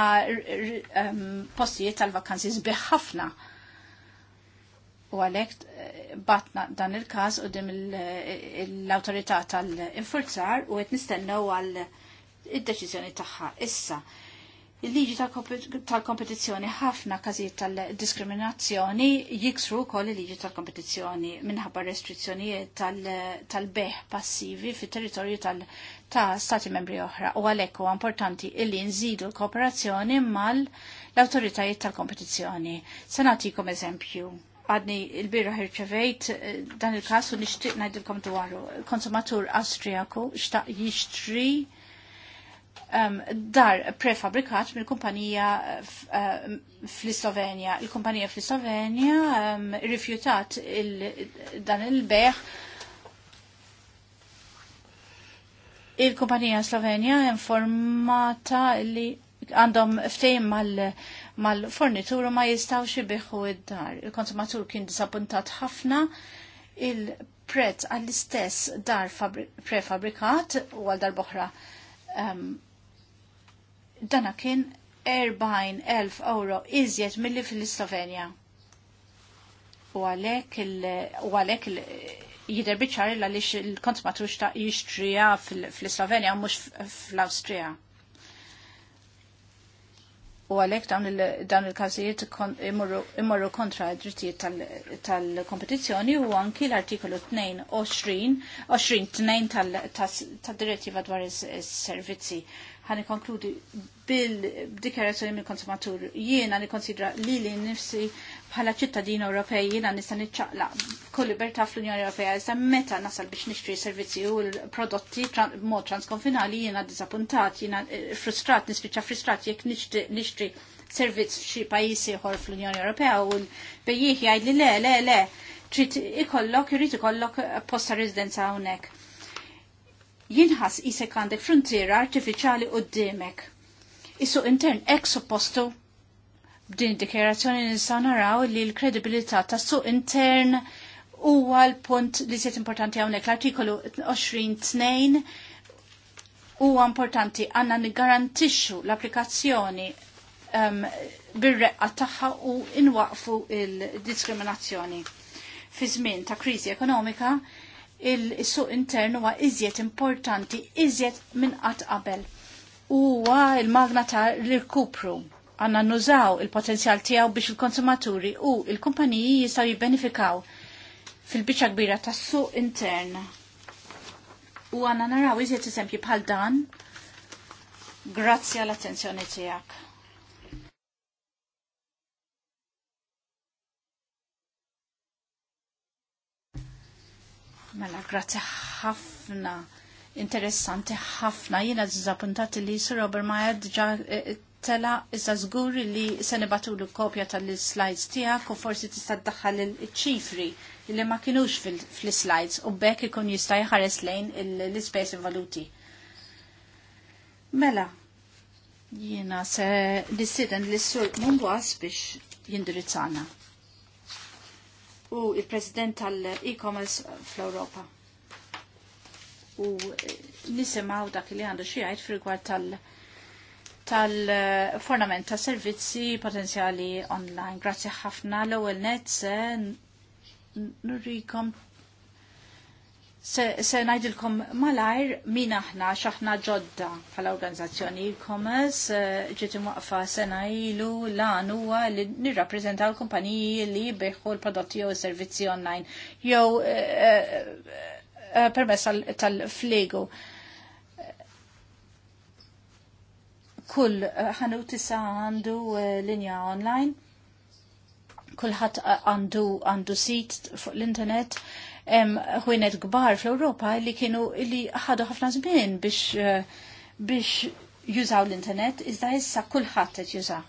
postijiet tal-vakanzi sbiħ ħafna. U għalek eh, batna dan il-kas u dim l-autorità tal-infurzar u għet nistennew għal id-deċizjoni taħħa. Issa, Il-liġi tal-kompetizzjoni ħafna każijiet tal-diskriminazzjoni jiksru wkoll il-liġi tal-kompetizzjoni minħabba restrizzjonijiet tal-beħ passivi fit territorju ta' stati membri oħra u għalhekk huwa importanti illi nżidu l-kooperazzjoni mal l-awtoritajiet tal-kompetizzjoni. Se kom eżempju għadni il-birra ħirċevejt eh, dan il-kas u nishtiq najdilkom dwaru. Konsumatur Austriaku xtaq jishtri um, dar prefabrikat mill-kumpanija uh, fl-Slovenja. Il-kumpanija fl-Slovenja um, rifjutat il dan il-beħ il-kumpanija Slovenja informata li għandhom ftejn mal-fornitur mal ma jistawx ibiħu id-dar. Il-konsumatur kien disappuntat ħafna il-prezz għall-istess dar prefabrikat u għal dar boħra um, dana kien 40.000 euro iżjed milli fil-Slovenja. U għalek il- biċar illa li il-konsumatur ta' jixtrija fil-Slovenja mux fl austrija U għalek dawn il-kazijiet imorru kontra id-drittijiet tal-kompetizjoni u anki l-artikolu 22 tal-direttiva dwar is-servizzi ħani konkludi bil dikarazzjoni mill konsumatur jiena li konsidra li li nifsi bħala ċittadin Ewropej jiena nista' niċċaqla kull libertà fl-Unjoni Ewropea issa meta nasal biex nixtri servizzi u l-prodotti mod transkonfinali jiena disappuntat, jiena eh, frustrat, nispiċċa frustrat jekk nixtri servizz f'xi pajjiżi ieħor fl-Unjoni Ewropea u bejjieħ jgħid li le le le trid ikollok irid ikollok posta residenza hawnhekk jinħas jisek għandek frontiera artificiali d-demek. Isu intern ek supposto b'din dikjerazzjoni nistgħu naraw li l-kredibilità tas suq intern huwa l-punt li siet importanti hawnhekk l-artikolu 22 huwa importanti għandna niggarantixxu l-applikazzjoni um, bir-reqqa tagħha u inwaqfu il-diskriminazzjoni. Fi żmien ta' kriżi ekonomika, il-suq internu huwa iżjed importanti, iżjed minn qatt qabel. Huwa il-magna ta' l-kupru għanna nużaw il-potenzjal tiegħu biex il-konsumaturi u il-kumpaniji jistgħu jibbenefikaw fil bicċa kbira tas suq intern. U għanna naraw iżjed eżempji bħal dan. Grazzi għall-attenzjoni tiegħek. Mela, grazzi ħafna. Interessanti ħafna. Jiena dizappuntat li Sir Robert Maja ġa eh, tela iżda żgur li se nibatulu kopja tal-slides tiegħek u forsi tista' ddaħħal il-ċifri li ma kinux fil-slides u bekk ikun jista' jħares lejn l-ispejs valuti. Mela, jiena se nissiden l-sur għas biex jindirizzana u il-President tal-e-commerce fl-Europa. U eh, nisimaw dak li għandu xijajt fil-gwar tal- fornament ta' servizzi potenziali online. Grazie ħafna l ewel net se nurikom se najdilkom malajr min aħna xaħna ġodda bħala organizzazzjoni e-commerce e, ġiet waqfa sena ilu lan huwa li nirrappreżentaw l-kumpaniji li jbejħu l-prodotti jew servizzi online jew e, e, permess tal flegu Kull ħanut tisa għandu linja online, kulħadd għandu sit fuq l-internet ħwienet kbar fl-Ewropa li kienu li ħadu ħafna żmien biex eh, biex jużaw l-internet iżda issa kulħadd qed jużaw.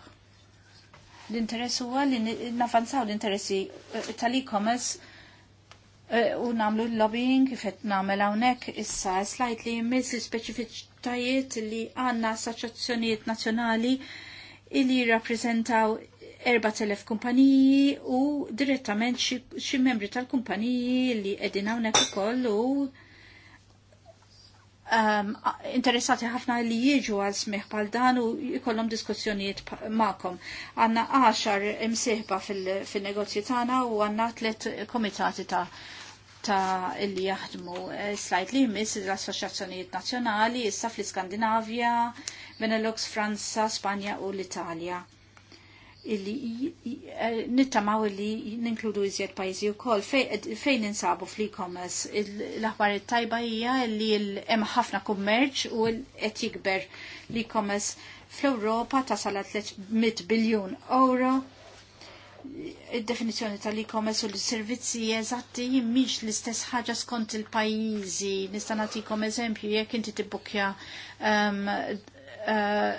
L-interess huwa li nafanzaw l-interessi eh, tal-e-commerce eh, u namlu l-lobbying kif qed nagħmel hawnhekk issa slajt li jmiss l-speċifiċitajiet li għandna assoċjazzjonijiet nazzjonali illi jirrappreżentaw 4.000 kumpaniji u direttament xi membri tal-kumpaniji li qegħdin hawnhekk ukoll u um, interessati ħafna li jiġu għal smih bħal dan u jkollhom diskussjonijiet magħkom. Għandna 10 imsieħba fin negozju tagħna u għandna tliet komitati ta' ta' illi jaħdmu e, slajt li jmiss l-Assoċjazzjonijiet Nazzjonali, issa fl-Iskandinavja, Benelux, Franza, Spanja u l-Italja illi eh, nittamaw illi ninkludu iżjed pajjiżi wkoll fejn insabu fl-e-commerce. L-aħbar tajba hija li hemm ħafna kummerċ u qed jikber l-e-commerce fl-Ewropa tasal 300 biljun euro id-definizjoni tal-e-commerce u l-servizzi eżatti mhix l-istess ħaġa skont il-pajjiżi. Nista' nagħtikom eżempju jekk inti tibbukja ehm, Eh,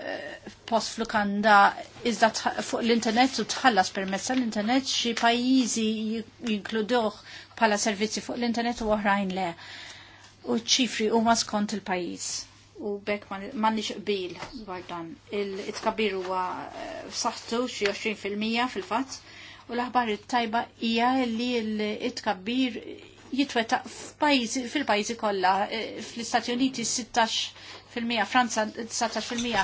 post flukanda iżda fuq l-internet u tħallas permezz l-internet xi pajjiżi jinkluduh bħala servizzi fuq l-internet u oħrajn le. U ċifri huma skont il-pajjiż u bekk m'għandniex qbil dwar dan. Il-tkabbir huwa f'saħħtu eh, xi 20% fil-fatt u l-aħbar it-tajba hija li l-tkabbir jitwetaq fil-pajjiżi kollha eh, fl-Istati Uniti 16 fil-mija, Franza 19%,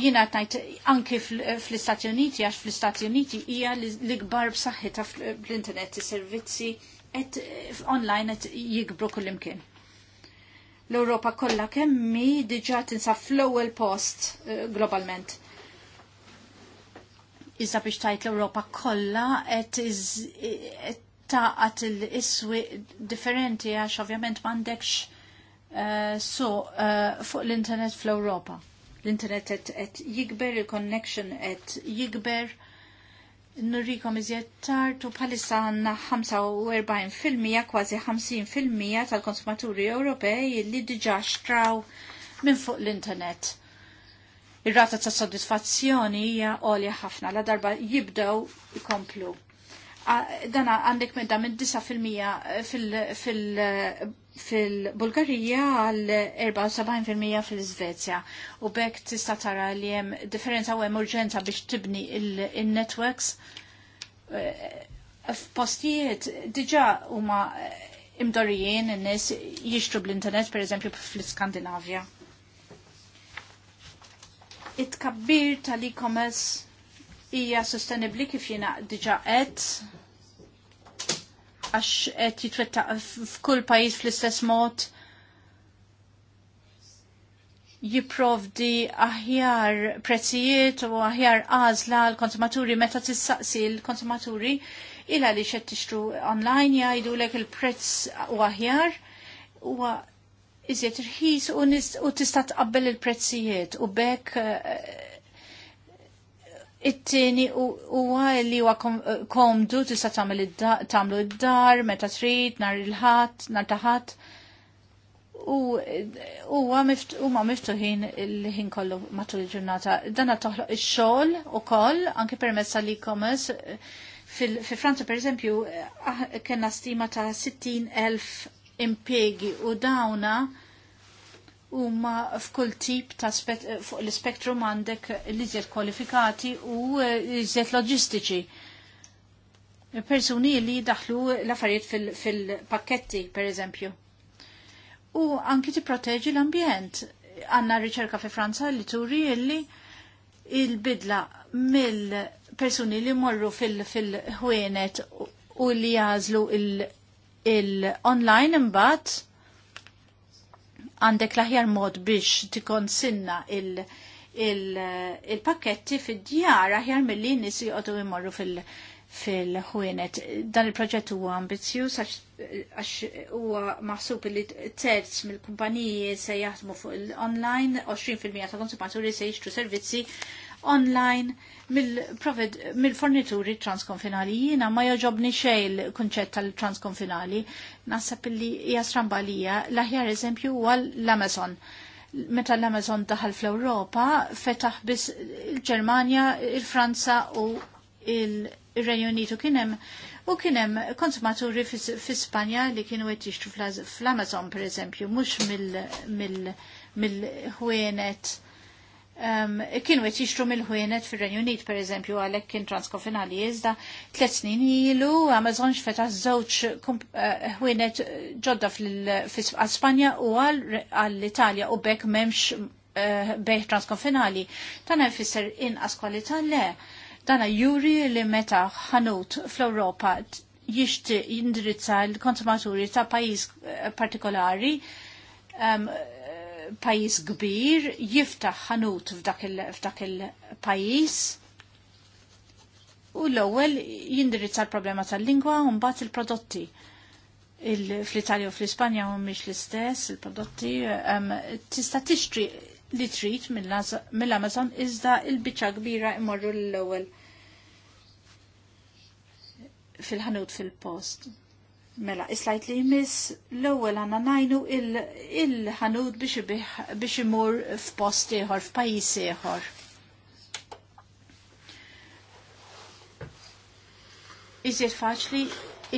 jina tajt anki fl-Istati Uniti, għax fl-Istati Uniti hija l-ikbar ta' fl-internet, servizzi et online et jikbru kullimkien. L-Europa kollha kemmi diġà tinsab fl-ewwel post eh, globalment. Iżda biex tajt l-Europa kollha qed taqat il-iswi differenti għax ovvjament m'għandekx Eh, so uh, fuq l-internet fl-Europa. L-internet et jikber, il-connection et jikber, nurrikom iżjed tartu bħalissa għanna 45% kważi 50% tal-konsumaturi Ewropej li diġa xtraw minn fuq l-internet. Ir-rata ta' soddisfazzjoni hija għolja ħafna la darba jibdew ikomplu. Dana għandek medda minn 9% fil- fil-Bulgarija għal 74% fil-Svezja u bekk tista tara li hemm differenza u hemm urġenza biex tibni il-networks eh, f'postijiet diġà huma eh, imdorijien in-nies jixtru bl-internet pereżempju fl-Skandinavja. It-kabbir tal-e-commerce hija sostenibbli kif jiena diġà qed għax qed jitwetta f'kull pajjiż fl-istess mod jipprovdi aħjar prezzijiet u aħjar għażla l-konsumaturi meta tissaqsi l-konsumaturi illa li xed tixtru online jgħidu lek il-prezz u aħjar u iżjed irħis u tista' tqabbel il-prezzijiet u bekk eh, It-tieni huwa li huwa eh, komdu tista' tagħmlu id-dar meta trid nhar il-ħadd, nhar ta' ħadd. U huwa huma miftuħin il-ħin kollu matul il-ġurnata. Dana toħloq ix-xogħol ukoll anke permezz tal-e-commerce fi Franza per eżempju eh, ah, kena stima ta' 60.000 impiegi u dawna huma f'kull tip ta' fuq l-spektrum għandek l-iżjed kwalifikati u l-iżjed loġistiċi. Persuni li daħlu l-affarijiet fil-pakketti, fil per eżempju. U anki ti proteġi l-ambjent. Għanna riċerka fi Franza li turi illi il-bidla mill-persuni li morru fil-ħwienet fil u li jazlu il-online il, imbat imbagħad għandek l mod biex tikkonsinna il- il-pakketti il fid-djar aħjar mill-li nisi jgħodu imorru fil- fil Dan il-proġett huwa ambizzjuż għax huwa maħsub li terz mill-kumpaniji se jaħdmu fuq l-online, 20% ta' konsumaturi se jixtru servizzi online mill-fornituri mil transkonfinali. Jina ma joġobni xej l-kunċett tal-transkonfinali. Nasab li hija strambalija l-aħjar eżempju huwa l-Amazon. Meta l-Amazon daħal fl-Ewropa, fetaħ biss il-Ġermanja, il-Franza u il-Renju Unitu kienem u kienem konsumaturi fi Spanja li kienu qed jixtru fl-Amazon per eżempju, mhux mill-ħwienet mil, mil Um, kienu għet jixtru mill-ħujenet fil Unit, per eżempju, għalek kien transkofinali jizda, tlet snin ilu, Amazon xfeta zoċ ħujenet uh, ġodda fil-Spanja u għall-Italja u bekk memx uh, eh, beħ transkofinali. Tana fisser inqas kwalità le. Dana juri li meta ħanut fl-Europa jishti jindirizza l-konsumaturi ta' pajis eh, partikolari um, pajis kbir jiftaħ ħanut f'dak il-pajis u l-ewwel jindirizza l-problema tal-lingwa u mbagħad il-prodotti. Fl-Italja u fl-Ispanja mhumiex l-istess il-prodotti tista' tixtri li trid mill-Amazon iżda il-biċċa kbira imorru l-ewwel fil-ħanut fil-post. Mela, islajt li jmiss l-ewwel għandna najnu il-ħanud il biex imur f'post ieħor, f'pajjiż ieħor. Iżjed faċli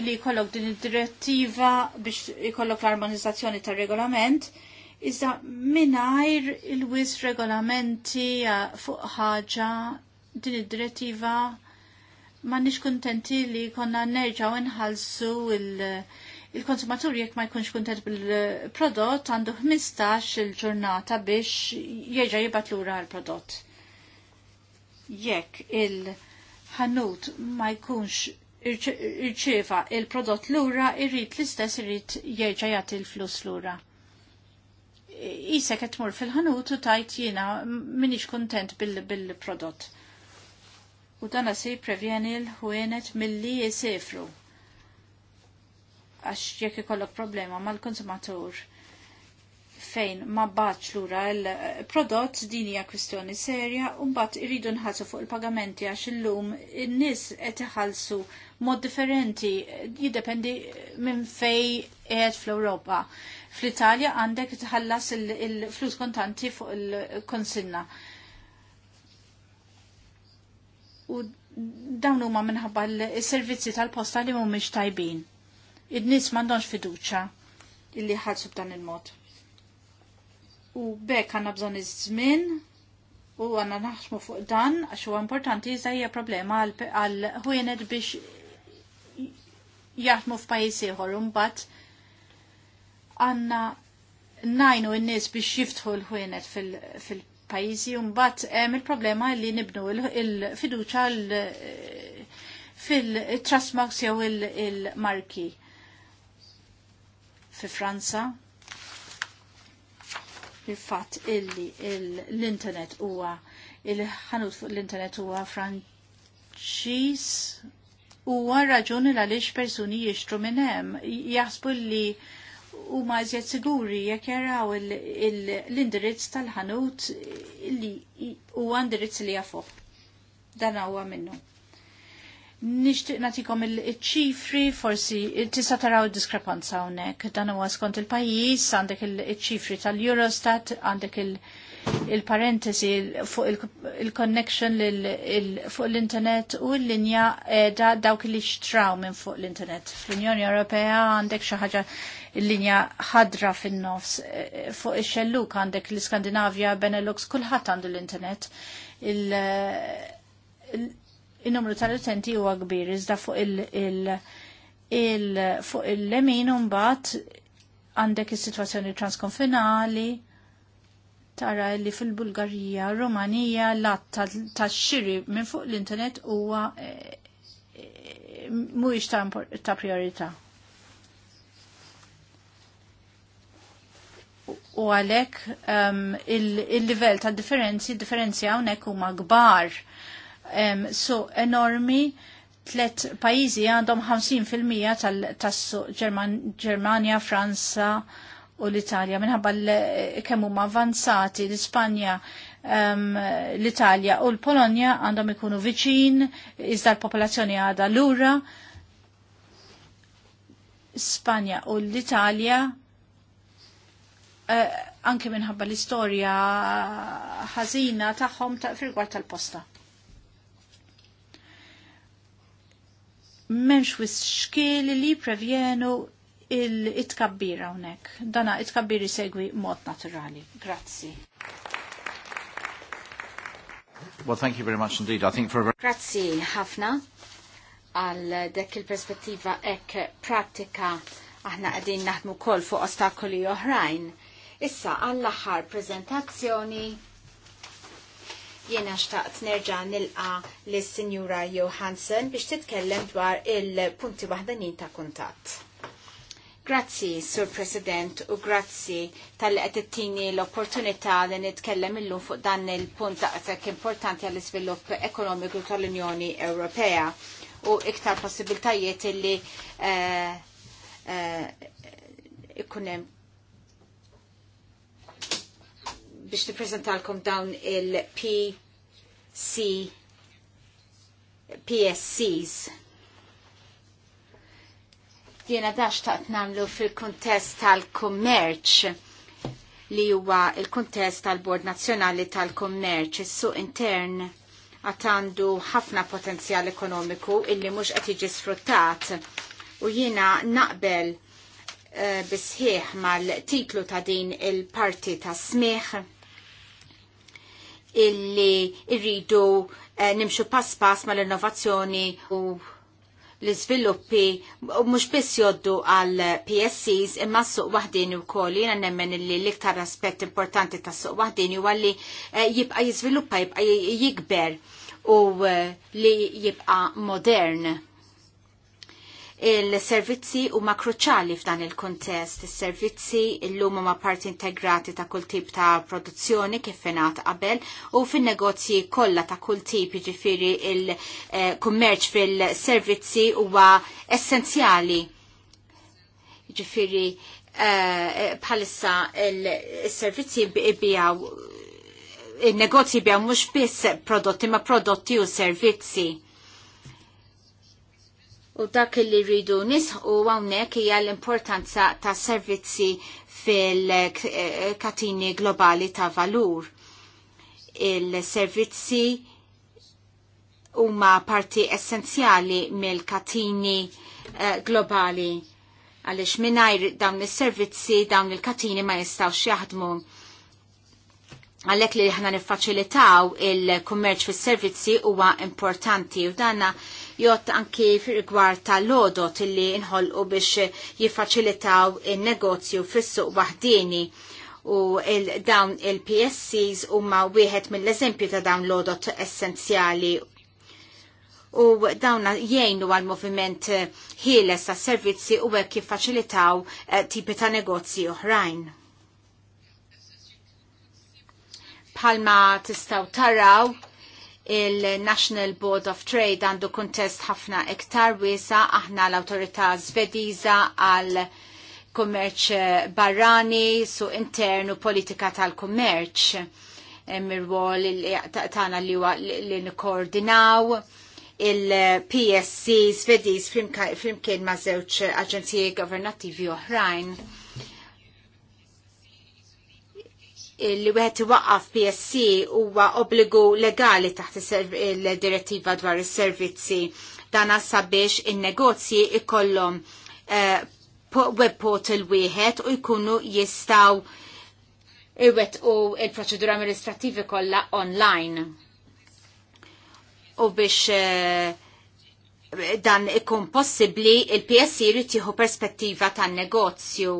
illi jkollok din id-direttiva biex ikollok l-armonizzazzjoni tar-regolament, iżda mingħajr il-wis regolamenti fuq ħaġa din id-direttiva ma nix kontenti li konna nerġaw nħalsu il-konsumatur il jekk ma jkunx kontent bil-prodott għandu 15 il-ġurnata biex jerġa' jibat lura l-prodott. Jekk il-ħanut ma jkunx irċeva il-prodott lura, irrit l-istess irrit jieġa jagħti l-flus lura. Isek qed tmur fil-ħanut u tajt jiena minix kontent bil-prodott u dan se previeni l-ħwienet milli jisifru għax jekk ikollok problema mal-konsumatur fejn ma l lura l-prodott din hija kwistjoni serja u mbagħad iridu nħassu fuq il-pagamenti għax illum in-nies qed iħallsu mod differenti jiddependi minn fej qiegħed fl-Ewropa. Fl-Italja għandek tħallas il-flus kontanti fuq il-konsinna. il konsinna u dawn huma minħabba l-servizzi tal-posta li mhumiex tajbin. Id-nies m'għandhomx fiduċja illi ħalsu b'dan il-mod. U bekk għandna bżonn iż-żmien u għandna naħsmu fuq dan għax huwa importanti iżda hija problema għal ħwienet biex jaħdmu f'pajjiż ieħor u mbagħad għandna najnu n-nies biex jiftħu l-ħwienet fil-posta. fil fil pajjiżi u mbagħad hemm il-problema li nibnu il-fiduċa fil-trustmarks jew il-marki fi Franza il-fatt illi l-internet huwa il-ħanut fuq l-internet huwa Franċiż huwa raġuni għaliex persuni jixtru minn hemm jaħsbu li u ma jżjed siguri jekk jaraw l-indirizz tal-ħanut li huwa indirizz li jafu. Dan huwa minnu. Nishtiq natikom il-ċifri, forsi tista taraw diskrepanza hawnhekk. Dan huwa skont il-pajjiż, għandek il-ċifri tal-Eurostat, għandek il-, -il il-parentesi fuq il-connection fuq l-internet u l-linja da dawk li xtraw minn fuq l-internet. Fl-Unjoni Ewropea għandek xi ħaġa l-linja ħadra fin-nofs. Eh, fuq ix-xelluk għandek l-Iskandinavja, Benelux, kulħadd għandu l-internet. Il-numru tal-utenti huwa kbir, iżda fuq il- il fuq il-lemin un bat għandek il-situazzjoni transkonfinali, tara li fil-Bulgarija, Rumanija, l-att tax-xiri minn fuq l-internet huwa eh, eh, mhuwiex ta' priorità. u għalek ehm, il-livell ta' differenzi, differenzi hawnhekk huma gbar. Ehm, so enormi, tlet pajizi għandhom 50% tas-suq Germania, Franza, u l-Italja minħabba kemm huma avanzati l-Ispanja um, l-Italja u l-Polonja għandhom ikunu viċin iżda l-popolazzjoni għadha lura Spanja u l-Italja uh, anke minħabba l-istorja ħażina tagħhom ta fil tal-posta. Menx wis xkiel li prevjenu il-itkabbir hawnhekk. Dana itkabbir segwi mod naturali. Grazzi. Well, thank you very much indeed. I think for a... Grazzi ħafna għal dek il-perspettiva ek pratika aħna għedin naħdmu kol fuq ostakoli oħrajn. Issa għall-aħħar prezentazzjoni Jiena xtaqt nerġa nilqa l-Sinjura Johansen biex titkellem dwar il-punti wahdanin ta' kuntatt. Grazzi, Sur President, u grazzi tal-li għetettini l-opportunità li nitkellem illum fuq dan il-punt daqsek importanti għall-izvilupp ekonomiku tal-Unjoni Ewropea u iktar possibiltajiet li uh, eh, uh, eh, ikunem biex niprezentalkom dawn il-PC PSCs Jiena dax taqt namlu fil-kuntest tal-kummerċ li huwa il-kuntest tal-Bord Nazzjonali tal-Kummerċ, is-suq intern għatandu ħafna potenzjal ekonomiku illi mhux qed jiġi sfruttat u jiena naqbel uh, bisħieħ mal-titlu ta' din il-parti ta' smieħ illi irridu eh, nimxu pass pass mal-innovazzjoni u l-izviluppi mhux biss joddu għal PSCs imma s-suq waħdini wkoll jiena nemmen li l-iktar aspett importanti tas suq waħdini huwa li eh, jibqa' jiżviluppa jibqa' jikber u eh, li jibqa' modern Il-servizzi huma kruċali f'dan il-kontest. Is-servizzi il llum huma parti integrati ta' kull tip ta' produzzjoni kif ingħat qabel u fin-negozji kollha ta' kull tip jiġifieri il-kummerċ fil-servizzi huwa essenzjali. Jiġifieri eh, bħalissa il-servizzi bijaw il-negozji bijaw mhux biss prodotti ma' prodotti u servizzi U dak li rridu nisħu għawnek hija l-importanza ta' servizzi fil-katini globali ta' valur. Il-servizzi huma parti essenzjali mill-katini eh, globali għalix minnajr dawn il-servizzi, dawn il-katini ma jistawx jaħdmu Għalek li ħna nifacilitaw il-kummerċ fis servizzi huwa importanti u danna jott anki rigward tal-lodot illi inħolqu biex jiffaċilitaw il-negozju fis-suq waħdini u il dawn il-PSCs huma wieħed mill-eżempju ta' dawn lodot essenzjali u dawn jgħinu għal moviment ħieles ta' servizzi u hekk jiffaċilitaw eh, tipi ta' negozji oħrajn. Palma tistaw taraw il-National Board of Trade għandu kontest ħafna iktar wiesa aħna l-autorità svediża għal kummerċ barrani su internu politika tal-kummerċ mirwol tagħna li huwa li nikkoordinaw il-PSC svediż flimkien ma' żewġ aġenziji governattivi oħrajn li wieħed iwaqqaf PSC huwa obbligu legali taħt il-direttiva dwar is-servizzi dan sabiex in-negozji ikollhom eh, web portal wieħed u jkunu jistaw iwet u il-proċedura amministrativi kollha online. U biex eh, dan ikun possibbli il-PSC jrid jieħu perspettiva tan-negozju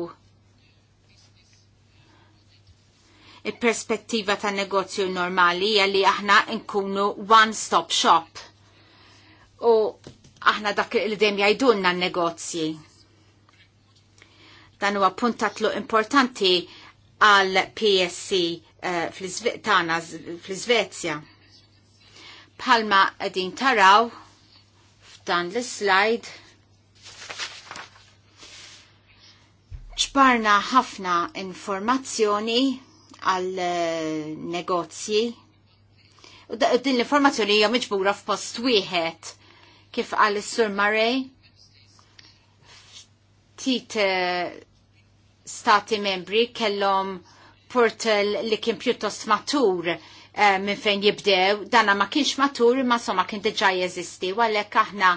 il-perspettiva ta' negozju normali li aħna nkunu one-stop shop. U aħna dak li dem jajdunna negozji. Dan huwa puntatlu importanti għal PSC eh, tana fl-Svezja. Palma għedin taraw f'dan l-slide ċbarna ħafna informazzjoni għal eh, negozji. U din l-informazzjoni hija miġbura f'post wieħed kif għal is-Sur Murray ftit eh, stati membri kellhom portal li kien pjuttost matur eh, minn fejn jibdew, dana ma kienx matur ma somma kien diġà jeżisti, u għalhekk aħna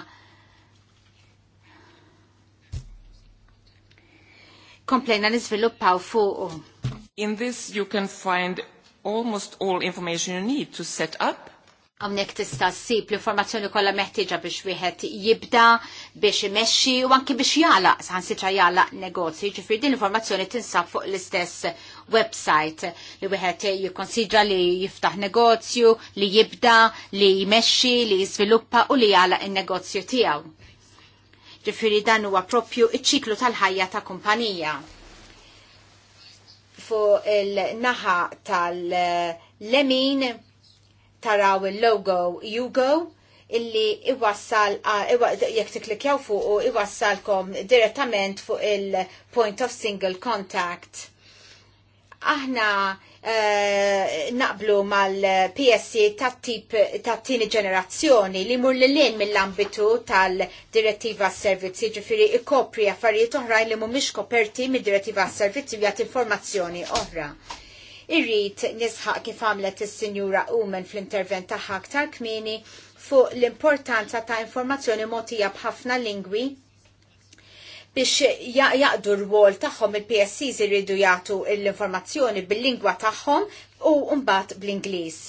komplejna niżviluppaw fuq In this you can find almost all information you need to set up għamnek tista ssib l-informazzjoni kollha meħtieġa biex wieħed jibda, biex imexxi u anki biex jalaq, saħansitra jalaq negozji, ġifri din l-informazzjoni tinsab fuq l-istess website li wieħed jikkonsidra li jiftaħ negozju, li jibda, li jmexxi, li jiżviluppa u li jalaq in-negozju tiegħu. Ġifiri dan huwa propju iċ-ċiklu tal-ħajja ta' kumpanija. Fu il-naħa tal-lemin taraw il-logo Yugo illi iwassal, jek tiklikjaw fuq u iwassalkom direttament fuq il-point of single contact. Aħna Eh, naqblu mal-PSC tat-tip tat-tieni ġenerazzjoni li mur l-lin mill-ambitu tal-direttiva servizzi ġifiri ikopri affarijiet oħrajn li mhumiex koperti mid-direttiva servizzi jagħti informazzjoni oħra. Irrid nisħaq kif għamlet is-Sinjura Umen fl-intervent tagħha aktar kmieni fuq l-importanza ta' informazzjoni motija b'ħafna lingwi biex jaqdu r-wol tagħhom il-PSCs irridu jagħtu l-informazzjoni bil-lingwa tagħhom u mbagħad bl-Ingliż.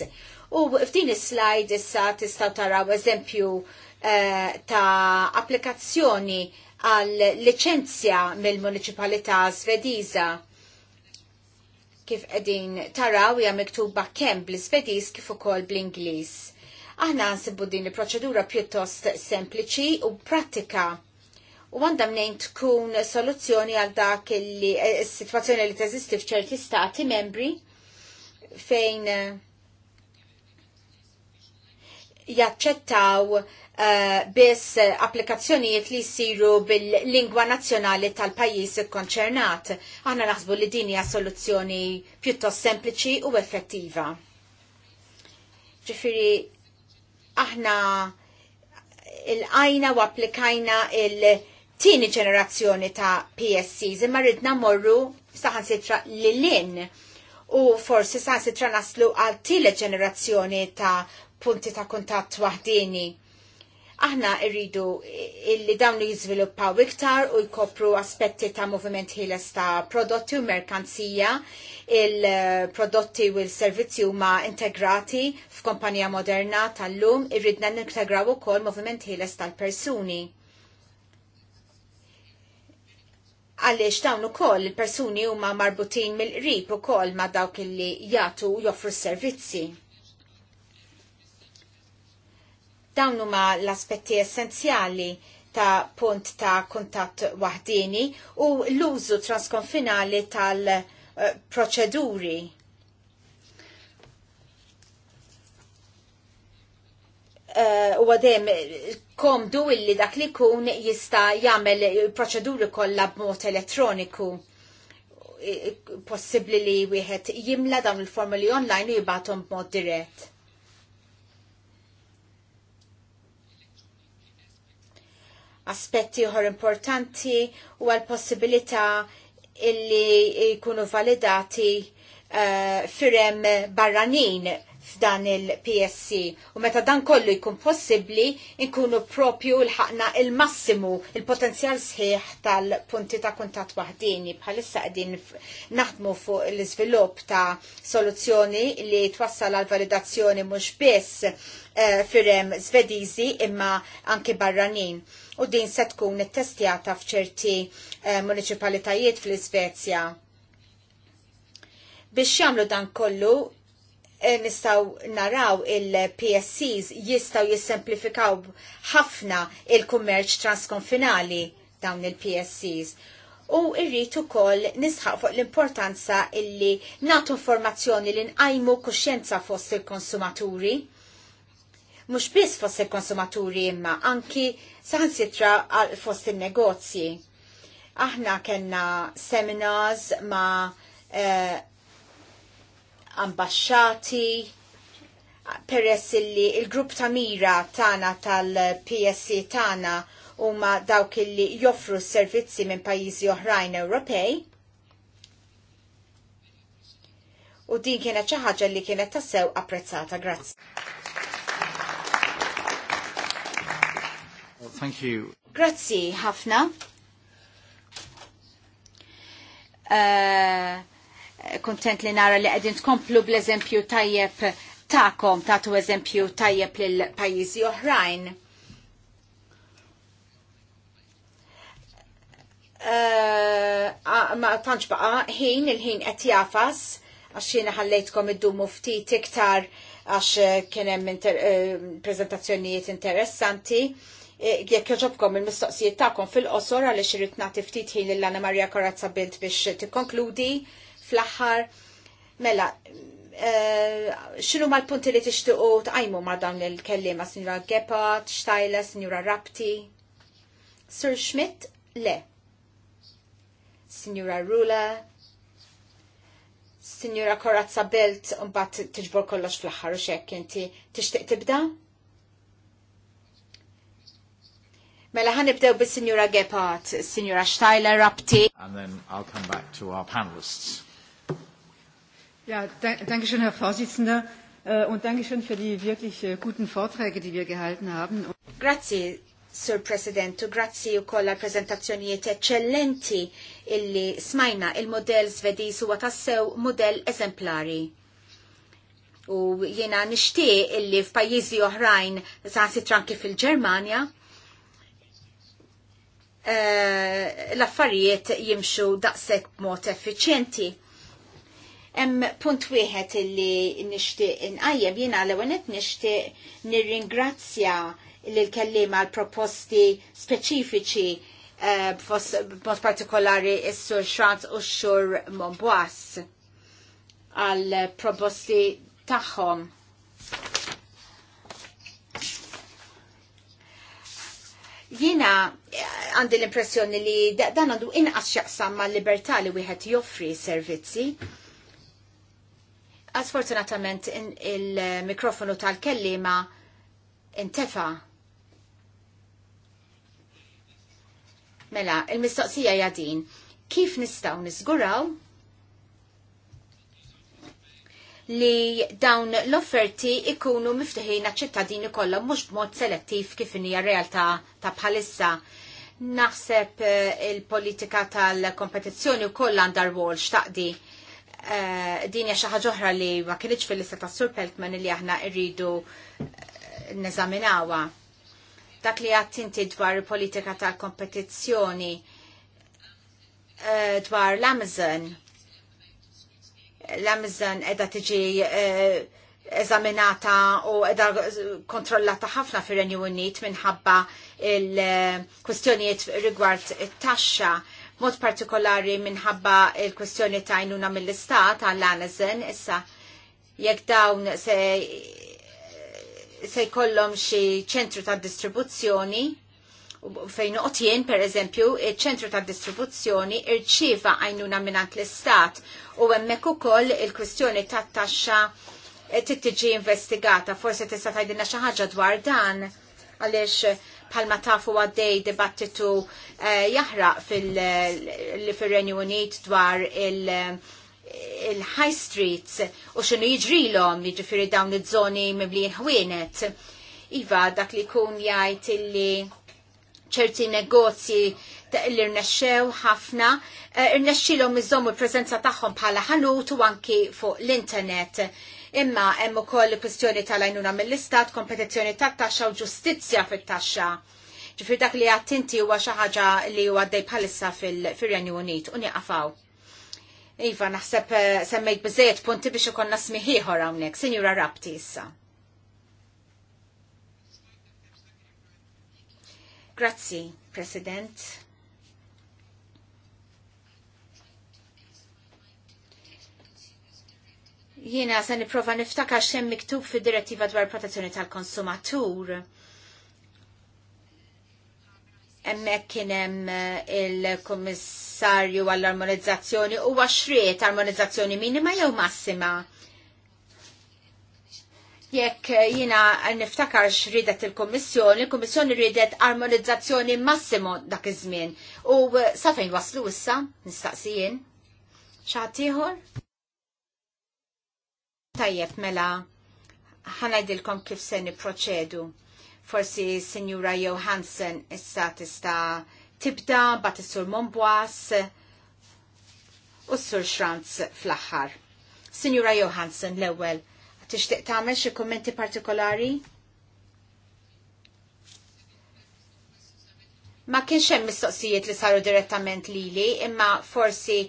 U f'din is-slide issa tistgħu taraw eżempju eh, ta' applikazzjoni għal licenzja mill-Municipalità Svediża kif qegħdin taraw hija miktuba kemm bl-Svediż kif ukoll bl-Ingliż. Aħna nsibu din il-proċedura pjuttost sempliċi u pratika u għandam nejn tkun soluzzjoni għal dak li eh, situazzjoni li teżisti f'ċerti stati membri fejn eh, jaċċettaw uh, biss applikazzjonijiet li jsiru bil-lingwa nazzjonali tal-pajjiż konċernat Aħna naħsbu li din hija soluzzjoni pjuttost sempliċi u effettiva. Ġifieri aħna il-għajna u applikajna il- tini ġenerazzjoni ta' PSCs imma ridna morru saħan sitra lil-lin u forsi saħan sitra naslu għal tile ġenerazzjoni ta' punti ta' kontatt wahdini aħna irridu illi dawn li jizviluppaw iktar u jkopru aspetti ta' moviment ħiles ta' prodotti u merkanzija, il-prodotti u l-servizzi huma integrati f'kompanija moderna tal-lum, irridna nintegraw ukoll moviment ħiles tal-persuni. għaliex dawn ukoll il-persuni huma marbutin mill-qrib ukoll ma' dawk li jagħtu joffru s-servizzi. Dawn huma l-aspetti essenzjali ta' punt ta' kuntatt wahdini u l-użu transkonfinali tal-proċeduri. Eh, u għadem komdu illi dak li kun jista jagħmel proċeduri kollha b'mod elettroniku possibbli li wieħed jimla dawn il-formuli online u jibatom b'mod dirett. Aspetti oħor importanti u għal-possibilità illi jkunu validati uh, firem barranin f'dan il-PSC u meta dan kollu jkun possibbli nkunu propju l-ħakna il-massimu il-potenzjal sħiħ tal-punti ta' kuntat waħdini bħalissa għedin naħdmu fuq l-iżvilupp ta' soluzzjoni li twassal għal validazzjoni mhux biss eh, firem Svediżi imma anki barranin u din se tkun it-testjata f'ċerti eh, municipalitajiet fl-Iżvezja biex jagħmlu dan kollu Eh, nistaw naraw il-PSCs jistaw jissemplifikaw ħafna il-kummerċ transkonfinali dawn il-PSCs. U irritu ukoll nisħaq fuq l-importanza illi natu informazzjoni li nqajmu kuxjenza fost il-konsumaturi. Mhux biss fost il-konsumaturi imma anki saħansitra fost il-negozji. Aħna kena seminars ma' eh, ambasċati, peress li il-grupp ta' mira tana tal-PSC tana huma dawk li joffru s-servizzi minn pajjiżi oħrajn Ewropej. U din kienet xi ħaġa li kienet tassew apprezzata. Grazzi. thank you. Grazzi ħafna. Uh, kontent li nara li għedin tkomplu bl-eżempju tajjeb ta'kom, tatu eżempju tajjeb l-pajizi oħrajn. Eh, ma tanċ baqa, ħin, il-ħin qed jafas, għax jiena ħallejtkom iddumu ftit iktar għax eh, kienem eh, prezentazzjonijiet interessanti jekk joġobkom il-mistoqsijiet tagħkom fil-qosor għaliex irid nagħti ftit ħin lil Anna Marja Korazza Bint biex tikkonkludi fl-aħħar. Mela, eh, xinu ma l-punti li t għajmu ma dawn il-kellima, Signora Gepard, Steiler, Signora Rapti, Sir Schmidt, le. Signora Rula, Signora Korazza Belt, t tiġbor kollox fl-axħar u xek, inti tixtiq tibda? Mela ħanibdew bis sinjura Gepard, Sinjura Steiler, Rapti. And then I'll come back to our panelists. Ja, danke schön, Herr Vorsitzender. Äh, und danke schön für die wirklich äh, guten Vorträge, die wir gehalten haben. Grazie, Sir President, u grazzi u kolla prezentazzjonijiet eccellenti illi smajna il-modell svediż huwa tassew modell eżemplari. U jiena nixtieq illi f'pajjiżi oħrajn saħsi tranki fil-Ġermanja äh, l-affarijiet jimxu daqshekk mod effiċjenti Hemm punt wieħed illi nixtieq inqajjem jiena l qed nixtieq nirringrazzja lil kelliema għal proposti speċifiċi eh, b'mod partikolari s-sur Xrant u x-sur Monboas għal proposti tagħhom. jina għandi l-impressjoni li dan għandu inqas xaqsam mal libertà li wieħed joffri servizzi Asfortunatament il-mikrofonu tal-kellima intefa. Mela, il-mistoqsija jadin. Kif nistaw nisguraw li dawn l-offerti ikunu miftuħin ċittadini kollha mhux b'mod selettiv kif hija realtà ta' bħalissa. Naħseb eh, il-politika tal-kompetizzjoni wkoll għandar rwol x'taqdi Eh, din hija xi ħaġa oħra li ma kienx fil-lista ta' Sur Peltman li aħna rridu eh, neżaminawha. Dak li għad dwar il-politika tal-kompetizzjoni eh, dwar l-Amazon. L-Amazon edha tiġi eżaminata u edha kontrollata ħafna fir renju Unit minħabba il-kwestjonijiet rigward it-taxxa mod partikolari minħabba il-kwestjoni ta' jnuna mill-istat għall-Anazen, issa jekk dawn se se jkollhom xi ċentru ta' distribuzzjoni fejn otjen, per eżempju, il-ċentru ta' distribuzzjoni irċiva għajnuna minnant l-istat u għemmek u koll il kwestjoni ta' taxxa tittiġi investigata. Forse tista' tajdinna xaħġa dwar dan għalix palma tafu għaddej dibattitu eh, jahraq fil-Renju Unit dwar il- il-high streets u xinu jiġrilom jiġifiri dawn iż-żoni miblin ħwienet. Iva dak li kun jgħid illi ċerti negozji li rnexxew ħafna, eh, rnexxilhom iżommu il preżenza tagħhom bħala ħanut u anki fuq l-internet Imma hemm ukoll kwistjoni tal-għajnuna mill-istat, kompetizzjoni tat-taxxa u ġustizzja fit-taxxa. Ġifir dak li għattinti huwa xi ħaġa li huwa għaddej bħalissa fil-Renju Unit u nieqafaw. Iva, naħseb eh, semmejt biżejjed punti biex ikonna smiħiħor hawnhekk, Sinjura Rabti issa. Grazzi, President. Jiena se nipprova niftakar xemm miktub fid-direttiva dwar protezzjoni tal-konsumatur emmek kienem eh, il kummissarju għall-armonizzazzjoni u għaxriet armonizzazzjoni minima jew massima. Jekk eh, jina niftakar xridet il kummissjoni il kummissjoni ridet armonizzazzjoni massimo dak iż-żmien. U eh, sa fejn waslu issa, nistaqsijin? ċatiħor? Tajjeb, mela, ħanajdilkom kif se niproċedu. Forsi Signora Johansen issa tista tibda bat is-sur Monboas u s-sur Schranz fl-aħħar. Signora Johansen l-ewwel, tixtieq tagħmel xi kummenti partikolari? Ma kienx hemm mistoqsijiet li saru direttament lili, imma forsi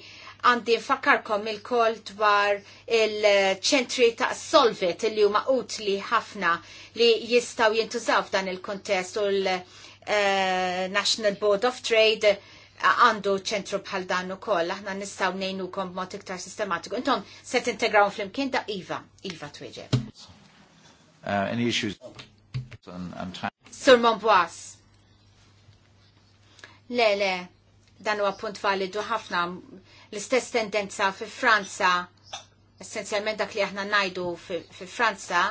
għandi fakarkom il-kol dwar il-ċentri ta' solvet li huma utli ħafna li jistaw jintużaw f'dan il-kontest u l-National eh, Board of Trade għandu ċentru bħal dan u koll, aħna nistaw nejnu kom mod iktar sistematiku. Intom, se integraw fl-imkien da' Iva, Iva tweġeb. Uh, any issues? Um, Sur Monboas. Le, le, dan huwa punt validu ħafna L-istess tendenza fi Franza, essenzjalment dak li aħna najdu fi Franza,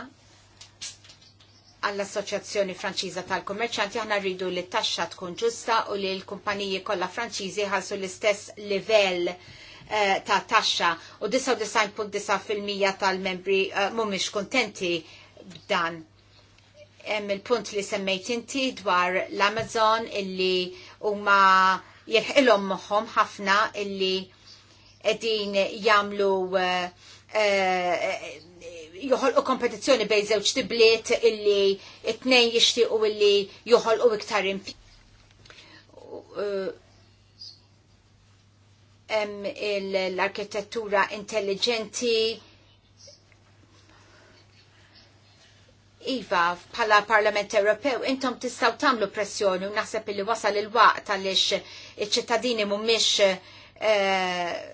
għall-Assoċjazzjoni Franċiża tal-Kummerċanti aħna rridu li t-taxxa tkun ġusta u li l-kumpaniji kollha Franċiżi ħalsu l-istess livell eh, ta' taxxa u 99.9% tal-membri eh, mhumiex kuntenti b'dan. Hemm il-punt li semmejt inti dwar l-Amazon illi huma jilħilhom moħħhom ħafna illi edin jamlu uh, uh joħolqu kompetizzjoni bejn żewġ tibliet illi it-tnejn jixtiequ illi joħolqu iktar impi. Hemm uh, l-arkitettura intelligenti Iva, bħala Parlament Ewropew, intom tistaw tamlu pressjoni u naħseb illi wasal il-waqt għaliex iċ-ċittadini mhumiex uh,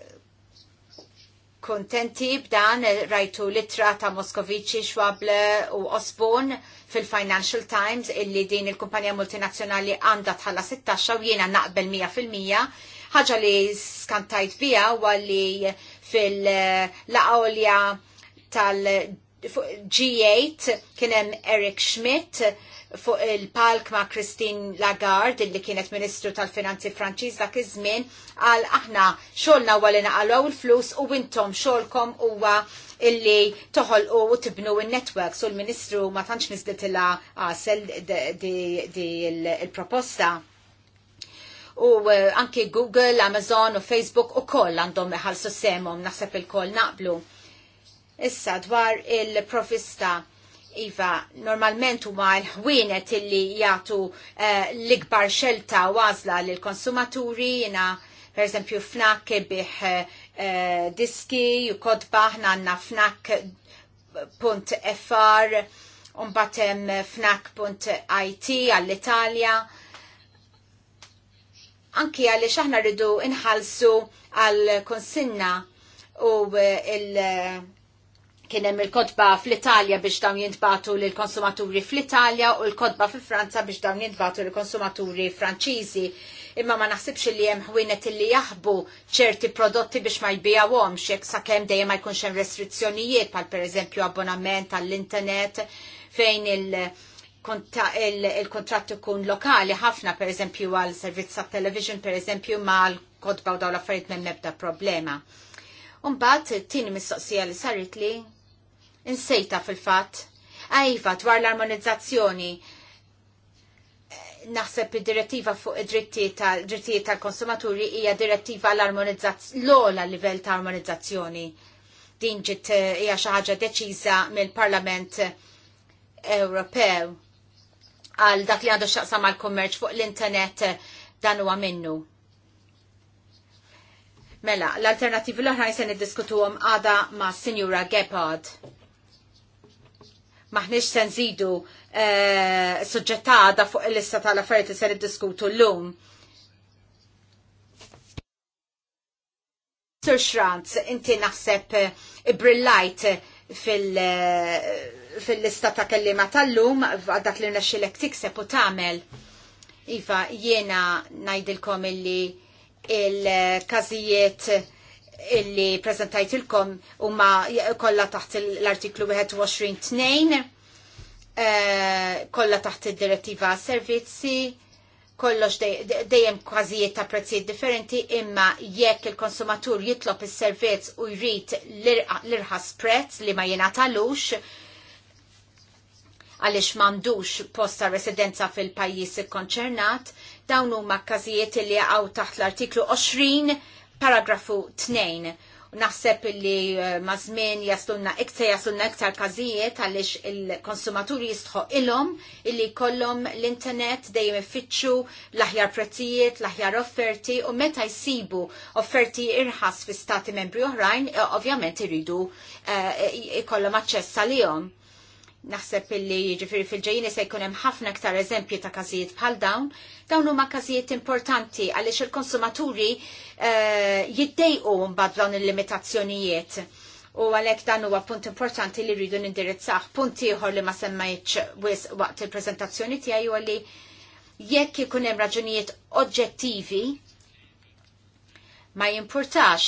kontenti b'dan rajtu litra ta' Moskovici, Schwable u Osbon fil-Financial Times illi din il-kumpanija multinazzjonali għanda tħalla 16 u jiena naqbel 100% ħaġa li skantajt bija għalli fil-laqolja tal G8 kienem Eric Schmidt fuq il-palk ma' Christine Lagarde, illi kienet Ministru tal-Finanzi Franċiż dak iż-żmien, għal aħna xogħolna huwa li naqalgħu l-flus u intom xogħolkom huwa illi toħolqu u tibnu in-network. So l-Ministru ma tantx niżditilha għasel di l-proposta. U eh, anke Google, Amazon u Facebook u koll għandhom iħallsu semhom naħseb il-koll naqblu. Issa dwar il-provista Iva, normalment huma l-ħwienet illi jagħtu uh, l-ikbar xelta għażla lill konsumaturi jina per eżempju fnak biħ uh, eh, diski u kodba ħna għandna fnak.fr unbatem fnak.it għall-Italja. Anki għalli xaħna rridu inħalsu għall konsinna u eh, il- uh, kien hemm il kotba fl-Italja biex dawn jintbatu lill konsumaturi fl-Italja u l kotba fi Franza biex dawn jintbatu lill konsumaturi Franċiżi. Imma ma naħsibx li hemm ħwienet illi jaħbu ċerti prodotti biex ma jbijawhomx jekk sakemm dejjem ma jkunx hemm restrizzjonijiet bħal pereżempju abbonament għall-internet fejn il- il-kontrat ikun lokali ħafna per eżempju għal servizz ta' television per eżempju ma' l-kodba u daw l-affarijiet minn ebda problema. Umbat, tini mistoqsija li sarit li insejta fil-fat. Ajfa, dwar l-armonizzazzjoni, naħseb id-direttiva fuq id-drittijiet tal-konsumaturi hija direttiva l-ola livell ta' armonizzazzjoni. Din ġiet eh, hija xi ħaġa deċiża mill-Parlament Ewropew għal dak li għandu xaqsam mal kummerċ fuq l-internet dan huwa minnu. Mela, l-alternativi l-oħra jisen id-diskutuhom għada ma' Sinjura Gepard maħniex se nżidu e, fuq il-lista tal-affarijiet li id-diskutu l llum. Sur Schranz, inti naħseb eh, brillajt eh, fil-lista ta' kellima tal-lum, għaddak li naxxilek tikseb u tamel. Iva, jiena najdilkom illi il-kazijiet illi prezentajtilkom huma kollha taħt l-artiklu 21-2, eh, kollha taħt id-direttiva servizzi, kollox dejjem kważijiet ta' prezzijiet differenti imma jekk il-konsumatur jitlob is-servizz u jrid l-irħas prezz li ma jingħatalux għaliex m'għandux posta residenza fil-pajjiż ikkonċernat, dawn huma każijiet li għaw taħt l-artiklu 20 paragrafu 2 naħseb li eh, mażmien jaslunna iktar jaslunna iktar każijiet għaliex il-konsumaturi jistħu ilhom illi kollhom l-internet dejjem ifittxu l-aħjar prezzijiet, l-aħjar offerti u meta jsibu offerti irħas fi stati membri oħrajn eh, ovvjament iridu eh, ikollhom aċċess għalihom. Naħseb illi ġifiri fil-ġejjini se jkun hemm ħafna ktar eżempji ta' każijiet bħal dawn. Dawn huma każijiet importanti għaliex il-konsumaturi eh, jiddejqu mbagħad dawn il-limitazzjonijiet. U għalhekk dan huwa punt importanti li rridu nindirizzah. Punt ieħor li ma semmajtx wis waqt il-preżentazzjoni tiegħi huwa li jekk ikun hemm raġunijiet oġġettivi ma jimpurtax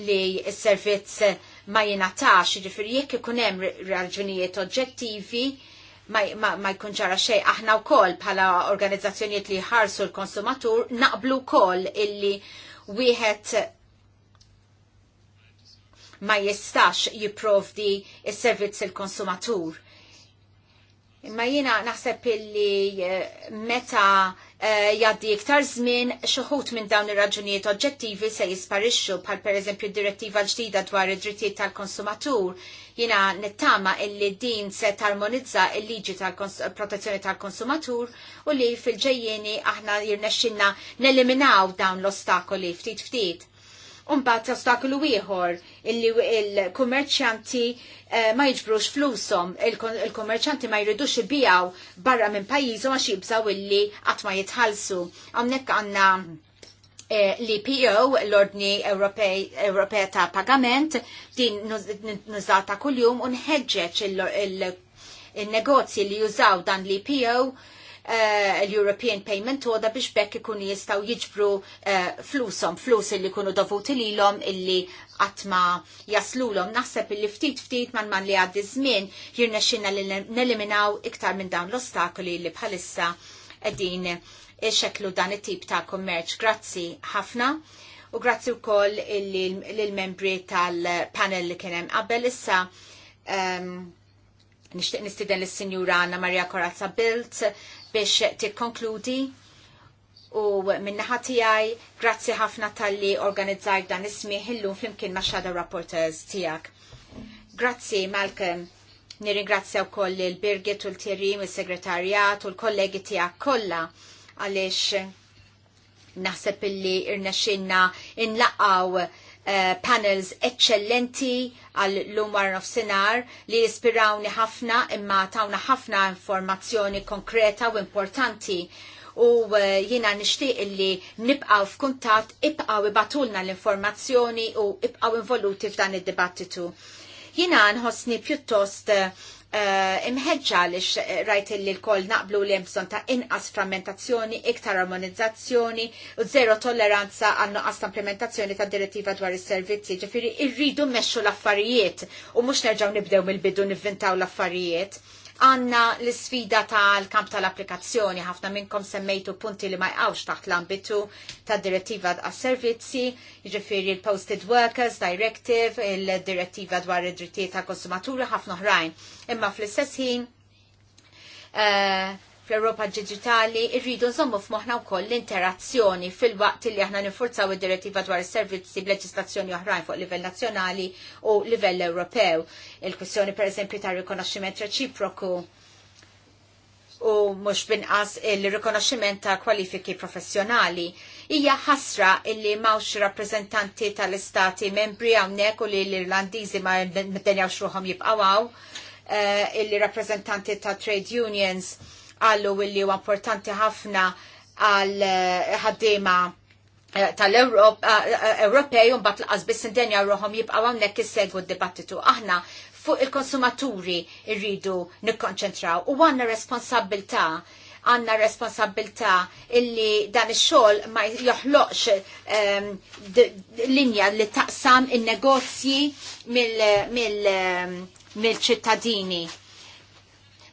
li s-servizz ma jenatax, ġifir jekk ikunem raġunijiet oġġettivi, ma, jkun ġara xej aħna wkoll bħala organizzazzjonijiet li ħarsu l-konsumatur naqblu wkoll illi wieħed ma jistax jipprovdi s-servizz il konsumatur Imma jiena naħseb illi eh, meta Eh, jaddi iktar żmien xuħut minn dawn ir-raġunijiet oġġettivi se jisparixxu bħal pereżempju d-direttiva ġdida dwar id-drittijiet tal-konsumatur. Jiena nittama illi din se tarmonizza il-liġi tal-protezzjoni tal-konsumatur u li fil-ġejjeni aħna jirnexxinna neliminaw dawn l-ostakoli ftit ftit. Umbat ostaklu ieħor illi il-kummerċanti eh, ma jiġbrux flusom, il-kummerċanti ma jridux ibijaw barra minn pajizu għax jibżaw illi qatt ma jitħallsu. Hawnhekk għandna eh, l ipo l-Ordni Ewropea ta' Pagament, din nużata kuljum u nħeġġeġ il-negozji li jużaw dan l ipo Eh, l-European Payment Order biex bekk ikun jistaw jiġbru eh, flusom, flus illi kunu dovuti lilom illi għatma jaslulom. Naħseb illi ftit ftit man man li għaddi żmien jirnexxina li neliminaw iktar minn dawn l-ostakoli li bħalissa qegħdin ixeklu dan it-tip ta' kommerċ. Grazzi ħafna u grazzi wkoll lill-membri tal-panel li kien hemm qabel issa um, nixtieq nistieden lis-Sinjura Anna Maria Corazza Bilt biex tikkonkludi u minnaħa tijaj grazzi ħafna tal-li organizzajt dan ismi hillu flimkien ma' Shadow Reporters tijak. Grazzi Malcolm, nirringrazzja u koll il-Birgit u l-Tirim, il-Segretarjat u l-kollegi tijak kolla għalix naħseb illi irnexinna inlaqaw Eh, panels eccellenti għal l-lum of Sinar li jispirawni ħafna imma tawna ħafna informazzjoni konkreta u importanti u eh, jina nishtiq li nibqaw f'kuntat, ibqaw ibatulna l-informazzjoni u ibqaw involuti f'dan id-dibattitu. Jina nħosni pjuttost eh, Eh, imħedġa li rajt li l-koll naqblu li jemson ta' inqas frammentazzjoni, iktar armonizzazzjoni u zero tolleranza għannu qas implementazzjoni ta' direttiva dwar is servizzi ġifiri irridu meċu l-affarijiet u mux nerġaw nibdew mill-bidu nivvintaw l-affarijiet għanna l-sfida tal-kamp tal-applikazzjoni, ħafna minnkom semmejtu punti li ma jqawx taħt l-ambitu ta' direttiva għas servizzi jiġifieri il-Posted Workers Directive, il-direttiva dwar id-drittijiet tal-konsumaturi, ħafna oħrajn. Imma fl-istess ħin, uh, fl-Europa digitali irridu nżommu f'moħna wkoll l-interazzjoni fil-waqt li aħna nifurzaw id-direttiva dwar is-servizzi b'leġislazzjoni oħrajn fuq livell nazzjonali u livell Ewropew. Il-kwistjoni pereżempju ta' rikonoxximent reċiproku u mhux binqas il-rikonoxximent ta' kwalifiki professjonali. Hija ħasra illi mawx rappreżentanti tal-istati membri hawnhekk u li l-Irlandiżi ma denjawx ruħhom jibqgħu uh, illi rappreżentanti ta' trade unions għallu illi huwa importanti ħafna għal eh, ħaddiema eh, tal-Ewropej eh, un bat l bis indenja ruħom jibqaw għamnek jissegwu d-dibattitu. Aħna fuq il-konsumaturi irridu nikkonċentraw u għanna responsabilta għanna responsabilta illi dan ix-xogħol ma joħloqx um, linja li taqsam in-negozji ehm, mill-ċittadini. Mil, mil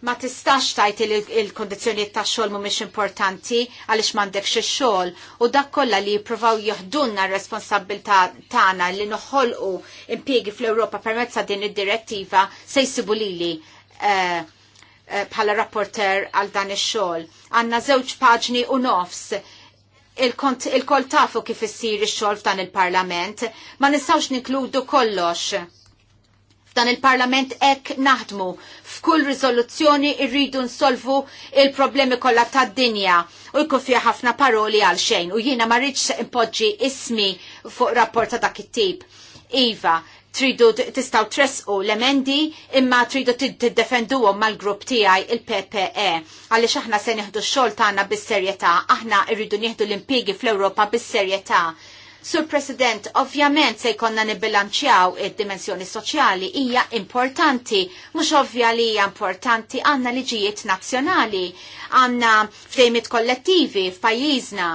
ma tistax tajt il-kondizjoniet ta' xogħol mhumiex importanti għaliex m'għandekx ix-xogħol u dak kolla li jippruvaw joħdunna r-responsabilità tagħna li noħolqu impjiegi fl-Ewropa permezz ta' din id-direttiva se jsibu lili eh, eh, bħala rapporter għal dan ix-xogħol. Għandna żewġ paġni u nofs il-kol tafu kif issir ix-xogħol f'dan il-Parlament, ma nistgħux ninkludu kollox Dan il-Parlament ek naħdmu. F'kull rizoluzzjoni irridu nsolvu il-problemi kollha tad-dinja u jkun fiha ħafna paroli għal xejn u jiena ma rridx impoġġi ismi fuq rapport ta' dak it-tip. Iva, tridu tistaw tresqu l-emendi imma tridu tiddefenduhom mal-grupp tiegħi il-PPE għaliex aħna se nieħdu x-xogħol tagħna bis-serjetà, aħna rridu nieħdu l-impjiegi fl-Ewropa bis-serjetà Sur President, ovvjament se jkonna nibilanċjaw id-dimensjoni soċjali hija importanti, mhux ovvja li hija importanti għandna liġijiet nazzjonali, għandna ftejmiet kollettivi f'pajjiżna.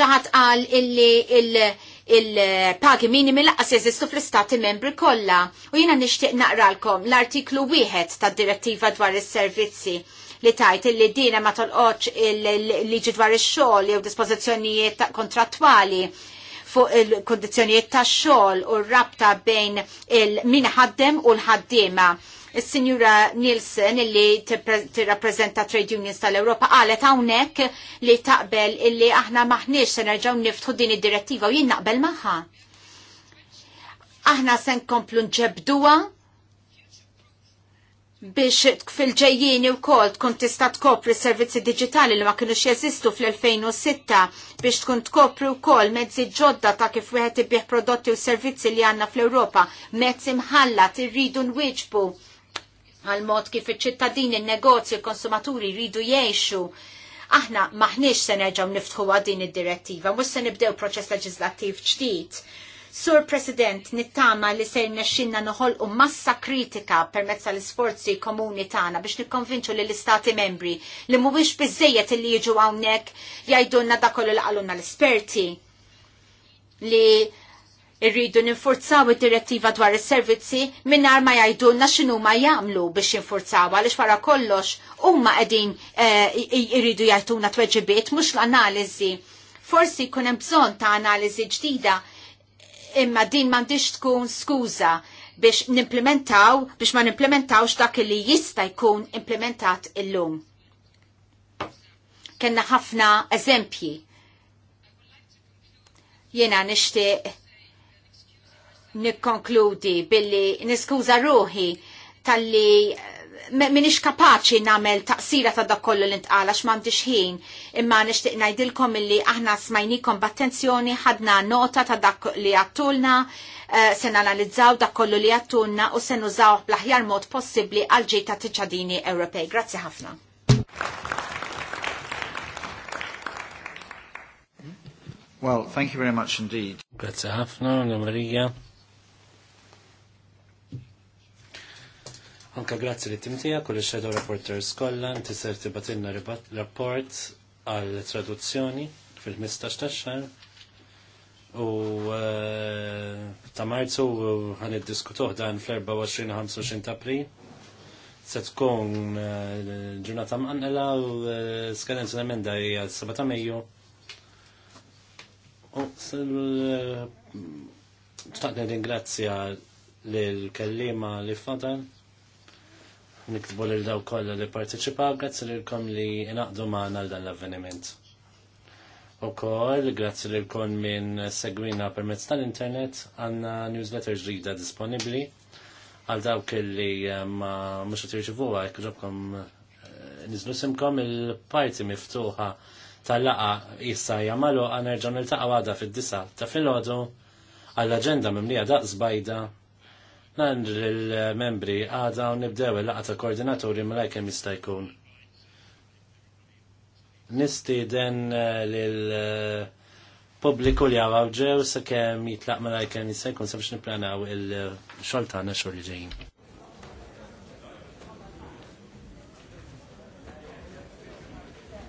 Xaħat qal illi il, il-pagi minimi laqas jeżistu fl-istati membri kollha u jiena nixtieq naqralkom l-artiklu wieħed tad-direttiva dwar is-servizzi li tajt li dina ma tolqoċ il-liġi dwar ix-xogħol jew dispożizzjonijiet kontrattwali fuq il-kondizjonijiet tax-xogħol u r-rabta bejn il-min ħaddem u l-ħaddiema. il sinjura Nielsen illi tirrappreżenta Trade Unions tal-Ewropa qalet hawnhekk li taqbel illi aħna maħniex se nerġgħu niftħu din id-direttiva u jien naqbel magħha. Aħna se nkomplu nġebduha biex fil-ġejjini u kol tkun tista tkopri servizzi digitali li ma kienu jeżistu fl-2006 biex tkun tkopri u kol mezzi ġodda ta' kif wieħed ibieħ prodotti u servizzi li għanna fl-Europa, mezzi mħalla irridu nwieġbu għal-mod kif iċ-ċittadini, il-negozju, il-konsumaturi rridu jiexu. Aħna maħniex se nerġgħu niftħu din id-direttiva, mhux se nibdew proċess leġislattiv ġdid Sur President, nittama li ser nexxinna noħol u massa kritika permezz l isforzi komuni tagħna biex nikkonvinċu li l-istati membri li mhuwiex bizzejet li jiġu hawnhekk jgħidulna dakollu l qalulna l-esperti li irridu ninfurzaw id-direttiva dwar is-servizzi mingħajr ma jgħidulna xinu ma jagħmlu biex jinfurzaw għaliex wara kollox huma qegħdin eh, irridu t tweġibiet mhux l-analiżi. Forsi jkun hemm bżonn ta' analiżi ġdida imma din m'għandix tkun skuża biex nimplementaw, biex ma nimplementawx dak li jista' jkun implementat illum. Kenna ħafna eżempji. Jena nixtieq nikkonkludi billi niskuża ruħi tal-li minix kapaċi namel taqsira ta' dak kollu li ntqala x'mandix ħin, imma nixtieq ngħidilkom illi aħna smajnikom b'attenzjoni ħadna nota ta' dak li għattulna, eh, se analizzaw dak kollu li għattulna u se nużaw bl-aħjar mod possibbli għal ġej ta' tiċċadini Ewropej. Grazzi ħafna. Well, thank you very much indeed. Grazie ħafna, Marija. Anka grazzi li timtija kull xedo shadow Reporters kollha tiser tibatilna rapport għal traduzzjoni fil-15 ta' xar u eh, ta' marzu għan id-diskutuħ dan fl-24-25 Apri. april se tkun eh, ġurnata mqanqela u eh, skadenza l-emenda hija 7 ta' Mejju. U nirringrazzja ringrazzja l-kellima li fadal niktbu lil daw kollha li parteċipaw grazzi kom li inaqdu maħna l dan l-avveniment. Ukoll grazzi lilkom minn segwina permezz tal-internet għandna newsletter ġrida disponibbli għal dawk li eh, ma mhux qed jirċivuha jekk ġobkom eh, nizlu simkom il-parti miftuħa tal-laqa jissa jamalu għanerġan il-taqa għada fid-disa ta' fil-ħodu għall-agenda mimlija daqs bajda Nandr il-membri għada u nibdew il laqqa ta' koordinatori ma' kemm jista' jkun. Nistieden eh, l eh, pubbliku li għaw ġew sa' kemm jitlaq ma' lajkem jistajkun jkun sabiex nipplanaw il-xoltana xogħol ġejjin.